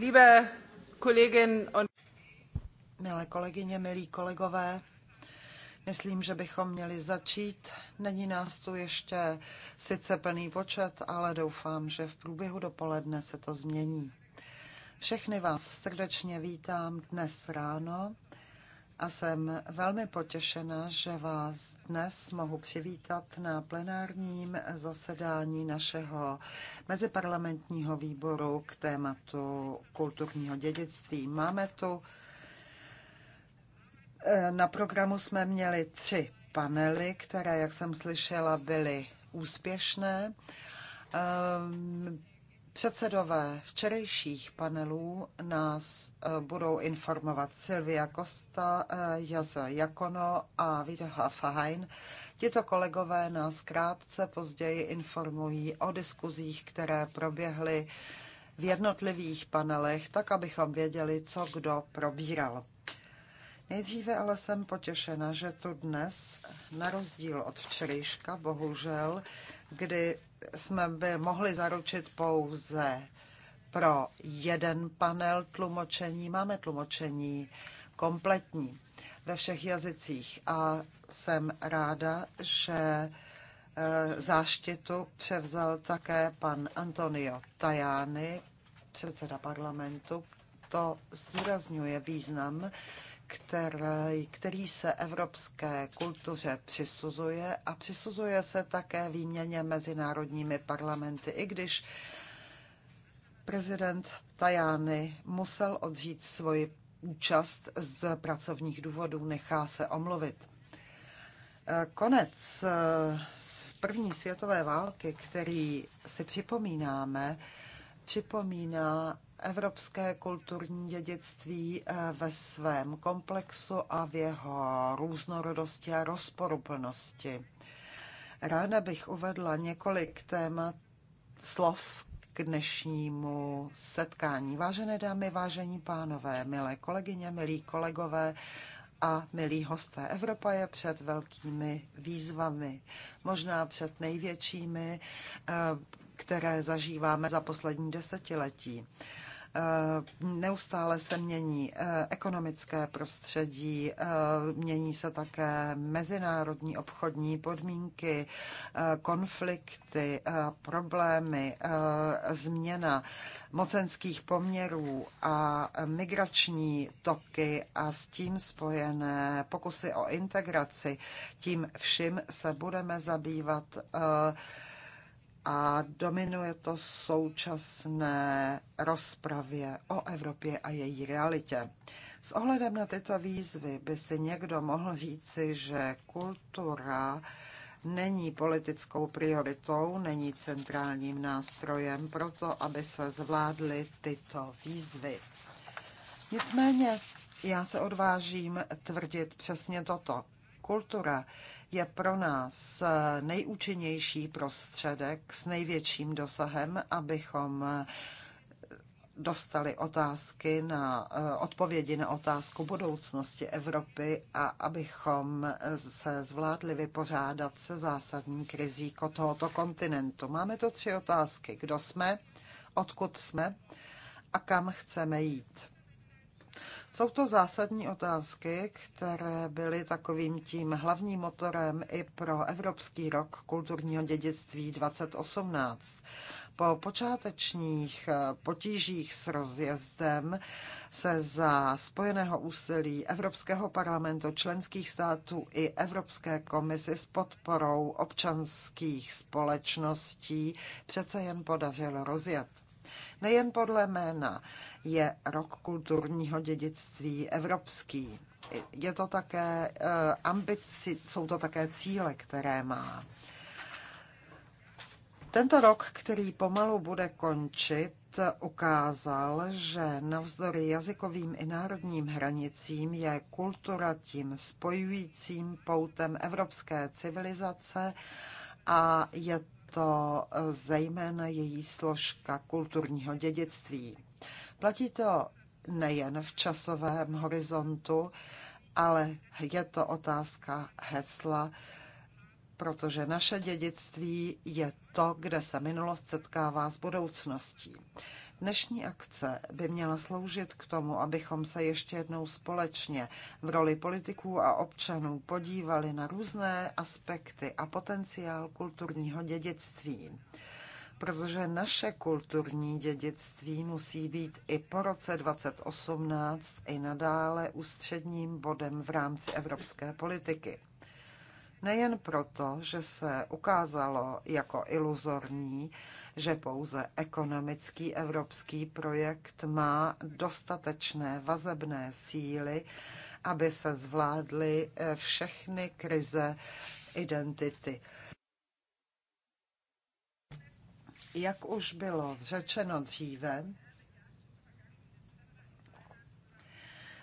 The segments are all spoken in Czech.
Liebe und Milé kolegyně, milí kolegové, myslím, že bychom měli začít. Není nás tu ještě sice plný počet, ale doufám, že v průběhu dopoledne se to změní. Všechny vás srdečně vítám dnes ráno a jsem velmi potěšena, že vás dnes mohu přivítat na plenárním zasedání našeho meziparlamentního výboru k tématu kulturního dědictví. Máme tu e, na programu jsme měli tři panely, které, jak jsem slyšela, byly úspěšné. Ehm, Předsedové včerejších panelů nás eh, budou informovat Silvia Costa, eh, Jaza Jakono a Vidha Fahajn. Tito kolegové nás krátce později informují o diskuzích, které proběhly v jednotlivých panelech, tak abychom věděli, co kdo probíral. Nejdříve ale jsem potěšena, že tu dnes, na rozdíl od včerejška, bohužel, kdy jsme by mohli zaručit pouze pro jeden panel tlumočení. Máme tlumočení kompletní ve všech jazycích a jsem ráda, že eh, záštitu převzal také pan Antonio Tajani, předseda parlamentu. To zdůrazňuje význam který, který se evropské kultuře přisuzuje a přisuzuje se také výměně mezinárodními parlamenty, i když prezident Tajány musel odřít svoji účast z pracovních důvodů, nechá se omluvit. E, konec e, z první světové války, který si připomínáme, připomíná evropské kulturní dědictví eh, ve svém komplexu a v jeho různorodosti a rozporuplnosti. Ráda bych uvedla několik témat slov k dnešnímu setkání. Vážené dámy, vážení pánové, milé kolegyně, milí kolegové, a milí hosté, Evropa je před velkými výzvami, možná před největšími, eh, které zažíváme za poslední desetiletí. Neustále se mění eh, ekonomické prostředí, eh, mění se také mezinárodní obchodní podmínky, eh, konflikty, problémy, změna mocenských poměrů a migrační toky a s tím spojené pokusy o integraci. Tím vším se budeme zabývat a dominuje to současné rozpravě o Evropě a její realitě. S ohledem na tyto výzvy by si někdo mohl říci, že kultura není politickou prioritou, není centrálním nástrojem pro to, aby se zvládly tyto výzvy. Nicméně já se odvážím tvrdit přesně toto. Kultura je pro nás eh, nejúčinnější prostředek s největším dosahem, abychom eh, dostali otázky na eh, odpovědi na otázku budoucnosti Evropy a abychom se zvládli vypořádat se zásadní krizí tohoto kontinentu. Máme to tři otázky. Kdo jsme, odkud jsme a kam chceme jít. Jsou to zásadní otázky, které byly takovým tím hlavním motorem i pro Evropský rok kulturního dědictví 2018. Po počátečních potížích s rozjezdem se za spojeného úsilí Evropského parlamentu, členských států i Evropské komisy s podporou občanských společností přece jen podařilo rozjet. Nejen podle jména je rok kulturního dědictví evropský. Je to také eh, ambici, jsou to také cíle, které má. Tento rok, který pomalu bude končit, ukázal, že navzdory jazykovým i národním hranicím je kultura tím spojujícím poutem evropské civilizace a je to zejména její složka kulturního dědictví. Platí to nejen v časovém horizontu, ale je to otázka hesla, protože naše dědictví je to, kde se minulost setkává s budoucností. Dnešní akce by měla sloužit k tomu, abychom se ještě jednou společně v roli politiků a občanů podívali na různé aspekty a potenciál kulturního dědictví protože naše kulturní dědictví musí být i po roce 2018 i nadále ústředním bodem v rámci evropské politiky. Nejen proto, že se ukázalo jako iluzorní, že pouze ekonomický evropský projekt má dostatečné vazebné síly, aby se zvládly eh, všechny krize identity. Jak už bylo řečeno dříve,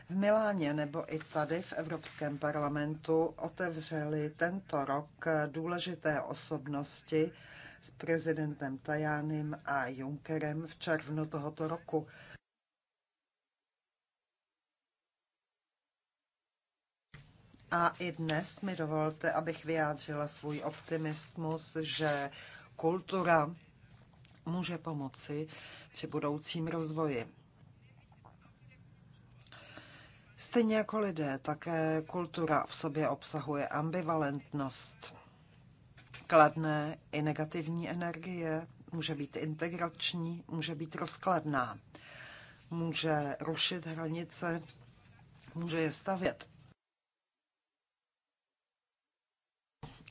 v Miláně nebo i tady v Evropském parlamentu otevřeli tento rok důležité osobnosti, s prezidentem Tajánem a Junckerem v červnu tohoto roku. A i dnes mi dovolte, abych vyjádřila svůj optimismus, že kultura může pomoci při budoucím rozvoji. Stejně jako lidé, také kultura v sobě obsahuje ambivalentnost kladné i negativní energie, může být integrační, může být rozkladná, může rušit hranice, může je stavět.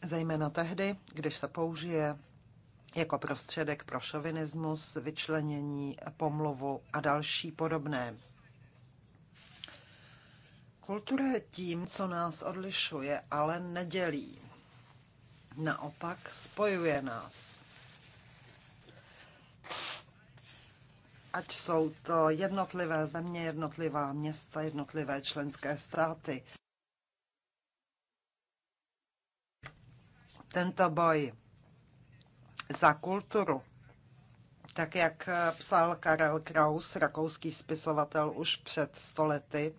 Zejména tehdy, když se použije jako prostředek pro šovinismus, vyčlenění, pomluvu a další podobné. Kultura je tím, co nás odlišuje, ale nedělí naopak spojuje nás. Ať jsou to jednotlivé země, jednotlivá města, jednotlivé členské státy. Tento boj za kulturu, tak jak psal Karel Kraus, rakouský spisovatel už před stolety,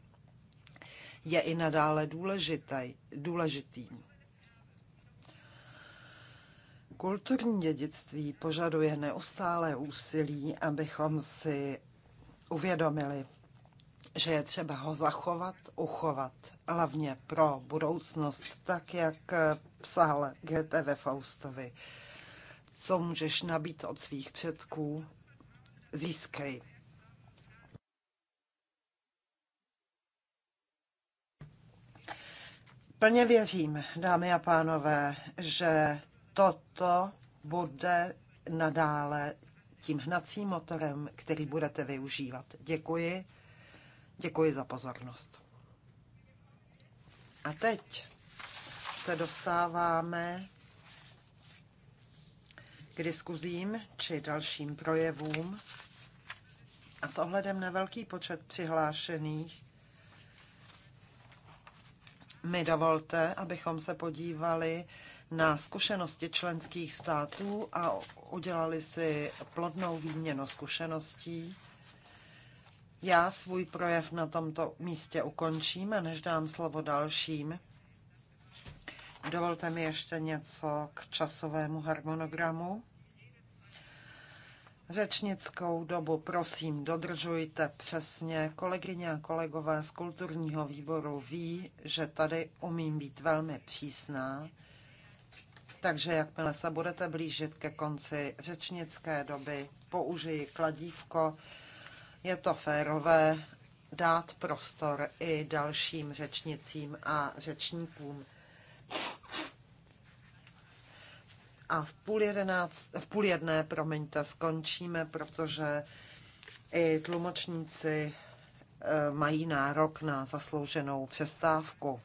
je i nadále důležitý. důležitý. Kulturní dědictví požaduje neustále úsilí, abychom si uvědomili, že je třeba ho zachovat, uchovat, hlavně pro budoucnost, tak jak psal GTV Faustovi. Co můžeš nabít od svých předků, získej. Plně věřím, dámy a pánové, že toto bude nadále tím hnacím motorem, který budete využívat. Děkuji. Děkuji za pozornost. A teď se dostáváme k diskuzím či dalším projevům. A s ohledem na velký počet přihlášených mi dovolte, abychom se podívali na zkušenosti členských států a udělali si plodnou výměnu zkušeností. Já svůj projev na tomto místě ukončím a než dám slovo dalším, dovolte mi ještě něco k časovému harmonogramu. Řečnickou dobu prosím dodržujte přesně. Kolegyně a kolegové z kulturního výboru ví, že tady umím být velmi přísná. Takže jakmile se budete blížit ke konci řečnické doby, použiji kladívko. Je to férové dát prostor i dalším řečnicím a řečníkům. A v půl, jedenáct, v půl jedné, promiňte, skončíme, protože i tlumočníci eh, mají nárok na zaslouženou přestávku.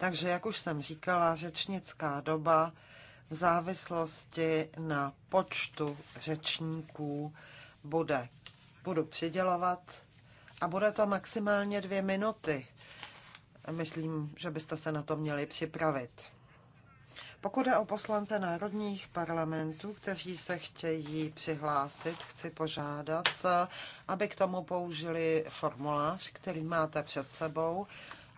Takže, jak už jsem říkala, řečnická doba v závislosti na počtu řečníků bude. Budu přidělovat a bude to maximálně dvě minuty. Myslím, že byste se na to měli připravit. Pokud je o poslance národních parlamentů, kteří se chtějí přihlásit, chci požádat, aby k tomu použili formulář, který máte před sebou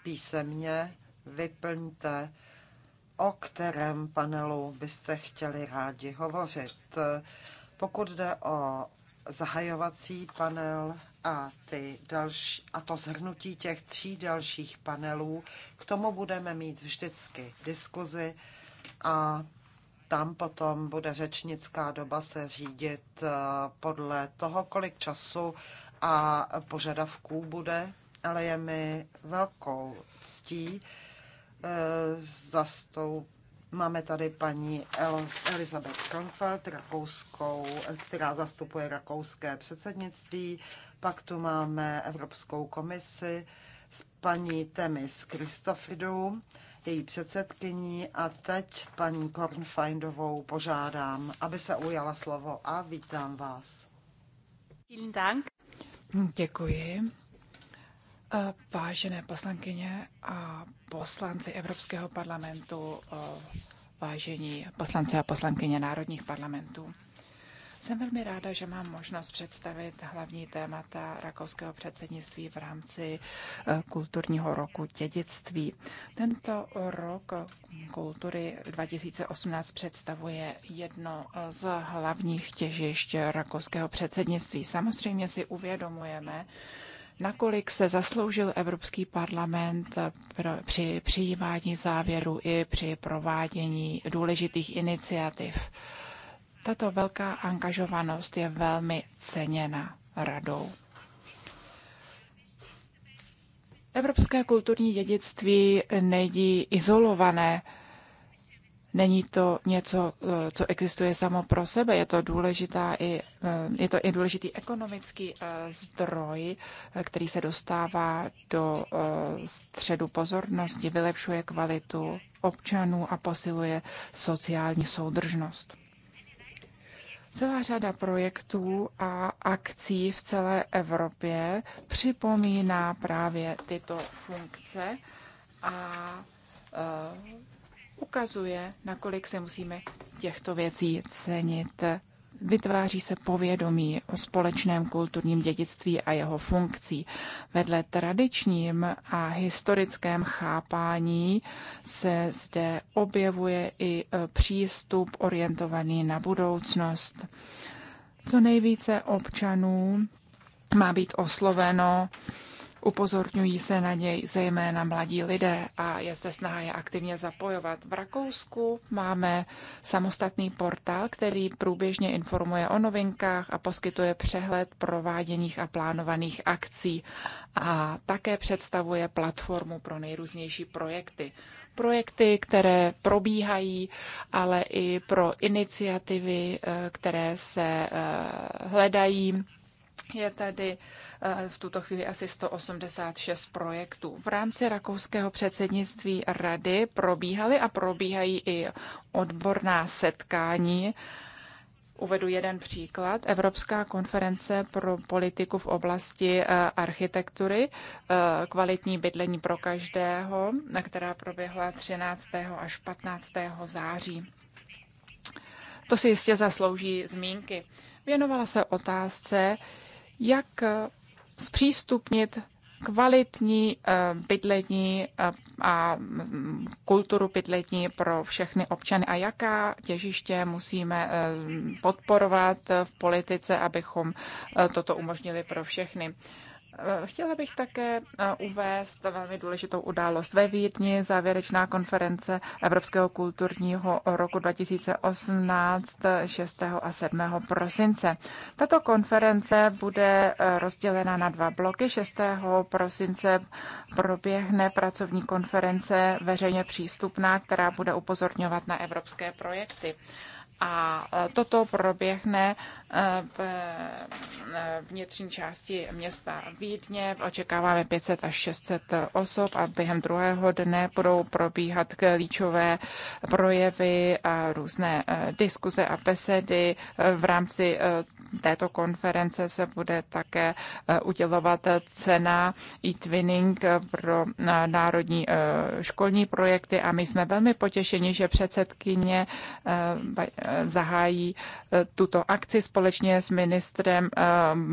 písemně vyplňte, o kterém panelu byste chtěli rádi hovořit. Pokud jde o zahajovací panel a, ty další, a to zhrnutí těch tří dalších panelů, k tomu budeme mít vždycky diskuzi a tam potom bude řečnická doba se řídit eh, podle toho, kolik času a požadavků bude, ale je mi velkou ctí, Eh, zastou Máme tady paní Elizabeth Kronfeld, rakouskou, která zastupuje rakouské předsednictví. Pak tu máme Evropskou komisi s paní Temis Kristofidou, její předsedkyní. A teď paní Kornfeindovou požádám, aby se ujala slovo a vítám vás. Děkuji. Vážené poslankyně a poslanci Evropského parlamentu, vážení poslanci a poslankyně národních parlamentů. Jsem velmi ráda, že mám možnost představit hlavní témata rakouského předsednictví v rámci e, kulturního roku dědictví. Tento rok kultury 2018 představuje jedno e, z hlavních těžišť rakouského předsednictví. Samozřejmě si uvědomujeme, nakolik se zasloužil Evropský parlament při přijímání závěru i při provádění důležitých iniciativ. Tato velká angažovanost je velmi ceněna radou. Evropské kulturní dědictví není izolované Není to něco, eh, co existuje samo pro sebe, je to, důležitá i, eh, je to i důležitý ekonomický eh, zdroj, který se dostává do středu pozornosti, vylepšuje kvalitu občanů a posiluje sociální soudržnost. Celá řada projektů a akcí v celé Evropě připomíná právě tyto funkce a ukazuje, nakolik se musíme těchto věcí cenit. Vytváří se povědomí o společném kulturním dědictví a jeho funkcí. Vedle tradičním a historickém chápání se zde objevuje i e, přístup orientovaný na budoucnost. Co nejvíce občanů má být osloveno Upozorňují se na něj zejména mladí lidé a je zde snaha je aktivně zapojovat. V Rakousku máme samostatný portál, který průběžně informuje o novinkách a poskytuje přehled prováděných a plánovaných akcí a také představuje platformu pro nejrůznější projekty. Projekty, které probíhají, ale i pro iniciativy, eh, které se eh, hledají je tady eh, v tuto chvíli asi 186 projektů. V rámci rakouského předsednictví rady probíhaly a probíhají i odborná setkání. Uvedu jeden příklad. Evropská konference pro politiku v oblasti eh, architektury, eh, kvalitní bydlení pro každého, která proběhla 13. až 15. září. To si jistě zaslouží zmínky. Věnovala se otázce, jak eh, zpřístupnit kvalitní eh, bydlení eh, a mm, kulturu bydlení pro všechny občany a jaká těžiště musíme podporovat v politice, abychom toto umožnili pro všechny. Eh, chtěla bych také eh, uvést velmi důležitou událost ve Vídni, závěrečná konference Evropského kulturního roku 2018 6. Eh, a 7. prosince. Tato konference bude rozdělena na dva bloky. 6. prosince proběhne pracovní konference veřejně přístupná, která bude upozorňovat na evropské projekty a toto proběhne v vnitřní části města Vídně. Očekáváme 500 až 600 osob a během druhého dne budou probíhat klíčové projevy a různé eh, diskuze a besedy. V rámci eh, této konference se bude také eh, udělovat cena e-twinning pro národní školní projekty a my jsme velmi potěšeni, že předsedkyně zahájí tuto akci společně společně s ministrem eh,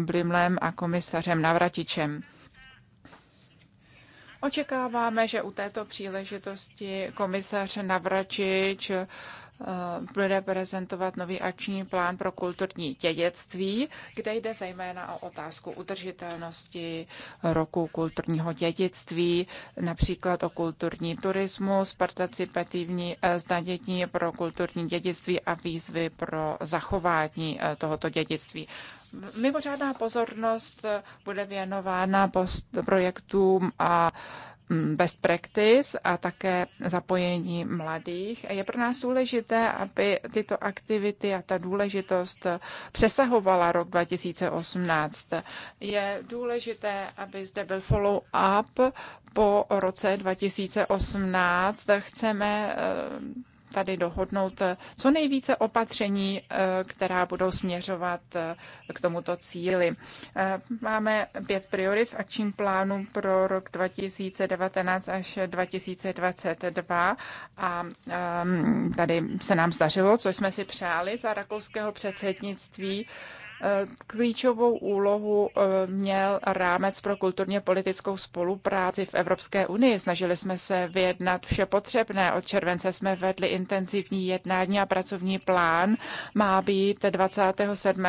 Blimlem a komisařem Navratičem. Očekáváme, že u této příležitosti komisař Navračič Eh, bude prezentovat nový akční plán pro kulturní dědictví, kde jde zejména o otázku udržitelnosti roku kulturního dědictví, například o kulturní turismus, participativní eh, zdanění pro kulturní dědictví a výzvy pro zachování eh, tohoto dědictví. Mimořádná pozornost bude věnována projektům a Mm, best practice a také zapojení mladých. Je pro nás důležité, aby tyto aktivity a ta důležitost přesahovala rok 2018. Je důležité, aby zde byl follow-up po roce 2018. Chceme eh, tady dohodnout eh, co nejvíce opatření, eh, která budou směřovat eh, k tomuto cíli. Máme pět priorit v akčním plánu pro rok 2019 až 2022 a ehm, tady se nám zdařilo, co jsme si přáli za rakouského předsednictví. Klíčovou úlohu eh, měl rámec pro kulturně politickou spolupráci v Evropské unii. Snažili jsme se vyjednat vše potřebné. Od července jsme vedli intenzivní jednání a pracovní plán má být 27.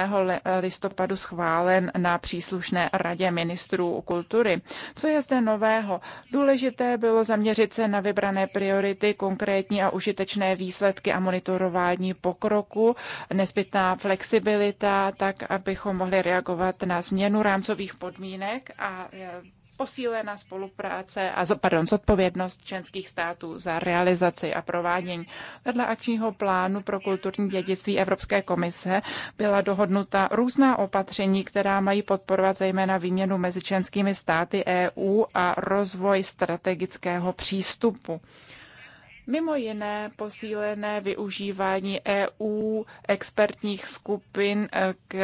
listopadu schválen na příslušné radě ministrů kultury. Co je zde nového? Důležité bylo zaměřit se na vybrané priority, konkrétní a užitečné výsledky a monitorování pokroku, nezbytná flexibilita, tak tak abychom mohli reagovat na změnu rámcových podmínek a e, posílená spolupráce a pardon, zodpovědnost členských států za realizaci a provádění. Vedle akčního plánu pro kulturní dědictví Evropské komise byla dohodnuta různá opatření, která mají podporovat zejména výměnu mezi členskými státy EU a rozvoj strategického přístupu. Mimo jiné posílené využívání EU expertních skupin eh, k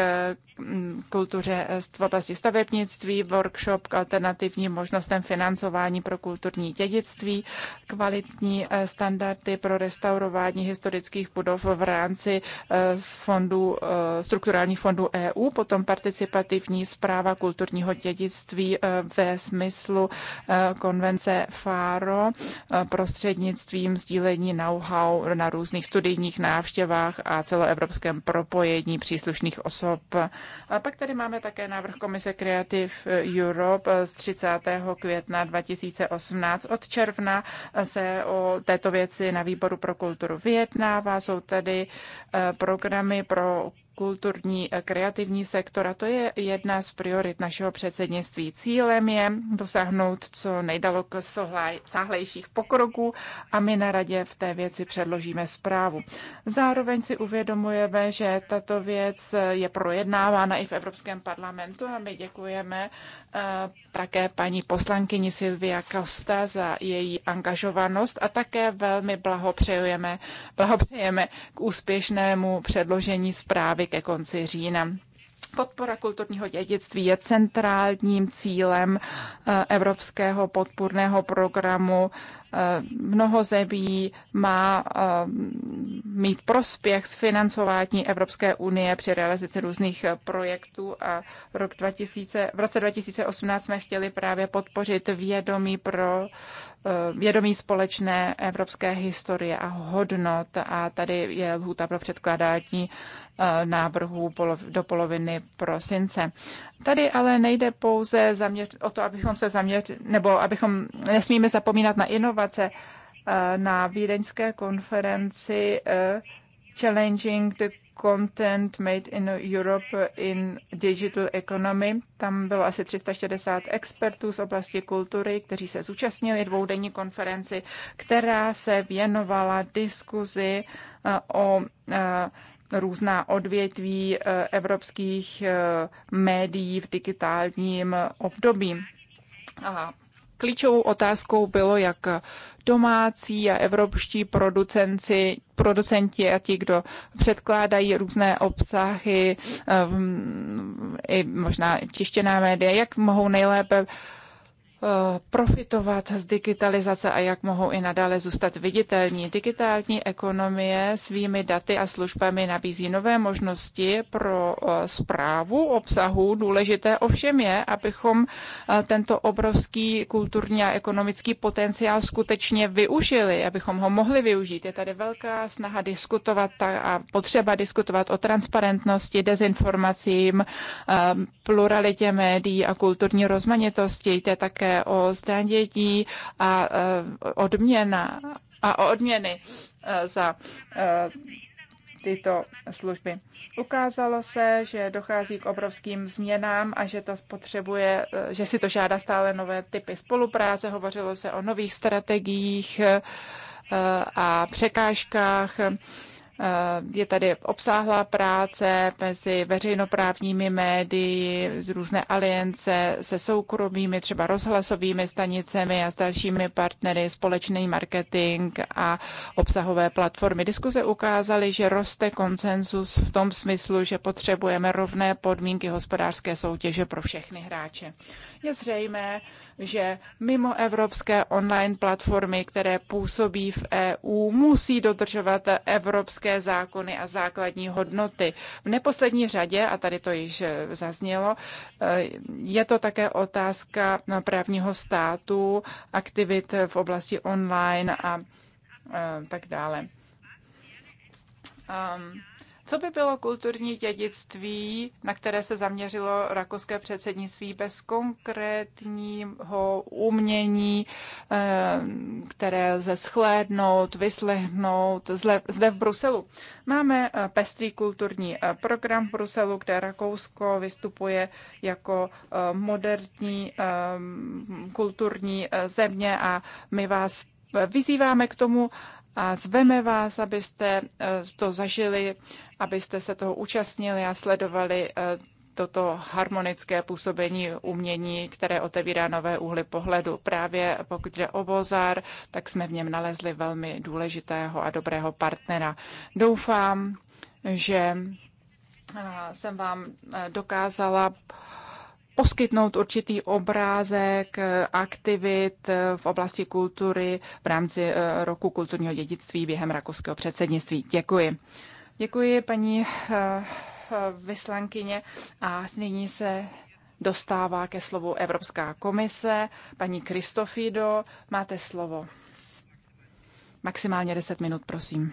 Mm, kultuře v eh, oblasti stavebnictví, workshop k alternativním možnostem financování pro kulturní dědictví, kvalitní eh, standardy pro restaurování historických budov v rámci eh, z fondů, strukturálních fondů EU, potom participativní zpráva kulturního dědictví ve smyslu konvence FARO prostřednictvím sdílení know-how na různých studijních návštěvách a celoevropském propojení příslušných osob a pak tady máme také návrh Komise Creative Europe z 30. května 2018. Od června se o této věci na výboru pro kulturu vyjednává. Jsou tady eh, programy pro kulturní eh, kreativní sektor a to je jedna z priorit našeho předsednictví. Cílem je dosáhnout co nejdaleko sáhlejších pokroků a my na radě v té věci předložíme zprávu. Zároveň si uvědomujeme, že tato věc eh, je projednávána i v Evropském parlamentu a my děkujeme také paní poslankyni Silvia Costa za její angažovanost a také velmi blahopřejeme, blahopřejeme k úspěšnému předložení zprávy ke konci října. Podpora kulturního dědictví je centrálním cílem eh, Evropského podpůrného programu Eh, mnoho zemí má eh, mít prospěch z financování Evropské unie při realizaci různých eh, projektů a rok 2000, v roce 2018 jsme chtěli právě podpořit vědomí pro vědomí společné evropské historie a hodnot a tady je lhůta pro předkládání návrhů do poloviny prosince. Tady ale nejde pouze zaměř, o to, abychom se zaměřili, nebo abychom nesmíme zapomínat na inovace, situace. Eh, na vídeňské konferenci eh, Challenging the Content Made in Europe in Digital Economy. Tam bylo asi 360 expertů z oblasti kultury, kteří se zúčastnili dvoudenní konferenci, která se věnovala diskuzi eh, o různá odvětví evropských médií v digitálním období. A Klíčovou otázkou bylo, jak domácí a evropští producenci, producenti a ti, kdo předkládají různé obsahy, eh, i možná tištěná média, jak mohou nejlépe Eh, profitovat z digitalizace a jak mohou i nadále zůstat viditelní. Digitální ekonomie svými daty a službami nabízí nové možnosti pro zprávu eh, obsahu. Důležité ovšem je, abychom eh, tento obrovský kulturní a ekonomický potenciál skutečně využili, abychom ho mohli využít. Je tady velká snaha diskutovat a potřeba diskutovat o transparentnosti, dezinformacím, pluralitě médií a kulturní rozmanitosti. Jde také o zdanění a eh, odměna a o odměny eh, za eh, tyto služby. Ukázalo se, že dochází k obrovským změnám a že to potřebuje, že si to žádá stále nové typy spolupráce. Hovořilo se o nových strategiích a překážkách. Eh, je tady obsáhlá práce mezi veřejnoprávními médii, různé aliance se soukromými, třeba rozhlasovými stanicemi a s dalšími partnery, společný marketing a obsahové platformy. Diskuze ukázaly, že roste konsenzus v tom smyslu, že potřebujeme rovné podmínky hospodářské soutěže pro všechny hráče je zřejmé, že mimo evropské online platformy, které působí v EU, musí dodržovat evropské zákony a základní hodnoty. V neposlední řadě, a tady to již zaznělo, eh, je to také otázka právního státu, aktivit v oblasti online a eh, tak dále. Um, co by bylo kulturní dědictví, na které se zaměřilo rakouské předsednictví bez konkrétního umění, eh, které lze schlédnout, vyslehnout zde v Bruselu? Máme eh, pestrý kulturní eh, program v Bruselu, kde Rakousko vystupuje jako moderní kulturní země a my vás vyzýváme k tomu, a zveme vás, abyste eh, to zažili, abyste se toho účastnili a sledovali eh, toto harmonické působení umění, které otevírá nové úhly pohledu. Právě pokud jde o Bozar, tak jsme v něm nalezli velmi důležitého a dobrého partnera. Doufám, že eh, jsem vám dokázala poskytnout určitý obrázek eh, aktivit eh, v oblasti kultury v rámci eh, roku kulturního dědictví během rakouského předsednictví. Děkuji. Děkuji, paní vyslankyně. A nyní se dostává ke slovu Evropská komise. Paní Kristofido, máte slovo. Maximálně 10 minut, prosím.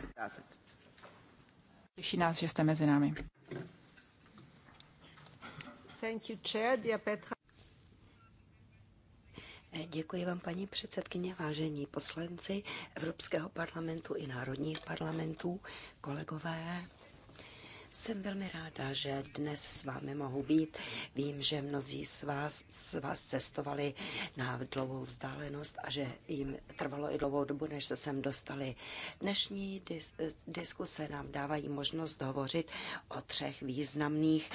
Těší nás, že jste mezi námi. Děkuji vám, paní předsedkyně, vážení poslanci Evropského parlamentu i národních parlamentů, kolegové. Jsem velmi ráda, že dnes s vámi mohu být. Vím, že mnozí z vás, z vás cestovali na dlouhou vzdálenost a že jim trvalo i dlouhou dobu, než se sem dostali. Dnešní dis- eh, diskuse nám dávají možnost hovořit o třech významných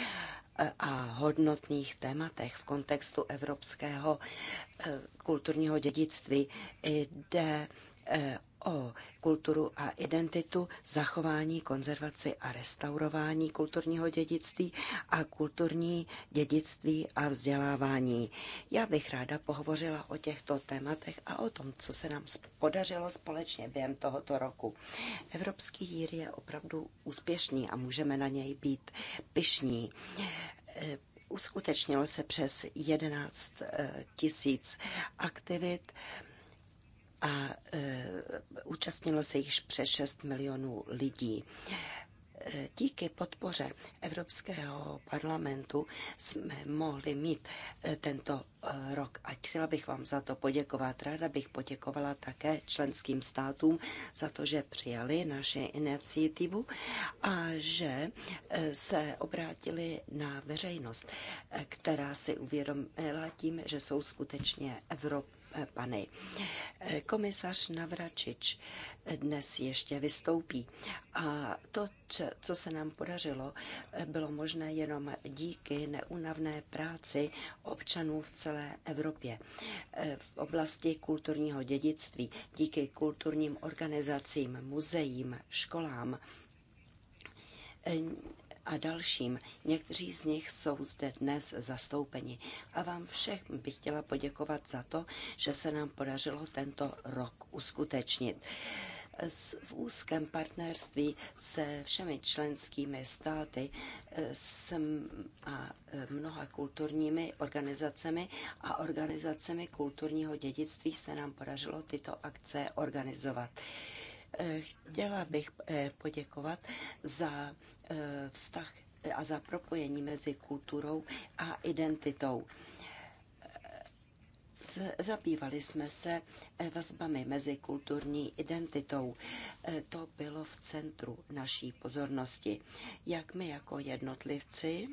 a hodnotných tématech v kontextu evropského eh, kulturního dědictví jde eh, o kulturu a identitu, zachování, konzervaci a restaurování kulturního dědictví a kulturní dědictví a vzdělávání. Já bych ráda pohovořila o těchto tématech a o tom, co se nám podařilo společně během tohoto roku. Evropský dír je opravdu úspěšný a můžeme na něj být pyšní e, uskutečnilo se přes 11 e, tisíc aktivit a e, účastnilo se již přes 6 milionů lidí. E, díky podpoře Evropského parlamentu jsme mohli mít e, tento e, rok a chtěla bych vám za to poděkovat. Ráda bych poděkovala také členským státům za to, že přijali naši iniciativu a že se obrátili na veřejnost, která si uvědomila tím, že jsou skutečně Evropa Eh, Pane eh, Komisař Navračič dnes ještě vystoupí. A to, co se nám podařilo, eh, bylo možné jenom díky neunavné práci občanů v celé Evropě. V oblasti kulturního dědictví, díky kulturním organizacím, muzeím, školám, a dalším. Někteří z nich jsou zde dnes zastoupeni. A vám všech bych chtěla poděkovat za to, že se nám podařilo tento rok uskutečnit v úzkém partnerství se všemi členskými státy e, a e, mnoha kulturními organizacemi a organizacemi kulturního dědictví se nám podařilo tyto akce organizovat. Eh, chtěla bych eh, poděkovat za eh, vztah a za propojení mezi kulturou a identitou. Zabývali jsme se vazbami mezi kulturní identitou. To bylo v centru naší pozornosti. Jak my jako jednotlivci,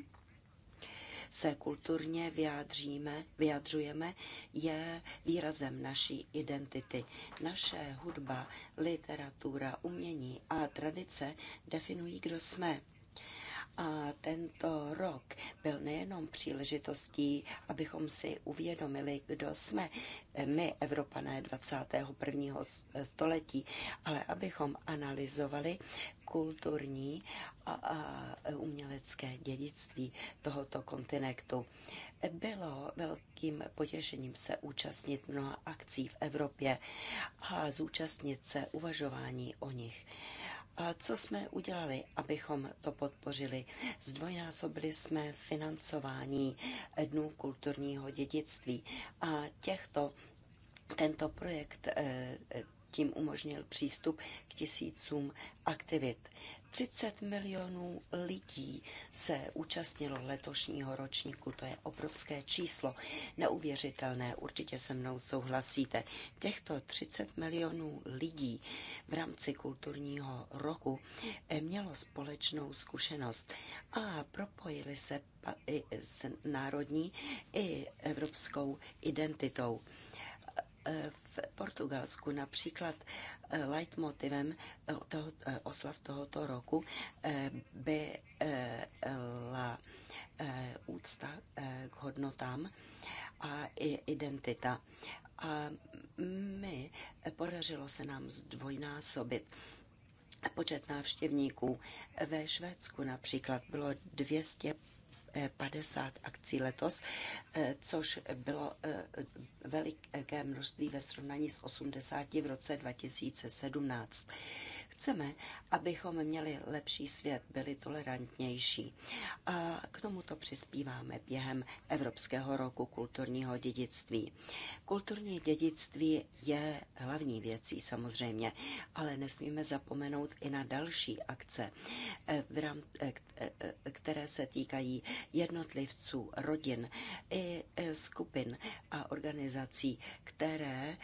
se kulturně vyjádříme, vyjadřujeme, je výrazem naší identity. Naše hudba, literatura, umění a tradice definují, kdo jsme. A tento rok byl nejenom příležitostí, abychom si uvědomili, kdo jsme, my, Evropané 21. století, ale abychom analyzovali kulturní a, a umělecké dědictví tohoto kontinentu. Bylo velkým potěšením se účastnit mnoha akcí v Evropě a zúčastnit se uvažování o nich. Co jsme udělali, abychom to podpořili? Zdvojnásobili jsme financování Dnů kulturního dědictví a těchto tento projekt eh, tím umožnil přístup k tisícům aktivit. 30 milionů lidí se účastnilo letošního ročníku, to je obrovské číslo, neuvěřitelné, určitě se mnou souhlasíte. Těchto 30 milionů lidí v rámci kulturního roku eh, mělo společnou zkušenost a propojili se i s národní i evropskou identitou v Portugalsku. Například eh, leitmotivem eh, toho, eh, oslav tohoto roku byla úcta k hodnotám a i identita. A my, podařilo se nám zdvojnásobit počet návštěvníků. Ve Švédsku například bylo 200 50 akcí letos, eh, což bylo eh, veliké množství ve srovnání s 80 v roce 2017. Chceme, abychom měli lepší svět, byli tolerantnější. A k tomuto přispíváme během Evropského roku kulturního dědictví. Kulturní dědictví je hlavní věcí samozřejmě, ale nesmíme zapomenout i na další akce, eh, eh, eh, které se týkají jednotlivců, rodin i skupin a organizací, které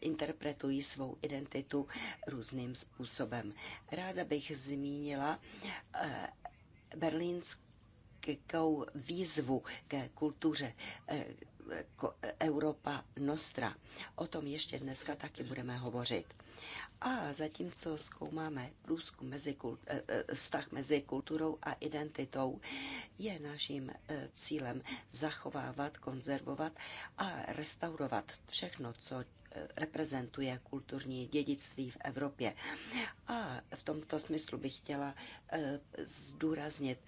interpretují svou identitu různým způsobem. Ráda bych zmínila eh, berlínskou výzvu ke kultuře eh, Europa Nostra. O tom ještě dneska taky budeme hovořit. A zatímco zkoumáme průzkum mezi kult, eh, vztah mezi kulturou a identitou, je naším cílem zachovávat, konzervovat a restaurovat všechno, co reprezentuje kulturní dědictví v Evropě. A v tomto smyslu bych chtěla eh, zdůraznit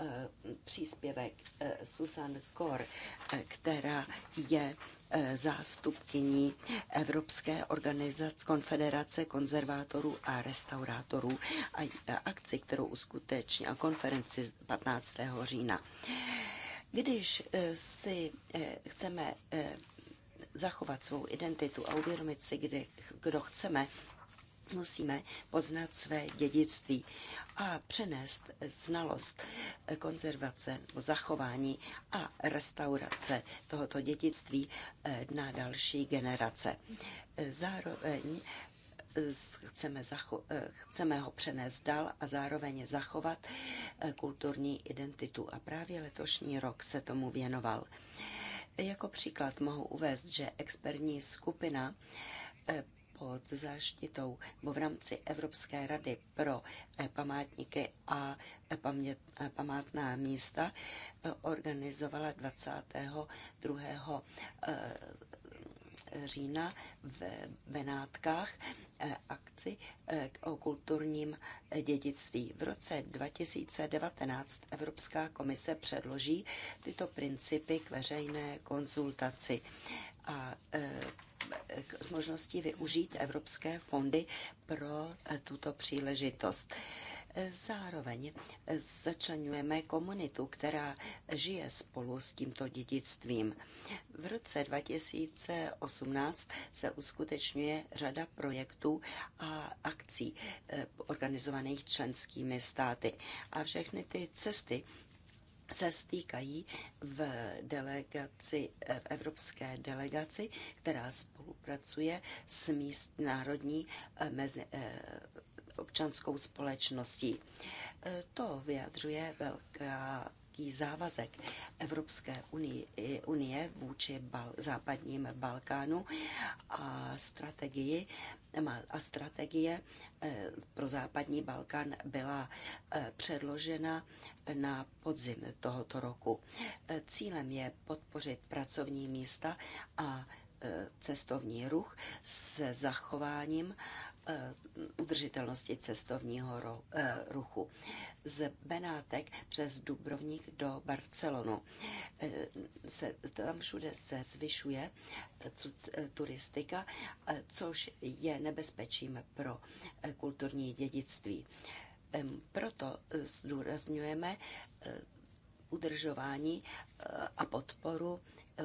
eh, příspěvek eh, Susan Kor, která je zástupkyní Evropské organizace Konfederace konzervátorů a restaurátorů a akci, kterou uskuteční a konferenci 15. října. Když si chceme zachovat svou identitu a uvědomit si, kdy, kdo chceme, musíme poznat své dědictví a přenést znalost konzervace nebo zachování a restaurace tohoto dědictví eh, na další generace. Zároveň eh, chceme, zacho- eh, chceme ho přenést dál a zároveň zachovat kulturní identitu. A právě letošní rok se tomu věnoval. Jako příklad mohu uvést, že expertní skupina eh, pod záštitou nebo v rámci Evropské rady pro eh, památníky a eh, pamět, památná místa organizovala 22 října v Benátkách eh, akci eh, o kulturním eh, dědictví. V roce 2019 Evropská komise předloží tyto principy k veřejné konzultaci a k možnosti využít evropské fondy pro tuto příležitost. Zároveň začlenujeme komunitu, která žije spolu s tímto dědictvím. V roce 2018 se uskutečňuje řada projektů a akcí eh, organizovaných členskými státy. A všechny ty cesty se stýkají v delegaci, eh, v evropské delegaci, která spolupracuje s míst národní eh, mezi, občanskou společností. E, to vyjadřuje velký závazek Evropské unie, unie vůči Bal, západním Balkánu a strategii a strategie e, pro západní Balkán byla e, předložena na podzim tohoto roku. Cílem je podpořit pracovní místa a cestovní ruch se zachováním Eh, udržitelnosti cestovního eh, ruchu. Z Benátek přes Dubrovník do Barcelonu. Eh, se, tam všude se zvyšuje turistika, což je nebezpečím pro kulturní dědictví. Proto zdůrazňujeme udržování a podporu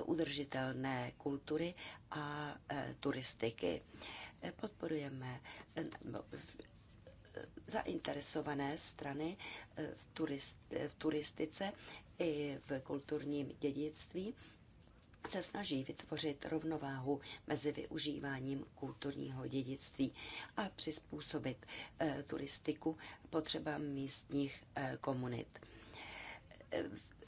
udržitelné kultury a turistiky podporujeme eh, no, eh, zainteresované strany eh, v, turist, v turistice i v kulturním dědictví se snaží vytvořit rovnováhu mezi využíváním kulturního dědictví a přizpůsobit turistiku potřebám místních komunit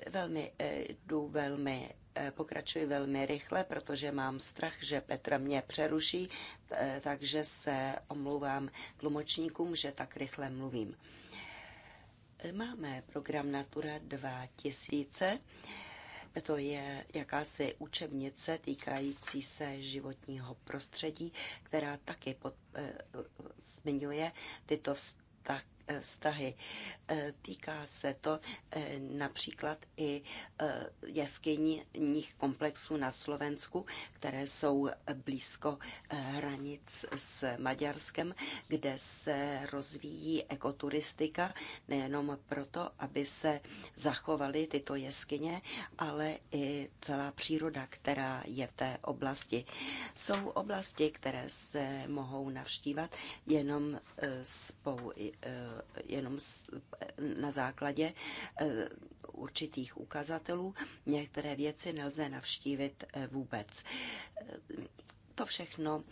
velmi, eh, jdu velmi, eh, pokračuji velmi rychle, protože mám strach, že Petr mě přeruší, eh, takže se omlouvám tlumočníkům, že tak rychle mluvím. Máme program Natura 2000. To je jakási učebnice týkající se životního prostředí, která taky pod, eh, zmiňuje tyto vztahy vztahy. E, týká se to e, například i e, jeskyních komplexů na Slovensku, které jsou blízko hranic s Maďarskem, kde se rozvíjí ekoturistika nejenom proto, aby se zachovaly tyto jeskyně, ale i celá příroda, která je v té oblasti. Jsou oblasti, které se mohou navštívat jenom spou jenom na základě eh, určitých ukazatelů. Některé věci nelze navštívit eh, vůbec. Eh, to všechno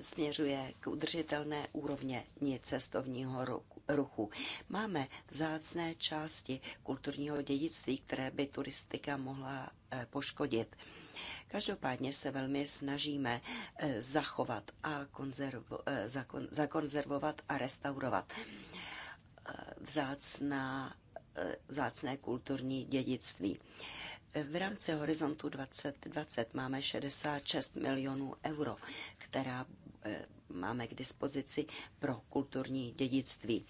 směřuje k udržitelné úrovni cestovního ruchu. Máme vzácné části kulturního dědictví, které by turistika mohla poškodit. Každopádně se velmi snažíme zachovat a konzervo, zakonzervovat a restaurovat vzácná, vzácné kulturní dědictví. V rámci Horizontu 2020 máme 66 milionů euro, která eh, máme k dispozici pro kulturní dědictví.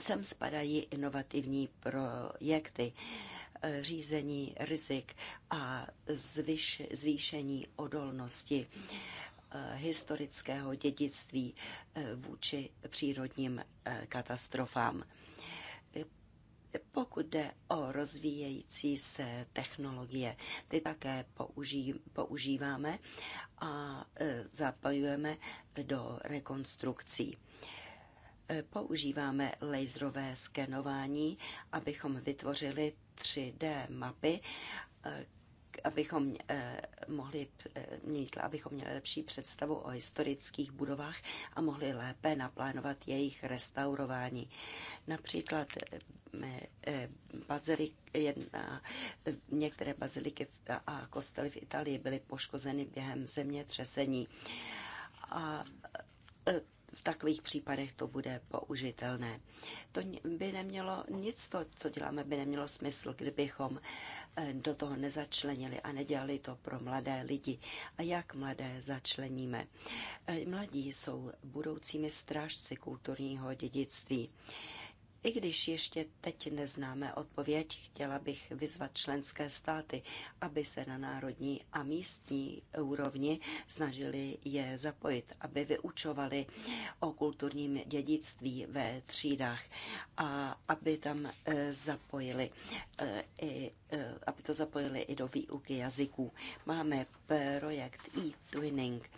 Sem spadají inovativní projekty, eh, řízení rizik a zvýšení odolnosti Eh, historického dědictví eh, vůči přírodním eh, katastrofám. Pokud jde o rozvíjející se technologie, ty také používáme a zapojujeme do rekonstrukcí. Používáme laserové skenování, abychom vytvořili 3D mapy, abychom eh, mohli eh, mít, abychom měli lepší představu o historických budovách a mohli lépe naplánovat jejich restaurování. Například eh, bazilik, jedna, některé baziliky a kostely v Itálii byly poškozeny během zemětřesení. A v takových případech to bude použitelné. To by nemělo nic, to, co děláme, by nemělo smysl, kdybychom eh, do toho nezačlenili a nedělali to pro mladé lidi. A jak mladé začleníme? Eh, mladí jsou budoucími strážci kulturního dědictví. I když ještě teď neznáme odpověď, chtěla bych vyzvat členské státy, aby se na národní a místní úrovni snažili je zapojit, aby vyučovali o kulturním dědictví ve třídách a aby tam e, zapojili e, i e, aby to zapojili i do výuky jazyků. Máme projekt e-twinning,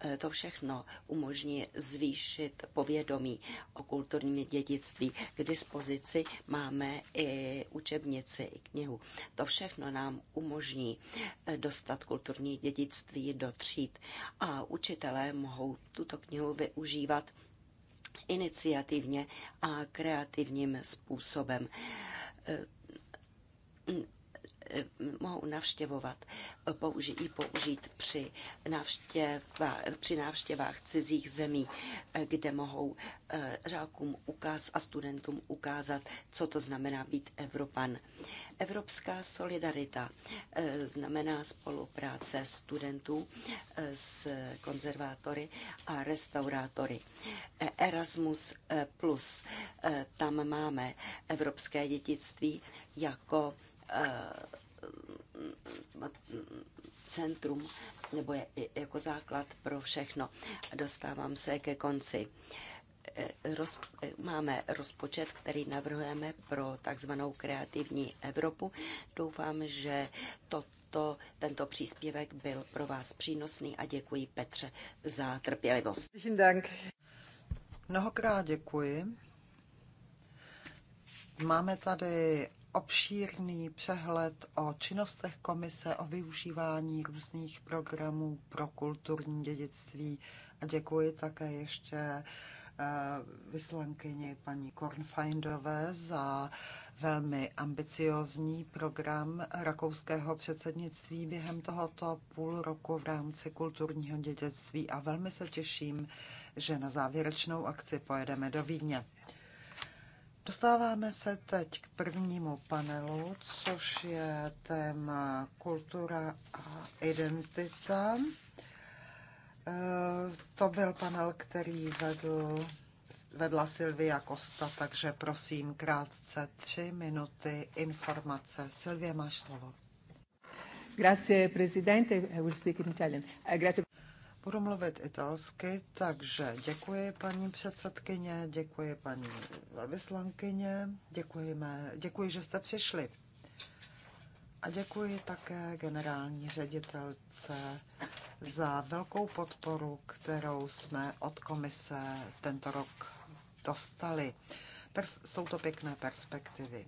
Eh, to všechno umožní zvýšit povědomí o kulturním dědictví. K dispozici máme i učebnici, i knihu. To všechno nám umožní eh, dostat kulturní dědictví do tříd a učitelé mohou tuto knihu využívat iniciativně a kreativním způsobem eh, Eh, mohou navštěvovat, eh, použi, i použít při, návštěva, při návštěvách cizích zemí, eh, kde mohou žákům ukáz a studentům ukázat, co to znamená být Evropan. Evropská solidarita znamená spolupráce studentů s konzervátory a restaurátory. Erasmus plus, tam máme evropské dědictví jako Eh, centrum nebo je, jako základ pro všechno. Dostávám se ke konci. Eh, Roz, eh, máme rozpočet, který navrhujeme pro takzvanou kreativní Evropu. Doufám, že toto, tento příspěvek byl pro vás přínosný a děkuji Petře za trpělivost. Mnohokrát děkuji. Máme tady obšírný přehled o činnostech komise, o využívání různých programů pro kulturní dědictví a děkuji také ještě eh, vyslankyni paní Kornfeindové za velmi ambiciozní program rakouského předsednictví během tohoto půl roku v rámci kulturního dědictví a velmi se těším, že na závěrečnou akci pojedeme do Vídně. Dostáváme se teď k prvnímu panelu, což je téma kultura a identita. Eh, to byl panel, který vedl, vedla Silvia Kosta, takže prosím krátce tři minuty informace. Silvie, máš slovo. Grazie, presidente. I will speak in Italian. Eh, grazie. Budu mluvit italsky, takže děkuji paní předsedkyně, děkuji paní velvyslankyně, děkujeme, děkuji, že jste přišli. A děkuji také generální ředitelce za velkou podporu, kterou jsme od komise tento rok dostali. Pers- jsou to pěkné perspektivy.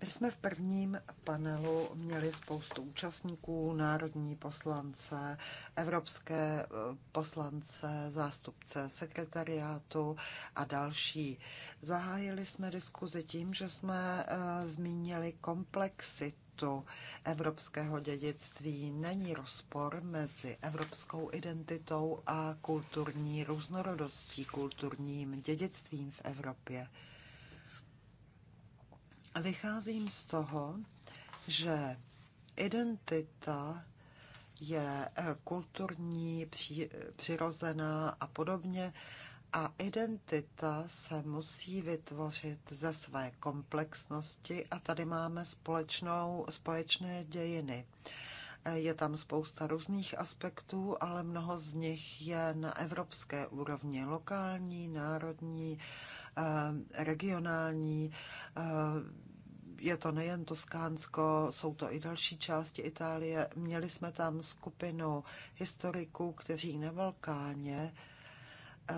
My jsme v prvním panelu měli spoustu účastníků, národní poslance, evropské eh, poslance, zástupce sekretariátu a další. Zahájili jsme diskuzi tím, že jsme eh, zmínili komplexy evropského dědictví není rozpor mezi evropskou identitou a kulturní různorodostí, kulturním dědictvím v Evropě. Vycházím z toho, že identita je eh, kulturní, eh, přirozená a podobně. A identita se musí vytvořit ze své komplexnosti a tady máme společnou, společné dějiny. Eh, je tam spousta různých aspektů, ale mnoho z nich je na evropské úrovni, lokální, národní, Eh, regionální. Eh, je to nejen Toskánsko, jsou to i další části Itálie. Měli jsme tam skupinu historiků, kteří na Balkáně eh,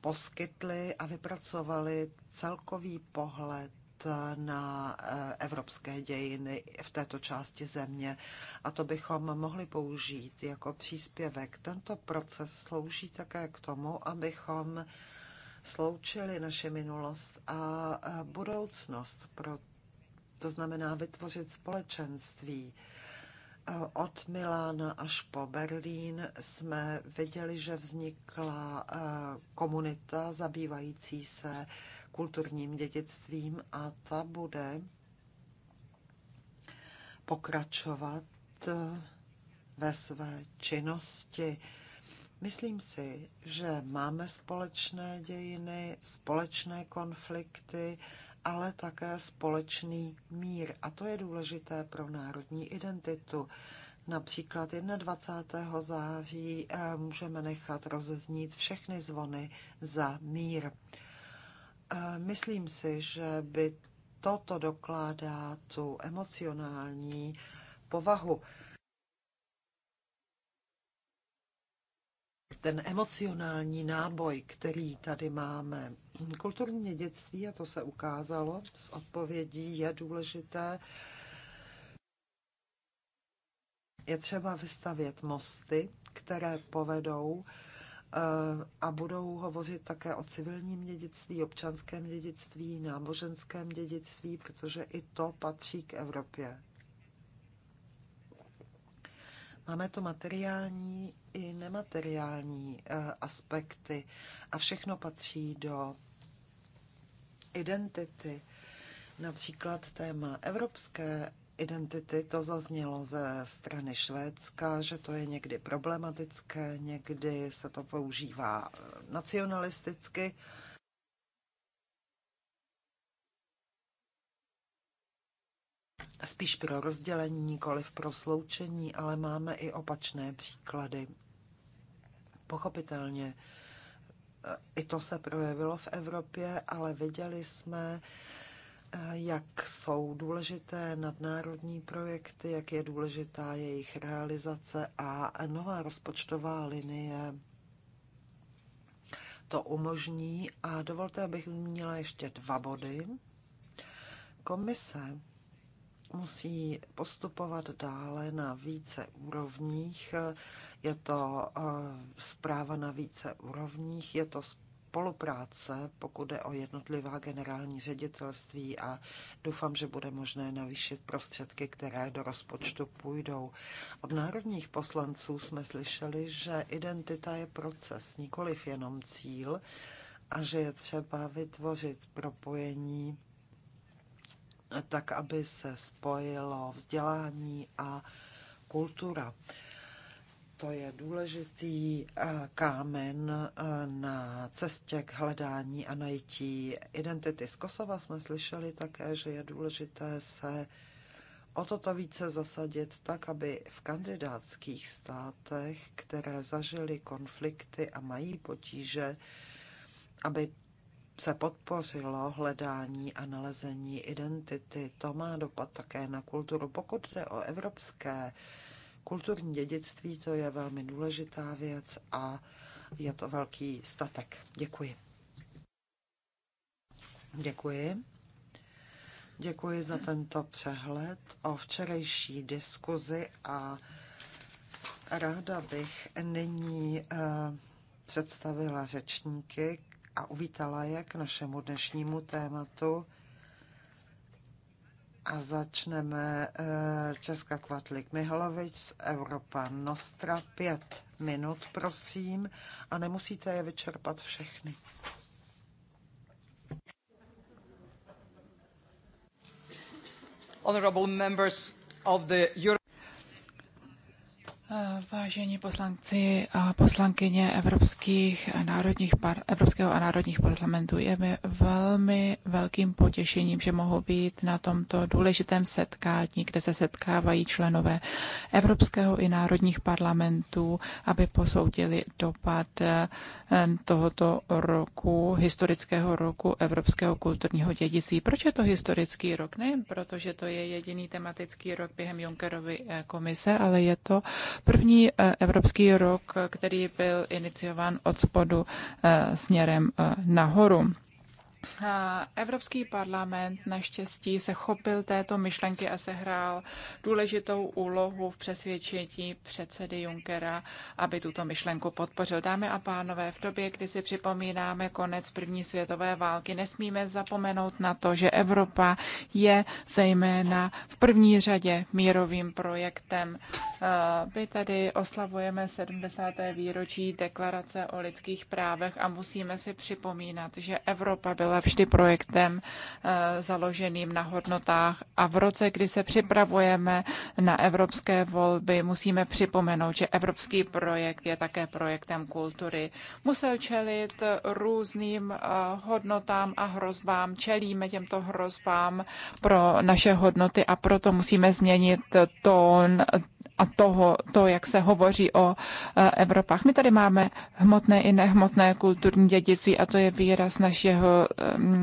poskytli a vypracovali celkový pohled na evropské dějiny v této části země a to bychom mohli použít jako příspěvek. Tento proces slouží také k tomu, abychom sloučili naše minulost a budoucnost. Pro, to znamená vytvořit společenství. Od Milána až po Berlín jsme viděli, že vznikla komunita zabývající se kulturním dědictvím a ta bude pokračovat ve své činnosti. Myslím si, že máme společné dějiny, společné konflikty, ale také společný mír. A to je důležité pro národní identitu. Například 21. září eh, můžeme nechat rozeznít všechny zvony za mír. Eh, myslím si, že by toto dokládá tu emocionální povahu ten emocionální náboj, který tady máme. Kulturní dědictví, a to se ukázalo z odpovědí, je důležité. Je třeba vystavět mosty, které povedou eh, a budou hovořit také o civilním dědictví, občanském dědictví, náboženském dědictví, protože i to patří k Evropě. Máme tu materiální i nemateriální eh, aspekty a všechno patří do identity. Například téma evropské identity, to zaznělo ze strany Švédska, že to je někdy problematické, někdy se to používá eh, nacionalisticky. spíš pro rozdělení, nikoli pro sloučení, ale máme i opačné příklady. Pochopitelně, eh, i to se projevilo v Evropě, ale viděli jsme, eh, jak jsou důležité nadnárodní projekty, jak je důležitá jejich realizace a nová rozpočtová linie to umožní. A dovolte, abych měla ještě dva body. Komise musí postupovat dále na více úrovních. Je to eh, zpráva na více úrovních, je to spolupráce, pokud je o jednotlivá generální ředitelství a doufám, že bude možné navýšit prostředky, které do rozpočtu půjdou. Od národních poslanců jsme slyšeli, že identita je proces, nikoliv jenom cíl a že je třeba vytvořit propojení tak aby se spojilo vzdělání a kultura. To je důležitý eh, kámen eh, na cestě k hledání a najití identity. Z Kosova jsme slyšeli také, že je důležité se o toto více zasadit tak, aby v kandidátských státech, které zažily konflikty a mají potíže, aby se podpořilo hledání a nalezení identity. To má dopad také na kulturu. Pokud jde o evropské kulturní dědictví, to je velmi důležitá věc a je to velký statek. Děkuji. Děkuji. Děkuji za tento přehled o včerejší diskuzi a ráda bych nyní eh, představila řečníky, a uvítala je k našemu dnešnímu tématu. A začneme eh, Česka Kvatlik Mihalovič z Evropa Nostra. Pět minut, prosím, a nemusíte je vyčerpat všechny. Honorable members of the Euro Vážení poslanci a poslankyně Evropských a národních par, Evropského a národních parlamentů, je mi velmi velkým potěšením, že mohu být na tomto důležitém setkání, kde se setkávají členové Evropského i národních parlamentů, aby posoudili dopad eh, tohoto roku, historického roku Evropského kulturního dědictví. Proč je to historický rok? Nejen proto, že to je jediný tematický rok během Junckerovy eh, komise, ale je to První eh, evropský rok, eh, který byl iniciován od spodu eh, směrem nahoru. Evropský parlament naštěstí se chopil této myšlenky a sehrál důležitou úlohu v přesvědčení předsedy Junckera, aby tuto myšlenku podpořil. Dámy a pánové, v době, kdy si připomínáme konec první světové války, nesmíme zapomenout na to, že Evropa je zejména v první řadě mírovým projektem. My tady oslavujeme 70. výročí deklarace o lidských právech a musíme si připomínat, že Evropa byla ale vždy projektem eh, založeným na hodnotách a v roce, kdy se připravujeme na evropské volby, musíme připomenout, že evropský projekt je také projektem kultury. Musel čelit různým eh, hodnotám a hrozbám, čelíme těmto hrozbám pro naše hodnoty a proto musíme změnit tón a toho, to, jak se hovoří o e, Evropách. My tady máme hmotné i nehmotné kulturní dědictví a to je výraz našeho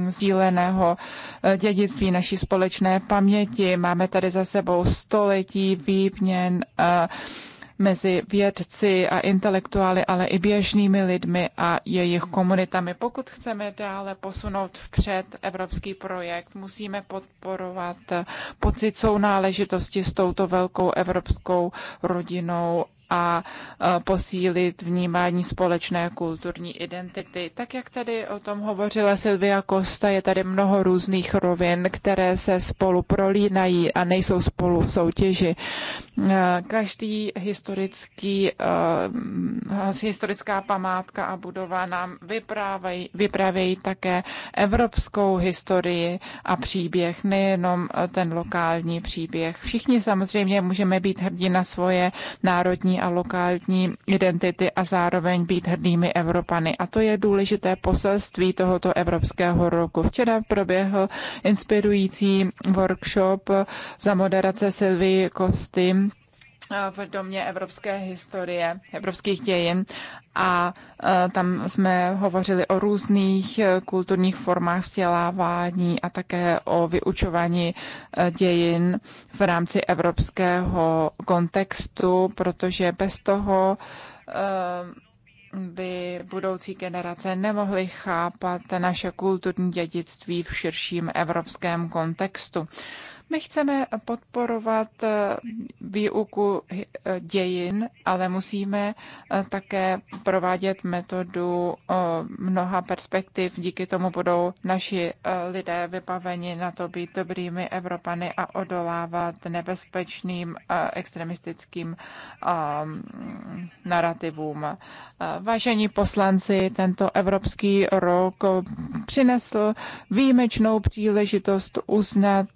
sdíleného e, dědictví, naší společné paměti. Máme tady za sebou století výměn e, mezi vědci a intelektuály, ale i běžnými lidmi a jejich komunitami. Pokud chceme dále posunout vpřed evropský projekt, musíme podporovat pocit sounáležitosti s touto velkou evropskou rodinou a posílit vnímání společné kulturní identity. Tak, jak tady o tom hovořila Silvia Costa, je tady mnoho různých rovin, které se spolu prolínají a nejsou spolu v soutěži. Každý historický, mm, historická památka a budova nám vyprávějí, vyprávějí také evropskou historii a příběh, nejenom ten lokální příběh. Všichni samozřejmě můžeme být hrdí na svoje národní a lokální identity a zároveň být hrdými Evropany. A to je důležité poselství tohoto Evropského roku. Včera proběhl inspirující workshop za moderace Sylvie Kosty v domě evropské historie, evropských dějin a e, tam jsme hovořili o různých e, kulturních formách vzdělávání a také o vyučování e, dějin v rámci evropského kontextu, protože bez toho by budoucí generace nemohly chápat naše kulturní dědictví v širším evropském kontextu. My chceme podporovat eh, výuku eh, dějin, ale musíme eh, také provádět metodu mnoha perspektiv. Díky tomu budou naši lidé vybaveni na to být dobrými Evropany a odolávat nebezpečným extremistickým ehm, narrativům. Vážení poslanci, tento Evropský rok přinesl výjimečnou příležitost uznat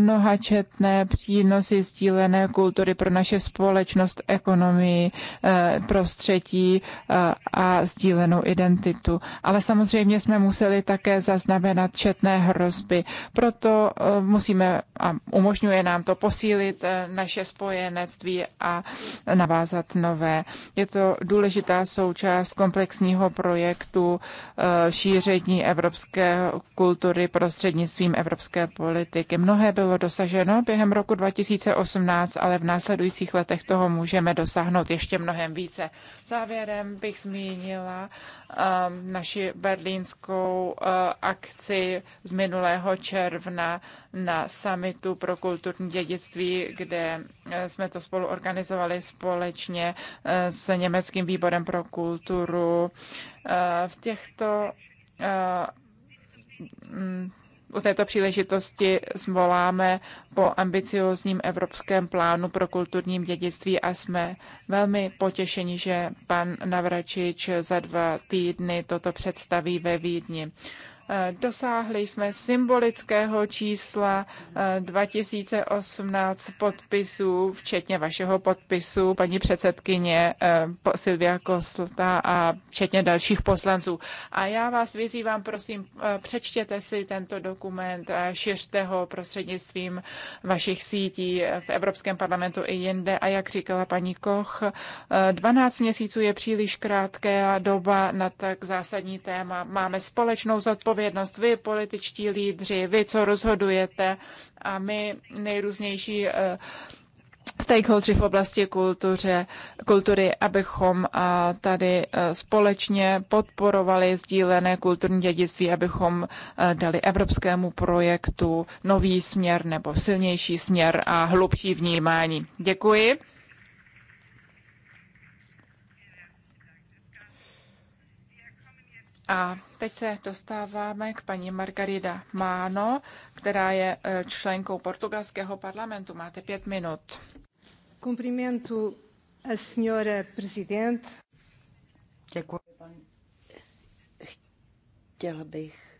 mnohačetné přínosy sdílené kultury pro naše společnost, ekonomii, eh, prostředí eh, a sdílenou identitu. Ale samozřejmě jsme museli také zaznamenat četné hrozby. Proto eh, musíme a umožňuje nám to posílit naše spojenectví a navázat nové. Je to důležitá součást komplexního projektu šíření evropské kultury prostřednictvím evropské politiky. Mnohé bylo bylo dosaženo během roku 2018, ale v následujících letech toho můžeme dosáhnout ještě mnohem více. Závěrem bych zmínila um, naši berlínskou uh, akci z minulého června na summitu pro kulturní dědictví, kde uh, jsme to spolu organizovali společně uh, s Německým výborem pro kulturu. Uh, v těchto mm, u této příležitosti zvoláme po ambiciozním evropském plánu pro kulturní dědictví a jsme velmi potěšeni, že pan Navračič za dva týdny toto představí ve Vídni. Eh, dosáhli jsme symbolického čísla 2018 eh, podpisů, včetně vašeho podpisu, paní předsedkyně eh, Silvia Koslta a včetně dalších poslanců. A já vás vyzývám, prosím, přečtěte si tento dokument, šiřte ho prostřednictvím vašich sítí v Evropském parlamentu i jinde. A jak říkala paní Koch, 12 měsíců je příliš krátká doba na tak zásadní téma. Máme společnou zodpovědnost odpovědnost, vy političtí lídři, vy, co rozhodujete a my nejrůznější eh, stakeholders v oblasti kultuře, kultury, abychom eh, tady eh, společně podporovali sdílené kulturní dědictví, abychom dali evropskému projektu nový směr nebo silnější směr a hlubší vnímání. Děkuji. A Teď se dostáváme k paní Margarida Máno, která je e, členkou portugalského parlamentu. Máte pět minut. Cumprimento a senhora presidente. Děkuji, pan. Chtěla bych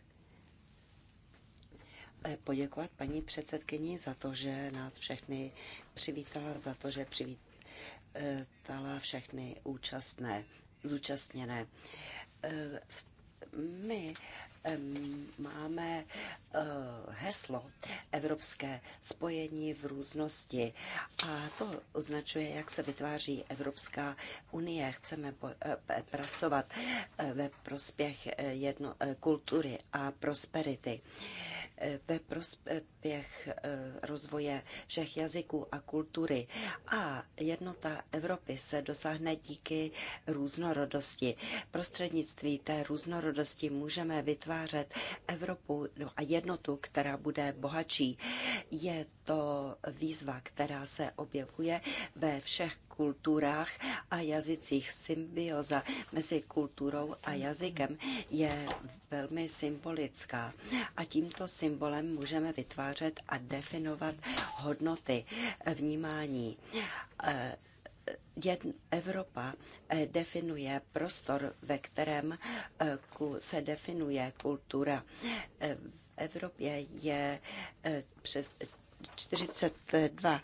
e, poděkovat paní předsedkyni za to, že nás všechny přivítala, za to, že přivítala všechny účastné, zúčastněné. E, v my máme eh, heslo Evropské spojení v různosti a to označuje, jak se vytváří Evropská unie. Chceme eh, pracovat eh, ve prospěch jedno, kultury a prosperity. Uh, ve prospěch eh, rozvoje všech jazyků a kultury. A jednota Evropy se dosáhne díky různorodosti. Prostřednictví té různorodosti můžeme vytvářet Evropu no a jednotu, která bude bohatší. Je to výzva, která se objevuje ve všech kulturách a jazycích. Symbioza mezi kulturou a jazykem je velmi symbolická a tímto symbolem můžeme vytvářet a definovat hodnoty vnímání. E, Evropa e, definuje prostor, ve kterém e, se definuje kultura. V Evropě je přes 42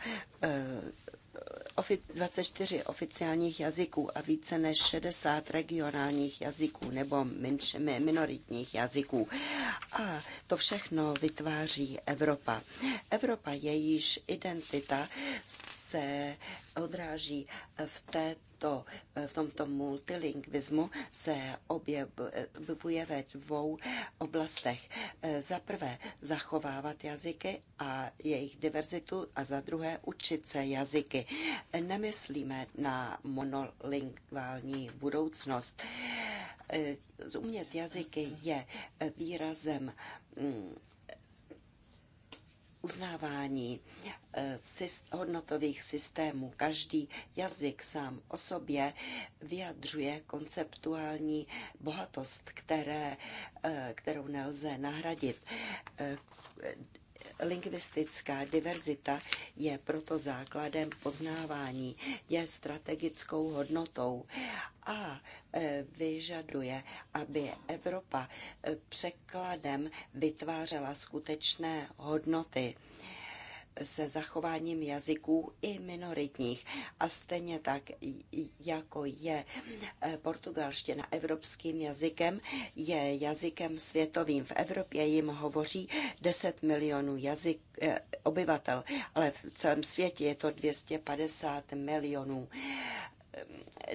ofi- 24 oficiálních jazyků a více než 60 regionálních jazyků nebo menš- minoritních jazyků. A to všechno vytváří Evropa. Evropa, jejíž identita se odráží v této, v tomto multilingvismu se objevuje ve dvou oblastech. Za prvé zachovávat jazyky a jejich diverzitu a za druhé učit se jazyky nemyslíme na monolingvální budoucnost. Zumět jazyky je výrazem mm, uznávání eh, hodnotových systémů. Každý jazyk sám o sobě vyjadřuje konceptuální bohatost, které, eh, kterou nelze nahradit. Eh, lingvistická diverzita je proto základem poznávání, je strategickou hodnotou a e, vyžaduje, aby Evropa e, překladem vytvářela skutečné hodnoty se zachováním jazyků i minoritních. A stejně tak, jako je eh, portugalština evropským jazykem, je jazykem světovým. V Evropě jim hovoří 10 milionů jazyk, eh, obyvatel, ale v celém světě je to 250 milionů.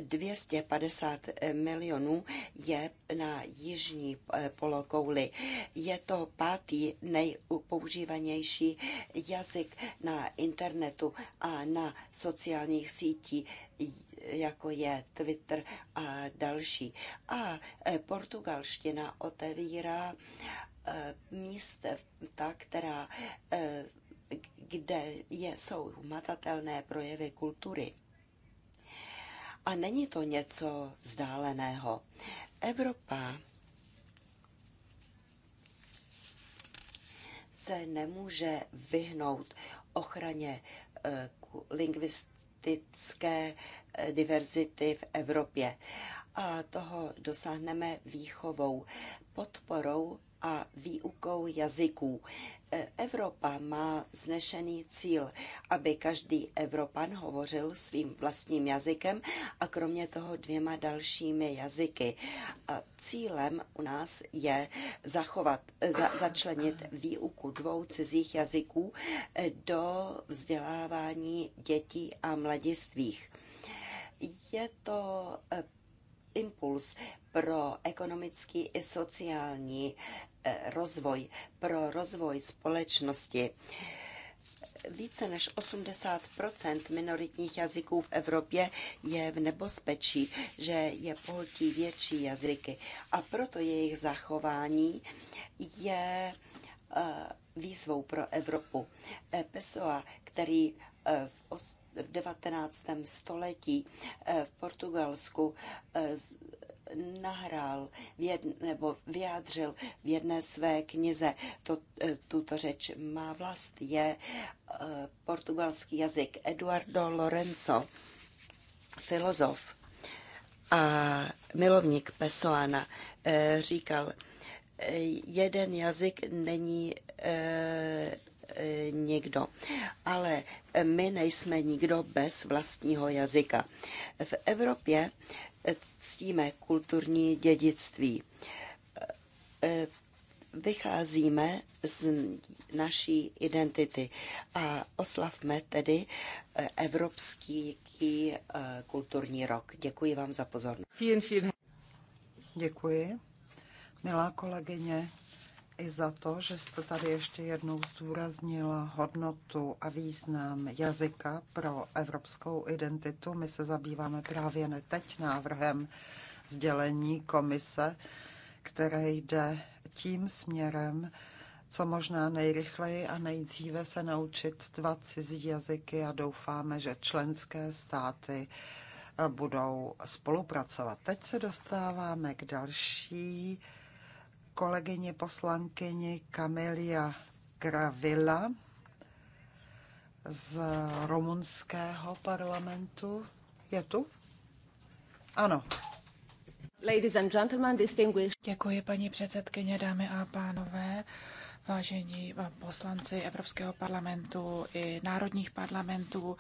250 milionů je na jižní eh, polokouli. Je to pátý nejpoužívanější jazyk na internetu a na sociálních sítích, jako je Twitter a další. A eh, portugalština otevírá eh, míst, ta, která, kde je, jsou matatelné projevy kultury a není to něco vzdáleného. Evropa se nemůže vyhnout ochraně e, lingvistické e, diverzity v Evropě. A toho dosáhneme výchovou, podporou a výukou jazyků. E, Evropa má znešený cíl, aby každý Evropan hovořil svým vlastním jazykem a kromě toho dvěma dalšími jazyky. A e, cílem u nás je zachovat, e, za, začlenit výuku dvou cizích jazyků do vzdělávání dětí a mladistvých. Je to impuls pro ekonomický i sociální rozvoj, pro rozvoj společnosti. Více než 80 minoritních jazyků v Evropě je v nebezpečí, že je pohltí větší jazyky a proto jejich zachování je eh, výzvou pro Evropu. Eh, Pessoa, který eh, v 19. století v Portugalsku nahrál v jed, nebo vyjádřil v jedné své knize. To, e, tuto řeč má vlast je e, portugalský jazyk Eduardo Lorenzo, filozof a milovník Pessoana, e, říkal, jeden jazyk není nikdo. Ale my nejsme nikdo bez vlastního jazyka. V Evropě ctíme kulturní dědictví. Vycházíme z naší identity a oslavme tedy Evropský kulturní rok. Děkuji vám za pozornost. Děkuji, milá kolegyně i za to, že jste tady ještě jednou zdůraznila hodnotu a význam jazyka pro evropskou identitu. My se zabýváme právě ne teď návrhem sdělení komise, které jde tím směrem, co možná nejrychleji a nejdříve se naučit dva cizí jazyky a doufáme, že členské státy eh, budou spolupracovat. Teď se dostáváme k další kolegyně poslankyni Kamelia Gravila z rumunského parlamentu. Je tu? Ano. Ladies and gentlemen, distinguished. Děkuji, paní předsedkyně, dámy a pánové. Vážení poslanci Evropského parlamentu i národních parlamentů,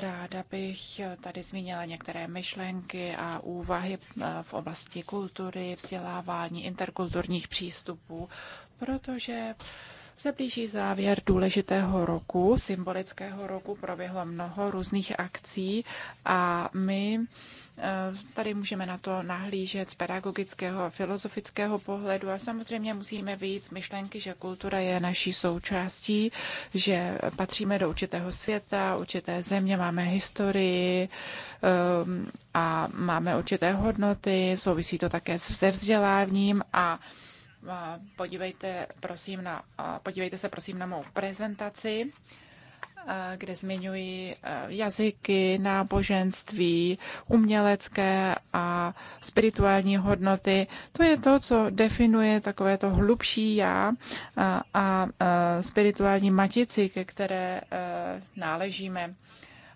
Ráda bych tady zmínila některé myšlenky a úvahy eh, v oblasti kultury, vzdělávání, interkulturních přístupů, protože se blíží závěr důležitého roku, symbolického roku, proběhlo mnoho různých akcí a my eh, tady můžeme na to nahlížet z pedagogického a filozofického pohledu a samozřejmě musíme vyjít z myšlenky, že kultura je naší součástí, že patříme do určitého světa, určité země, máme historii eh, a máme určité hodnoty, souvisí to také se vzděláním a podívejte, prosím na, podívejte se prosím na mou prezentaci kde zmiňuji jazyky, náboženství, umělecké a spirituální hodnoty. To je to, co definuje takové to hlubší já a, a spirituální matici, ke které náležíme.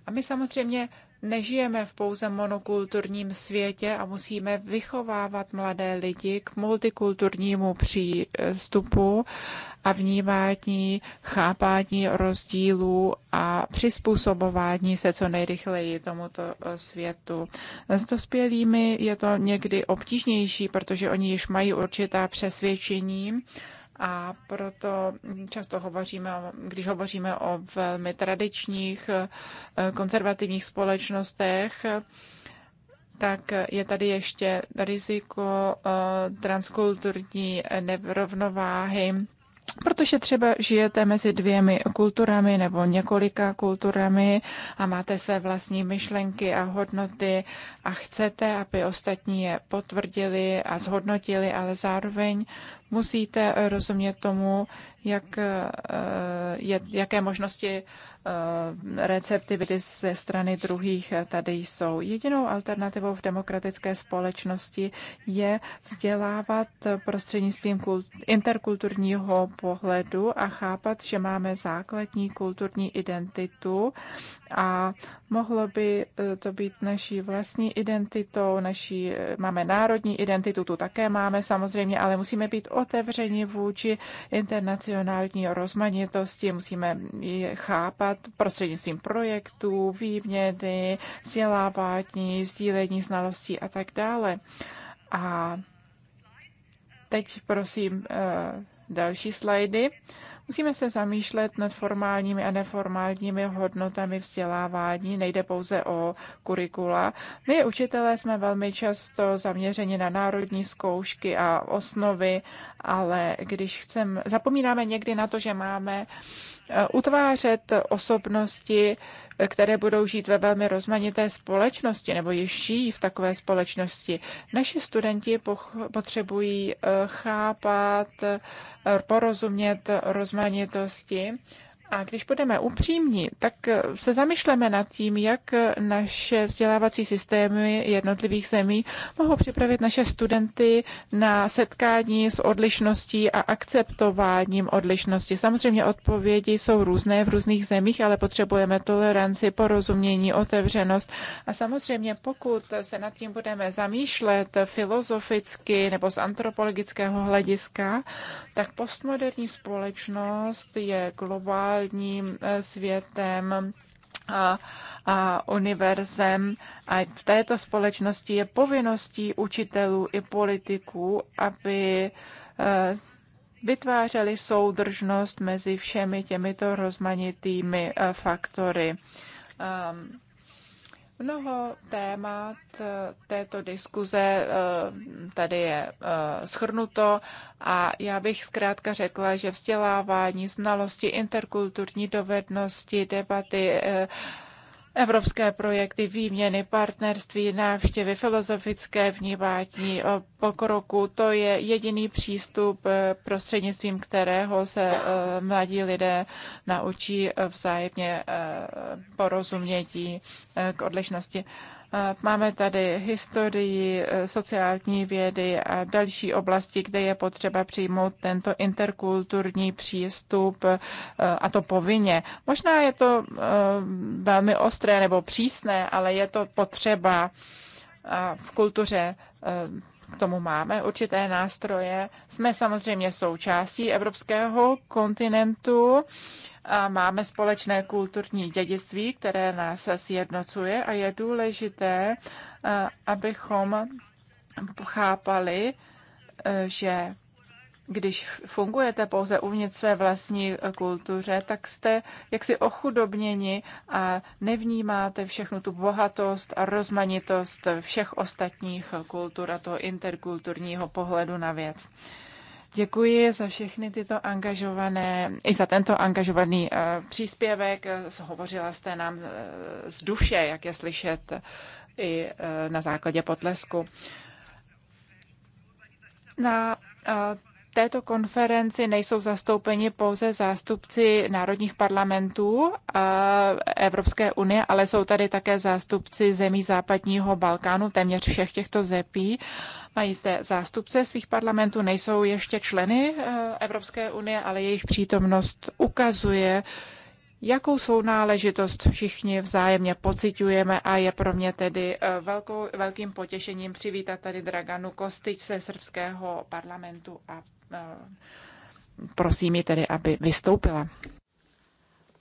A my samozřejmě nežijeme v pouze monokulturním světě a musíme vychovávat mladé lidi k multikulturnímu přístupu a vnímání, chápání rozdílů a přizpůsobování se co nejrychleji tomuto eh, světu. S dospělými je to někdy obtížnější, protože oni již mají určitá přesvědčení a proto často hovoříme, když hovoříme o velmi tradičních eh, konzervativních společnostech, tak je tady ještě riziko eh, transkulturní nerovnováhy Protože třeba žijete mezi dvěmi kulturami nebo několika kulturami a máte své vlastní myšlenky a hodnoty a chcete, aby ostatní je potvrdili a zhodnotili, ale zároveň musíte rozumět tomu, jak, eh, jaké možnosti Eh, receptivity ze strany druhých eh, tady jsou. Jedinou alternativou v demokratické společnosti je vzdělávat eh, prostřednictvím interkulturního pohledu a chápat, že máme základní kulturní identitu a mohlo by to být naší vlastní identitou, naší, máme národní identitu, tu také máme samozřejmě, ale musíme být otevřeni vůči internacionální rozmanitosti, musíme ji chápat prostřednictvím projektů, výměny, vzdělávání, sdílení znalostí a tak dále. A teď prosím eh, další slajdy. Musíme se zamýšlet nad formálními a neformálními hodnotami vzdělávání. Nejde pouze o kurikula. My, učitelé, jsme velmi často zaměřeni na národní zkoušky a osnovy, ale když chcem, zapomínáme někdy na to, že máme eh, utvářet osobnosti, které budou žít ve velmi rozmanité společnosti nebo již žijí v takové společnosti. Naši studenti potřebují eh, chápat, eh, porozumět rozmanitosti a když budeme upřímní, tak eh, se zamišleme nad tím, jak eh, naše vzdělávací systémy jednotlivých zemí mohou připravit naše studenty na setkání s odlišností a akceptováním odlišnosti. Samozřejmě odpovědi jsou různé v různých zemích, ale potřebujeme toleranci, porozumění, otevřenost. A samozřejmě pokud se nad tím budeme zamýšlet filozoficky nebo z antropologického hlediska, tak postmoderní společnost je globální globálním eh, světem a, a univerzem. A v této společnosti je povinností učitelů i politiků, aby eh, vytvářeli soudržnost mezi všemi těmito rozmanitými eh, faktory. Ehm, Mnoho témat eh, této diskuze eh, tady je eh, schrnuto a já bych zkrátka řekla, že vzdělávání, znalosti, interkulturní dovednosti, debaty, evropské projekty, výměny, partnerství, návštěvy, filozofické vnímání pokroku. To je jediný přístup, eh, prostřednictvím kterého se eh, mladí lidé naučí eh, vzájemně porozumětí k odlišnosti. Máme tady historii, eh, sociální vědy a další oblasti, kde je potřeba přijmout tento interkulturní přístup eh, a to povinně. Možná je to eh, velmi ostré nebo přísné, ale je to potřeba v kultuře k tomu máme určité nástroje. Jsme samozřejmě součástí evropského kontinentu a máme společné kulturní dědictví, které nás sjednocuje a je důležité, eh, abychom chápali, eh, že když fungujete pouze uvnitř své vlastní kultuře, tak jste jaksi ochudobněni a nevnímáte všechnu tu bohatost a rozmanitost všech ostatních kultur a toho interkulturního pohledu na věc. Děkuji za všechny tyto angažované, i za tento angažovaný eh, příspěvek. Eh, hovořila jste nám eh, z duše, jak je slyšet i na základě potlesku. Na této konferenci nejsou zastoupeni pouze zástupci národních parlamentů eh, Evropské unie, ale jsou tady také zástupci zemí západního Balkánu, téměř všech těchto zemí. Mají zde zástupce svých parlamentů, nejsou ještě členy eh, Evropské unie, ale jejich přítomnost ukazuje, jakou sounáležitost všichni vzájemně pociťujeme a je pro mě tedy eh, velkou, velkým potěšením přivítat tady Draganu Kostič ze srbského parlamentu a Eh, prosím ji tedy, aby vystoupila.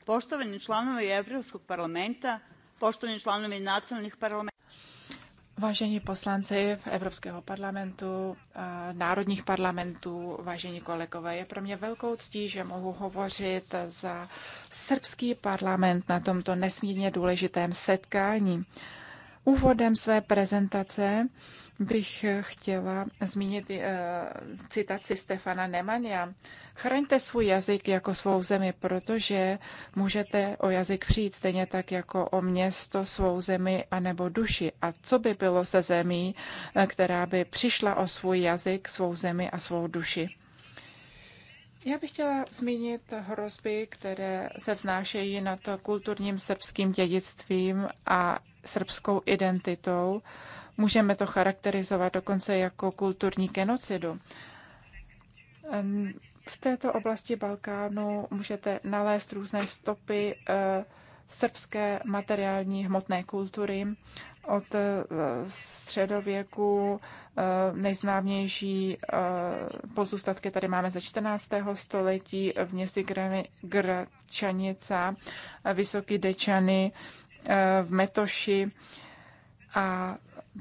Poštovani členové Evropského parlamenta, poštovani členové nacionálních parlamentů. Vážení poslanci v Evropského parlamentu, eh, národních parlamentů, vážení kolegové, je pro mě velkou ctí, že mohu hovořit za srbský parlament na tomto nesmírně důležitém setkání. Úvodem své prezentace bych chtěla zmínit eh, citaci Stefana Nemania. Chraňte svůj jazyk jako svou zemi, protože můžete o jazyk přijít stejně tak jako o město, svou zemi a nebo duši. A co by bylo se zemí, eh, která by přišla o svůj jazyk, svou zemi a svou duši? Já bych chtěla zmínit hrozby, které se vznášejí nad kulturním srbským dědictvím a srbskou identitou. Můžeme to charakterizovat dokonce jako kulturní genocidu. V této oblasti Balkánu můžete nalézt různé stopy eh, srbské materiální hmotné kultury od eh, středověku. Eh, nejznámější pozůstatky tady máme ze 14. století v městě Gračanica, Vysoký Dečany, v Metoši a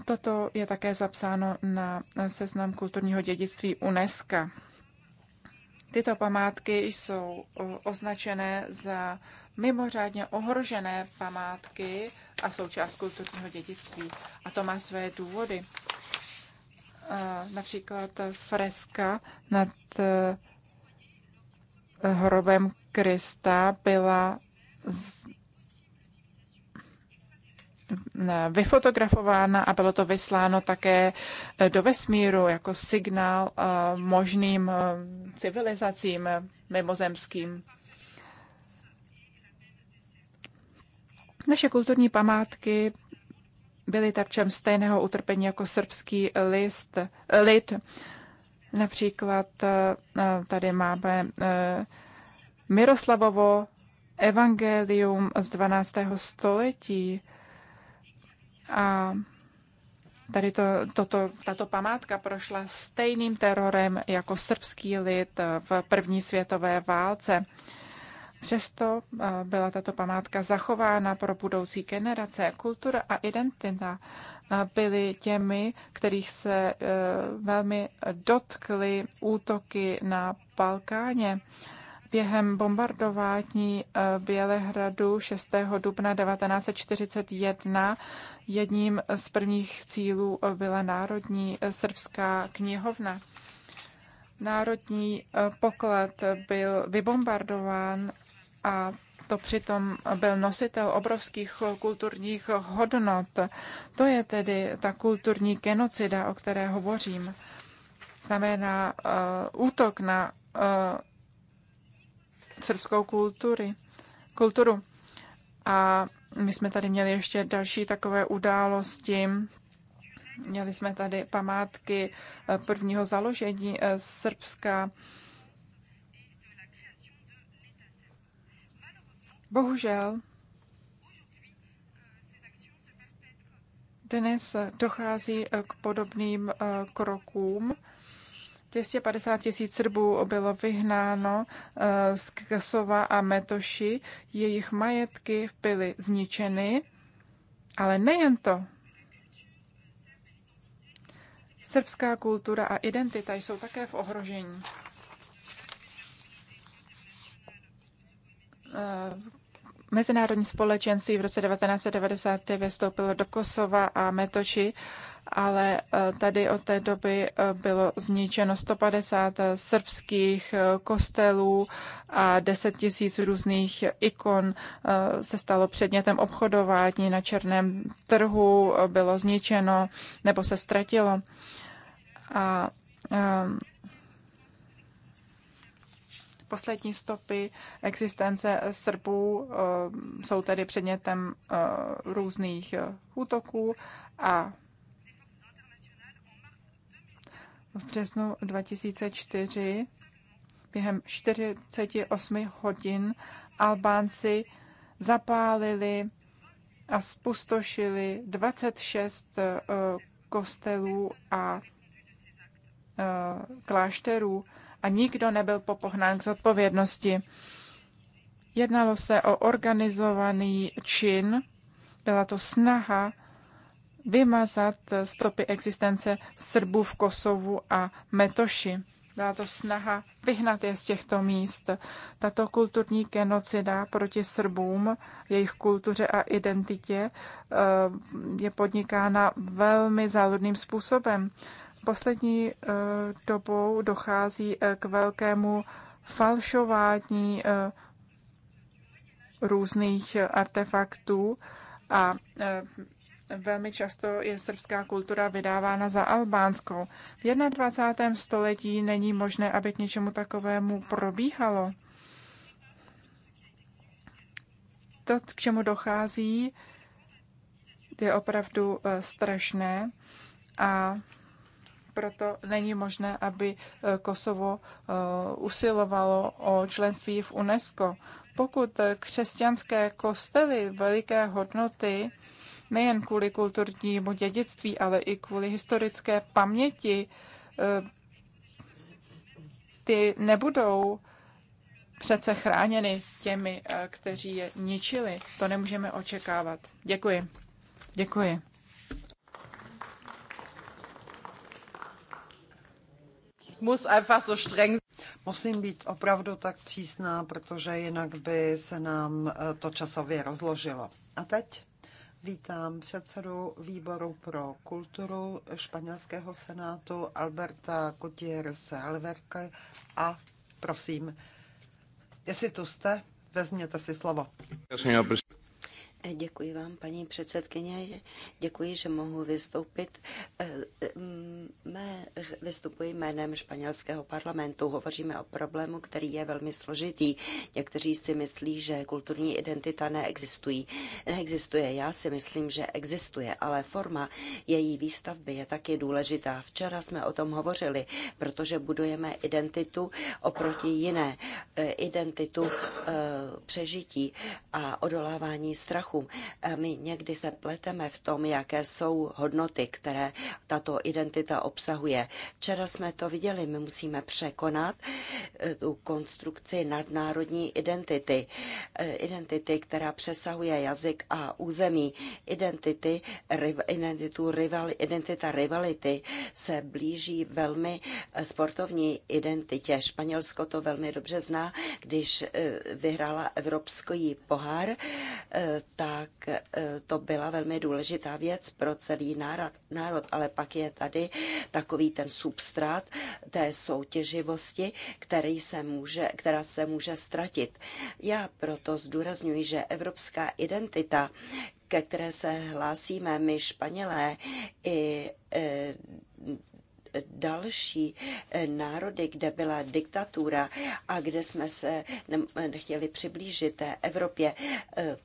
toto je také zapsáno na seznam kulturního dědictví UNESCO. Tyto památky jsou označené za mimořádně ohrožené památky a součást kulturního dědictví. A to má své důvody. Například freska nad e, hrobem Krista byla vyfotografována a bylo to vysláno také eh, do vesmíru jako signál eh, možným eh, civilizacím mimozemským. Naše kulturní památky byly tarčem stejného utrpení jako srbský list, lid. Například tady máme Miroslavovo evangelium z 12. století. A tady to, toto, tato památka prošla stejným terorem jako srbský lid v první světové válce. Přesto eh, byla tato památka zachována pro budoucí generace. Kultura a identita eh, byly těmi, kterých se eh, velmi dotkly útoky na Balkáně během bombardování eh, Bělehradu 6. dubna 1941 jedním z prvních cílů eh, byla Národní eh, srbská knihovna. Národní poklad byl vybombardován a to přitom byl nositel obrovských kulturních hodnot. To je tedy ta kulturní genocida, o které hovořím. Znamená uh, útok na uh, srbskou kultury, kulturu. A my jsme tady měli ještě další takové události. Měli jsme tady památky eh, prvního založení eh, Srbska. Bohužel dnes dochází eh, k podobným krokům 250 tisíc Srbů bylo vyhnáno eh, z Kosova a Metoši, jejich majetky byly zničeny, ale nejen to. Srbská kultura a identita jsou také v ohrožení. Eh, mezinárodní společenství v roce 1999 vstoupilo do Kosova a Metoči ale eh, tady od té doby eh, bylo zničeno 150 eh, srbských kostelů a 10 tisíc různých ikon se stalo předmětem obchodování na černém trhu, bylo zničeno nebo se ztratilo. A poslední stopy existence Srbů jsou tedy předmětem různých útoků a v březnu 2004 během 48 hodin Albánci zapálili a spustošili 26 eh, kostelů a eh, klášterů a nikdo nebyl popohnán k zodpovědnosti. Jednalo se o organizovaný čin, byla to snaha vymazat stopy existence Srbů v Kosovu a Metoši. Byla to snaha vyhnat je z těchto míst. Tato kulturní genocida proti Srbům, jejich kultuře a identitě eh, je podnikána velmi záludným způsobem. Poslední eh, dobou dochází eh, k velkému falšování různých artefaktů a velmi často je srbská kultura vydávána za albánskou. V 21. století není možné, aby k něčemu takovému probíhalo. To, k čemu dochází, je opravdu eh, strašné a proto není možné, aby eh, Kosovo eh, usilovalo o členství v UNESCO. Pokud křesťanské kostely veliké hodnoty nejen kvůli kulturnímu dědictví, ale i kvůli historické paměti, eh, ty nebudou přece chráněny těmi, eh, kteří je ničili. To nemůžeme očekávat. Děkuji. Děkuji. Musím být opravdu tak přísná, protože jinak by se nám eh, to časově rozložilo. A teď Vítám předsedu výboru pro kulturu španělského senátu Alberta Gutierrez Alverke a prosím, jestli tu jste, vezměte si slovo. Eh, děkuji vám, paní předsedkyně. Děkuji, že mohu vystoupit. Eh, eh, mé, vystupuji jménem španělského parlamentu. Hovoříme o problému, který je velmi složitý. Někteří si myslí, že kulturní identita neexistují. neexistuje. Já si myslím, že existuje, ale forma její výstavby je taky důležitá. Včera jsme o tom hovořili, protože budujeme identitu oproti jiné, identitu přežití a odolávání strachu strachům. My někdy se pleteme v tom, jaké jsou hodnoty, které tato identita obsahuje. Včera jsme to viděli, my musíme překonat eh, tu konstrukci nadnárodní identity. Eh, identity, která přesahuje jazyk a území. Identity, identitu, rival, identita rivality se blíží velmi eh, sportovní identitě. Španělsko to velmi dobře zná, když vyhrála Evropský pohár, tak e, to byla velmi důležitá věc pro celý národ, národ, ale pak je tady takový ten substrát té soutěživosti, který se může, která se může ztratit. Já proto zdůrazňuji, že evropská identita, ke které se hlásíme my Španělé i e, další eh, národy, kde byla diktatura a kde jsme se chtěli přiblížit té Evropě eh,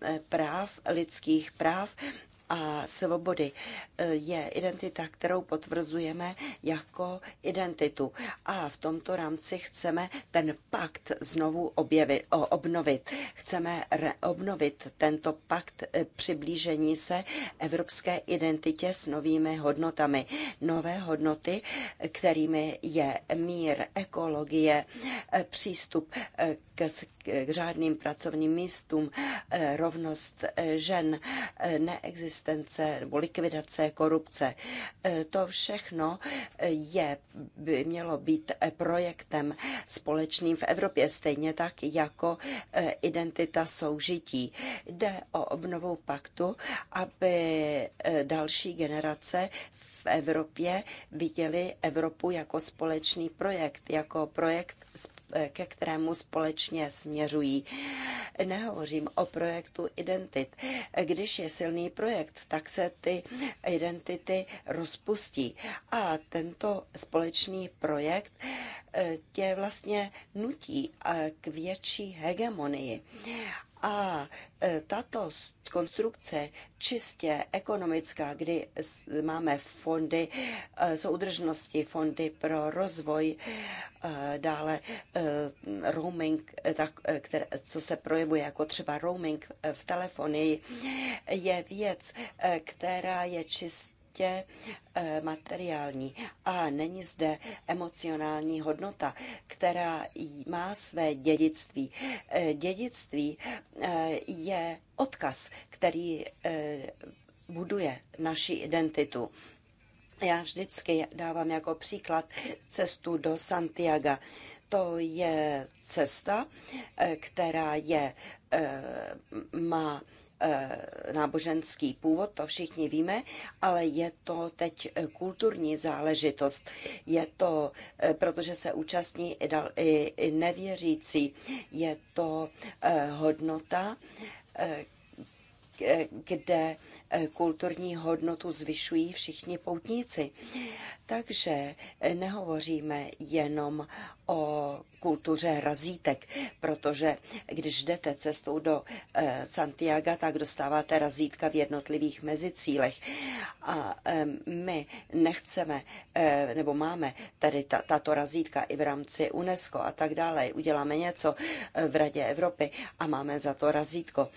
eh, práv, lidských práv, a svobody e, je identita, kterou potvrzujeme jako identitu. A v tomto rámci chceme ten pakt znovu objevit, obnovit. Chceme obnovit tento pakt e, přiblížení se evropské identitě s novými hodnotami. Nové hodnoty, kterými je mír, ekologie, e, přístup k k řádným pracovním místům, eh, rovnost eh, žen, eh, neexistence nebo likvidace korupce. To všechno je, by mělo být projektem společným v Evropě, stejně tak jako identita soužití. Jde o obnovu paktu, aby další generace v Evropě viděli Evropu jako společný projekt, jako projekt ke kterému společně směřují. Nehovořím o projektu identit. Když je silný projekt, tak se ty identity rozpustí. A tento společný projekt eh, tě vlastně nutí eh, k větší hegemonii. A eh, tato konstrukce čistě ekonomická, kdy máme fondy soudržnosti, fondy pro rozvoj, dále Eh, roaming, eh, tak, eh, které, co se projevuje jako třeba roaming v telefonii, je věc, která je čistě materiální a není zde emocionální hodnota, která má své dědictví. Dědictví je odkaz, který buduje naši identitu. Já vždycky dávám jako příklad cestu do Santiago to je cesta, eh, která je, eh, má eh, náboženský původ, to všichni víme, ale je to teď kulturní záležitost. Je to, protože se účastní i, dal, i, i nevěřící, je to hodnota, kde Eh, kulturní hodnotu zvyšují všichni poutníci. Takže eh, nehovoříme jenom o kultuře razítek, protože když jdete cestou do eh, Santiago, tak dostáváte razítka v jednotlivých mezicílech. A my nechceme, nebo máme tady tato razítka i v rámci UNESCO a tak dále. Uděláme něco v Radě Evropy a máme za to razítko.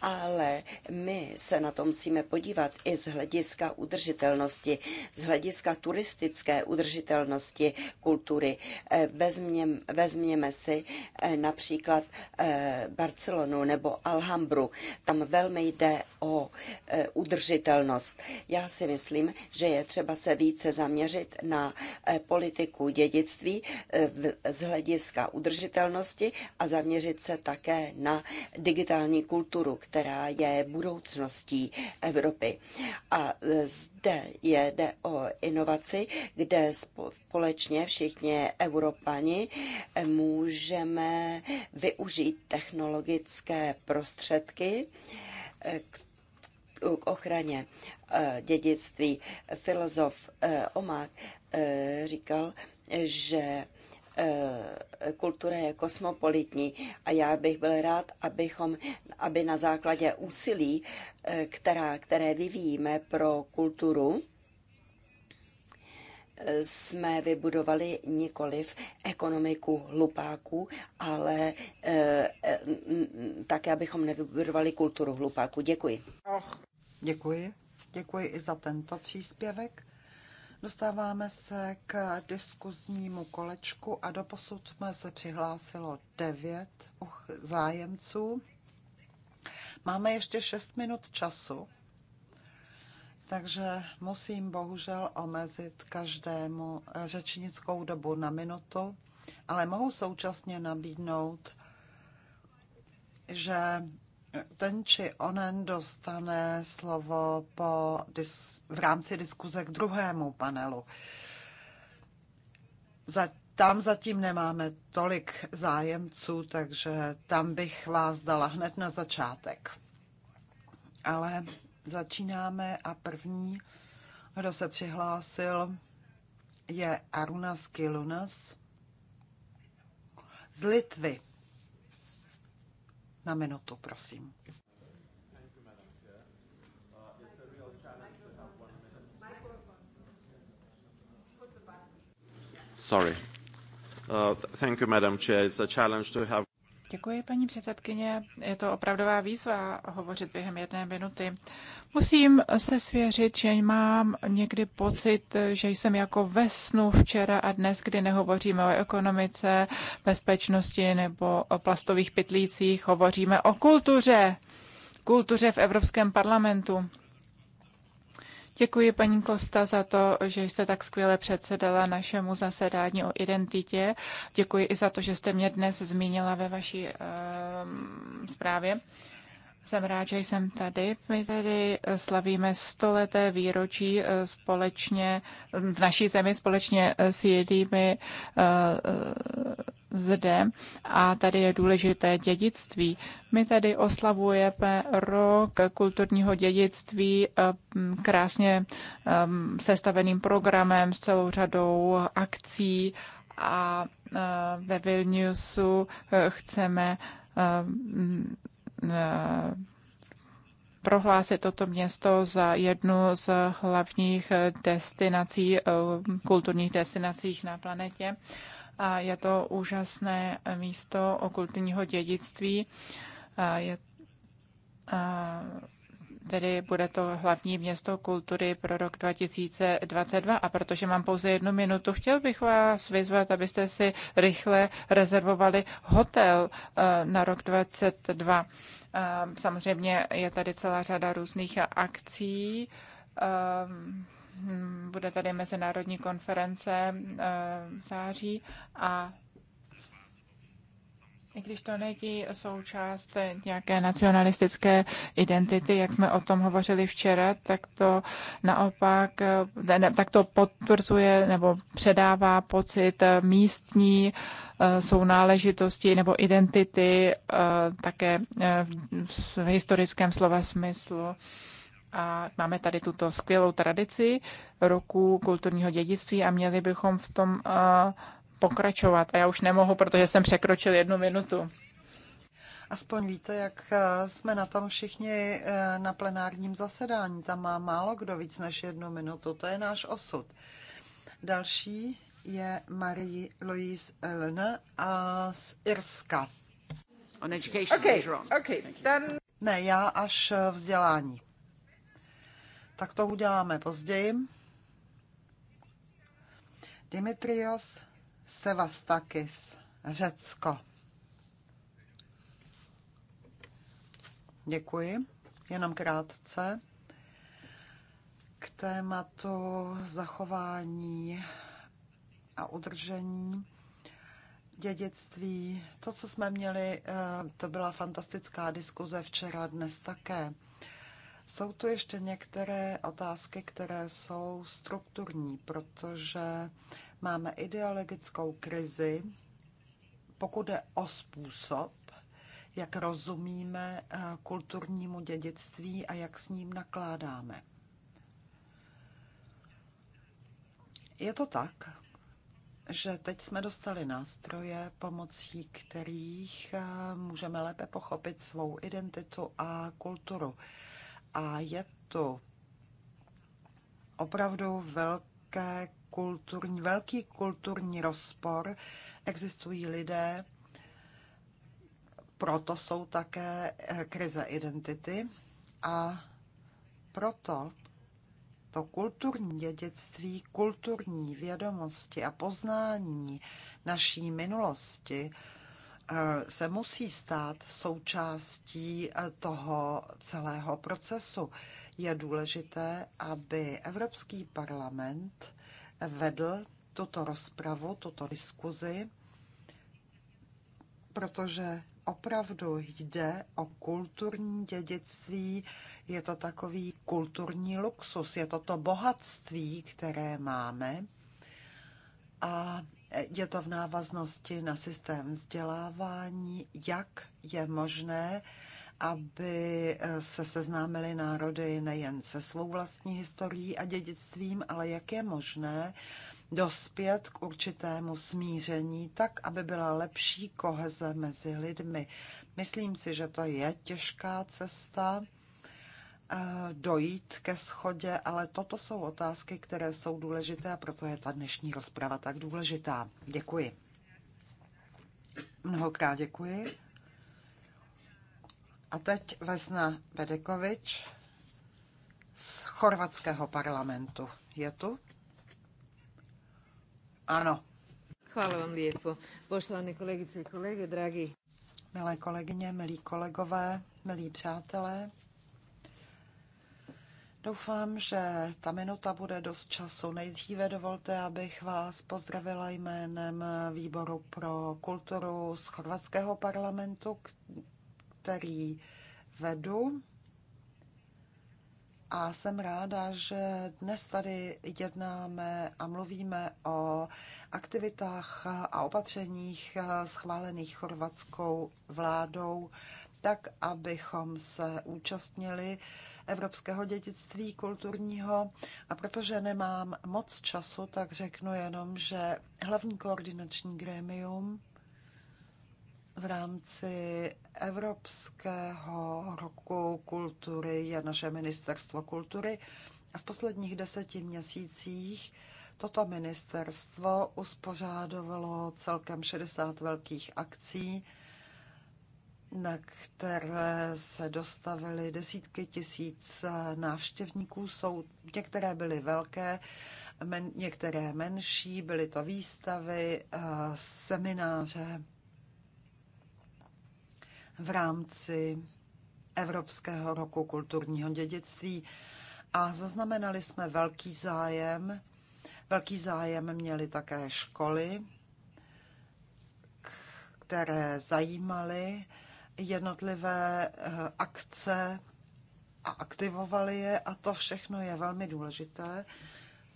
Ale my se na to musíme musíme podívat i z hlediska udržitelnosti, z hlediska turistické udržitelnosti kultury. Eh, vezměm, vezměme si eh, například eh, Barcelonu nebo Alhambru. Tam velmi jde o udržitelnost. Já si myslím, že je třeba se více zaměřit na politiku dědictví z hlediska udržitelnosti a zaměřit se také na digitální kulturu, která je budoucností Evropy. A e, zde jde o inovaci, kde společně všichni Evropani e, můžeme využít technologické prostředky e, k k ochraně dědictví. Filozof Omák říkal, že Eh, kultura je kosmopolitní a já bych byl rád, abychom, aby na základě úsilí, eh, která, které vyvíjíme pro kulturu, eh, jsme vybudovali nikoliv ekonomiku hlupáků, ale e, e, také, abychom nevybudovali kulturu hlupáků. Děkuji. Děkuji. Děkuji i za tento příspěvek. Dostáváme se k diskuznímu kolečku a doposud jsme se přihlásilo devět zájemců. Máme ještě šest minut času, takže musím bohužel omezit každému eh, řečnickou dobu na minutu, ale mohu současně nabídnout, že ten či onen dostane slovo po dis- v rámci diskuze k druhému panelu. Za- tam zatím nemáme tolik zájemců, takže tam bych vás dala hned na začátek. Ale začínáme a první, kdo se přihlásil, je Arunas Kilunas z Litvy na minutu, prosím. Sorry. Uh, thank you, Madam Chair. It's a challenge to have Děkuji, paní předsedkyně. Je to opravdová výzva hovořit během jedné minuty. Musím se svěřit, že mám někdy pocit, že jsem jako ve snu včera a dnes, kdy nehovoříme o ekonomice, bezpečnosti nebo o plastových pytlících, hovoříme o kultuře. Kultuře v Evropském parlamentu. Děkuji paní Kosta za to, že jste tak skvěle předsedala našemu zasedání o identitě. Děkuji i za to, že jste mě dnes zmínila ve vaší uh, zprávě. Jsem rád, že jsem tady. My tady slavíme stoleté výročí eh, společně v naší zemi společně s jednými eh, zde a tady je důležité dědictví. My tady oslavujeme rok kulturního dědictví eh, krásně eh, sestaveným programem s celou řadou akcí a eh, ve Vilniusu chceme prohlásit toto město za jednu z hlavních destinací, kulturních destinací na planetě a je to úžasné místo okultního dědictví. A je, a, tedy bude to hlavní město kultury pro rok 2022. A protože mám pouze jednu minutu, chtěl bych vás vyzvat, abyste si rychle rezervovali hotel e, na rok 2022. E, samozřejmě je tady celá řada různých akcí. E, Hm, bude tady mezinárodní konference eh, v září a i když to není součást nějaké nacionalistické identity, jak jsme o tom hovořili včera, tak to naopak, eh, ne, tak to potvrzuje nebo předává pocit místní eh, sounáležitosti nebo identity také v historickém slova smyslu a máme tady tuto skvělou tradici roku kulturního dědictví a měli bychom v tom pokračovat. A já už nemohu, protože jsem překročil jednu minutu. Aspoň víte, jak jsme na tom všichni e, na plenárním zasedání. Tam má málo kdo víc než jednu minutu. To je náš osud. Další je Marie Louise Ellen a z Irska. On education okay, okay, then... Ne, já až e, vzdělání. Tak to uděláme později. Dimitrios Sevastakis, Řecko. Děkuji, jenom krátce. K tématu zachování a udržení dědictví. To, co jsme měli, eh, to byla fantastická diskuze včera, dnes také. Jsou tu ještě některé otázky, které jsou strukturní, protože máme ideologickou krizi, pokud je o způsob, jak rozumíme eh, kulturnímu dědictví a jak s ním nakládáme. Je to tak, že teď jsme dostali nástroje, pomocí kterých eh, můžeme lépe pochopit svou identitu a kulturu a je to opravdu velké kulturní, velký kulturní rozpor. Existují lidé, proto jsou také krize identity a proto to kulturní dědictví, kulturní vědomosti a poznání naší minulosti Eh, se musí stát součástí eh, toho celého procesu. Je důležité, aby Evropský parlament vedl tuto rozpravu, tuto diskuzi, protože opravdu jde o kulturní dědictví, je to takový kulturní luxus, je to to bohatství, které máme. A je to v návaznosti na systém vzdělávání, jak je možné, aby se seznámili národy nejen se svou vlastní historií a dědictvím, ale jak je možné dospět k určitému smíření tak, aby byla lepší koheze mezi lidmi. Myslím si, že to je těžká cesta Eh, dojít ke schodě, ale toto jsou otázky, které jsou důležité a proto je ta dnešní rozprava tak důležitá. Děkuji. Mnohokrát děkuji. A teď Vesna Bedekovič z chorvatského parlamentu. Je tu? Ano. Hvala vám lijepo. Poštovane kolegice i kolege, dragi. Milé kolegyně, milí kolegové, milí přátelé, Doufám, že ta minuta bude dost času. Nejdříve dovolte, abych vás pozdravila jménem Výboru pro kulturu z chorvatského parlamentu, který vedu. A jsem ráda, že dnes tady jednáme a mluvíme o aktivitách a opatřeních schválených chorvatskou vládou, tak abychom se účastnili evropského dědictví kulturního. A protože nemám moc času, tak řeknu jenom, že hlavní koordinační grémium v rámci Evropského roku kultury je naše ministerstvo kultury. A v posledních deseti měsících toto ministerstvo uspořádovalo celkem 60 velkých akcí, na které se dostavily desítky tisíc návštěvníků. Jsou některé byly velké, men, některé menší, byly to výstavy, semináře v rámci Evropského roku kulturního dědictví a zaznamenali jsme velký zájem. Velký zájem měly také školy, které zajímaly jednotlivé eh, akce a aktivovali je a to všechno je velmi důležité,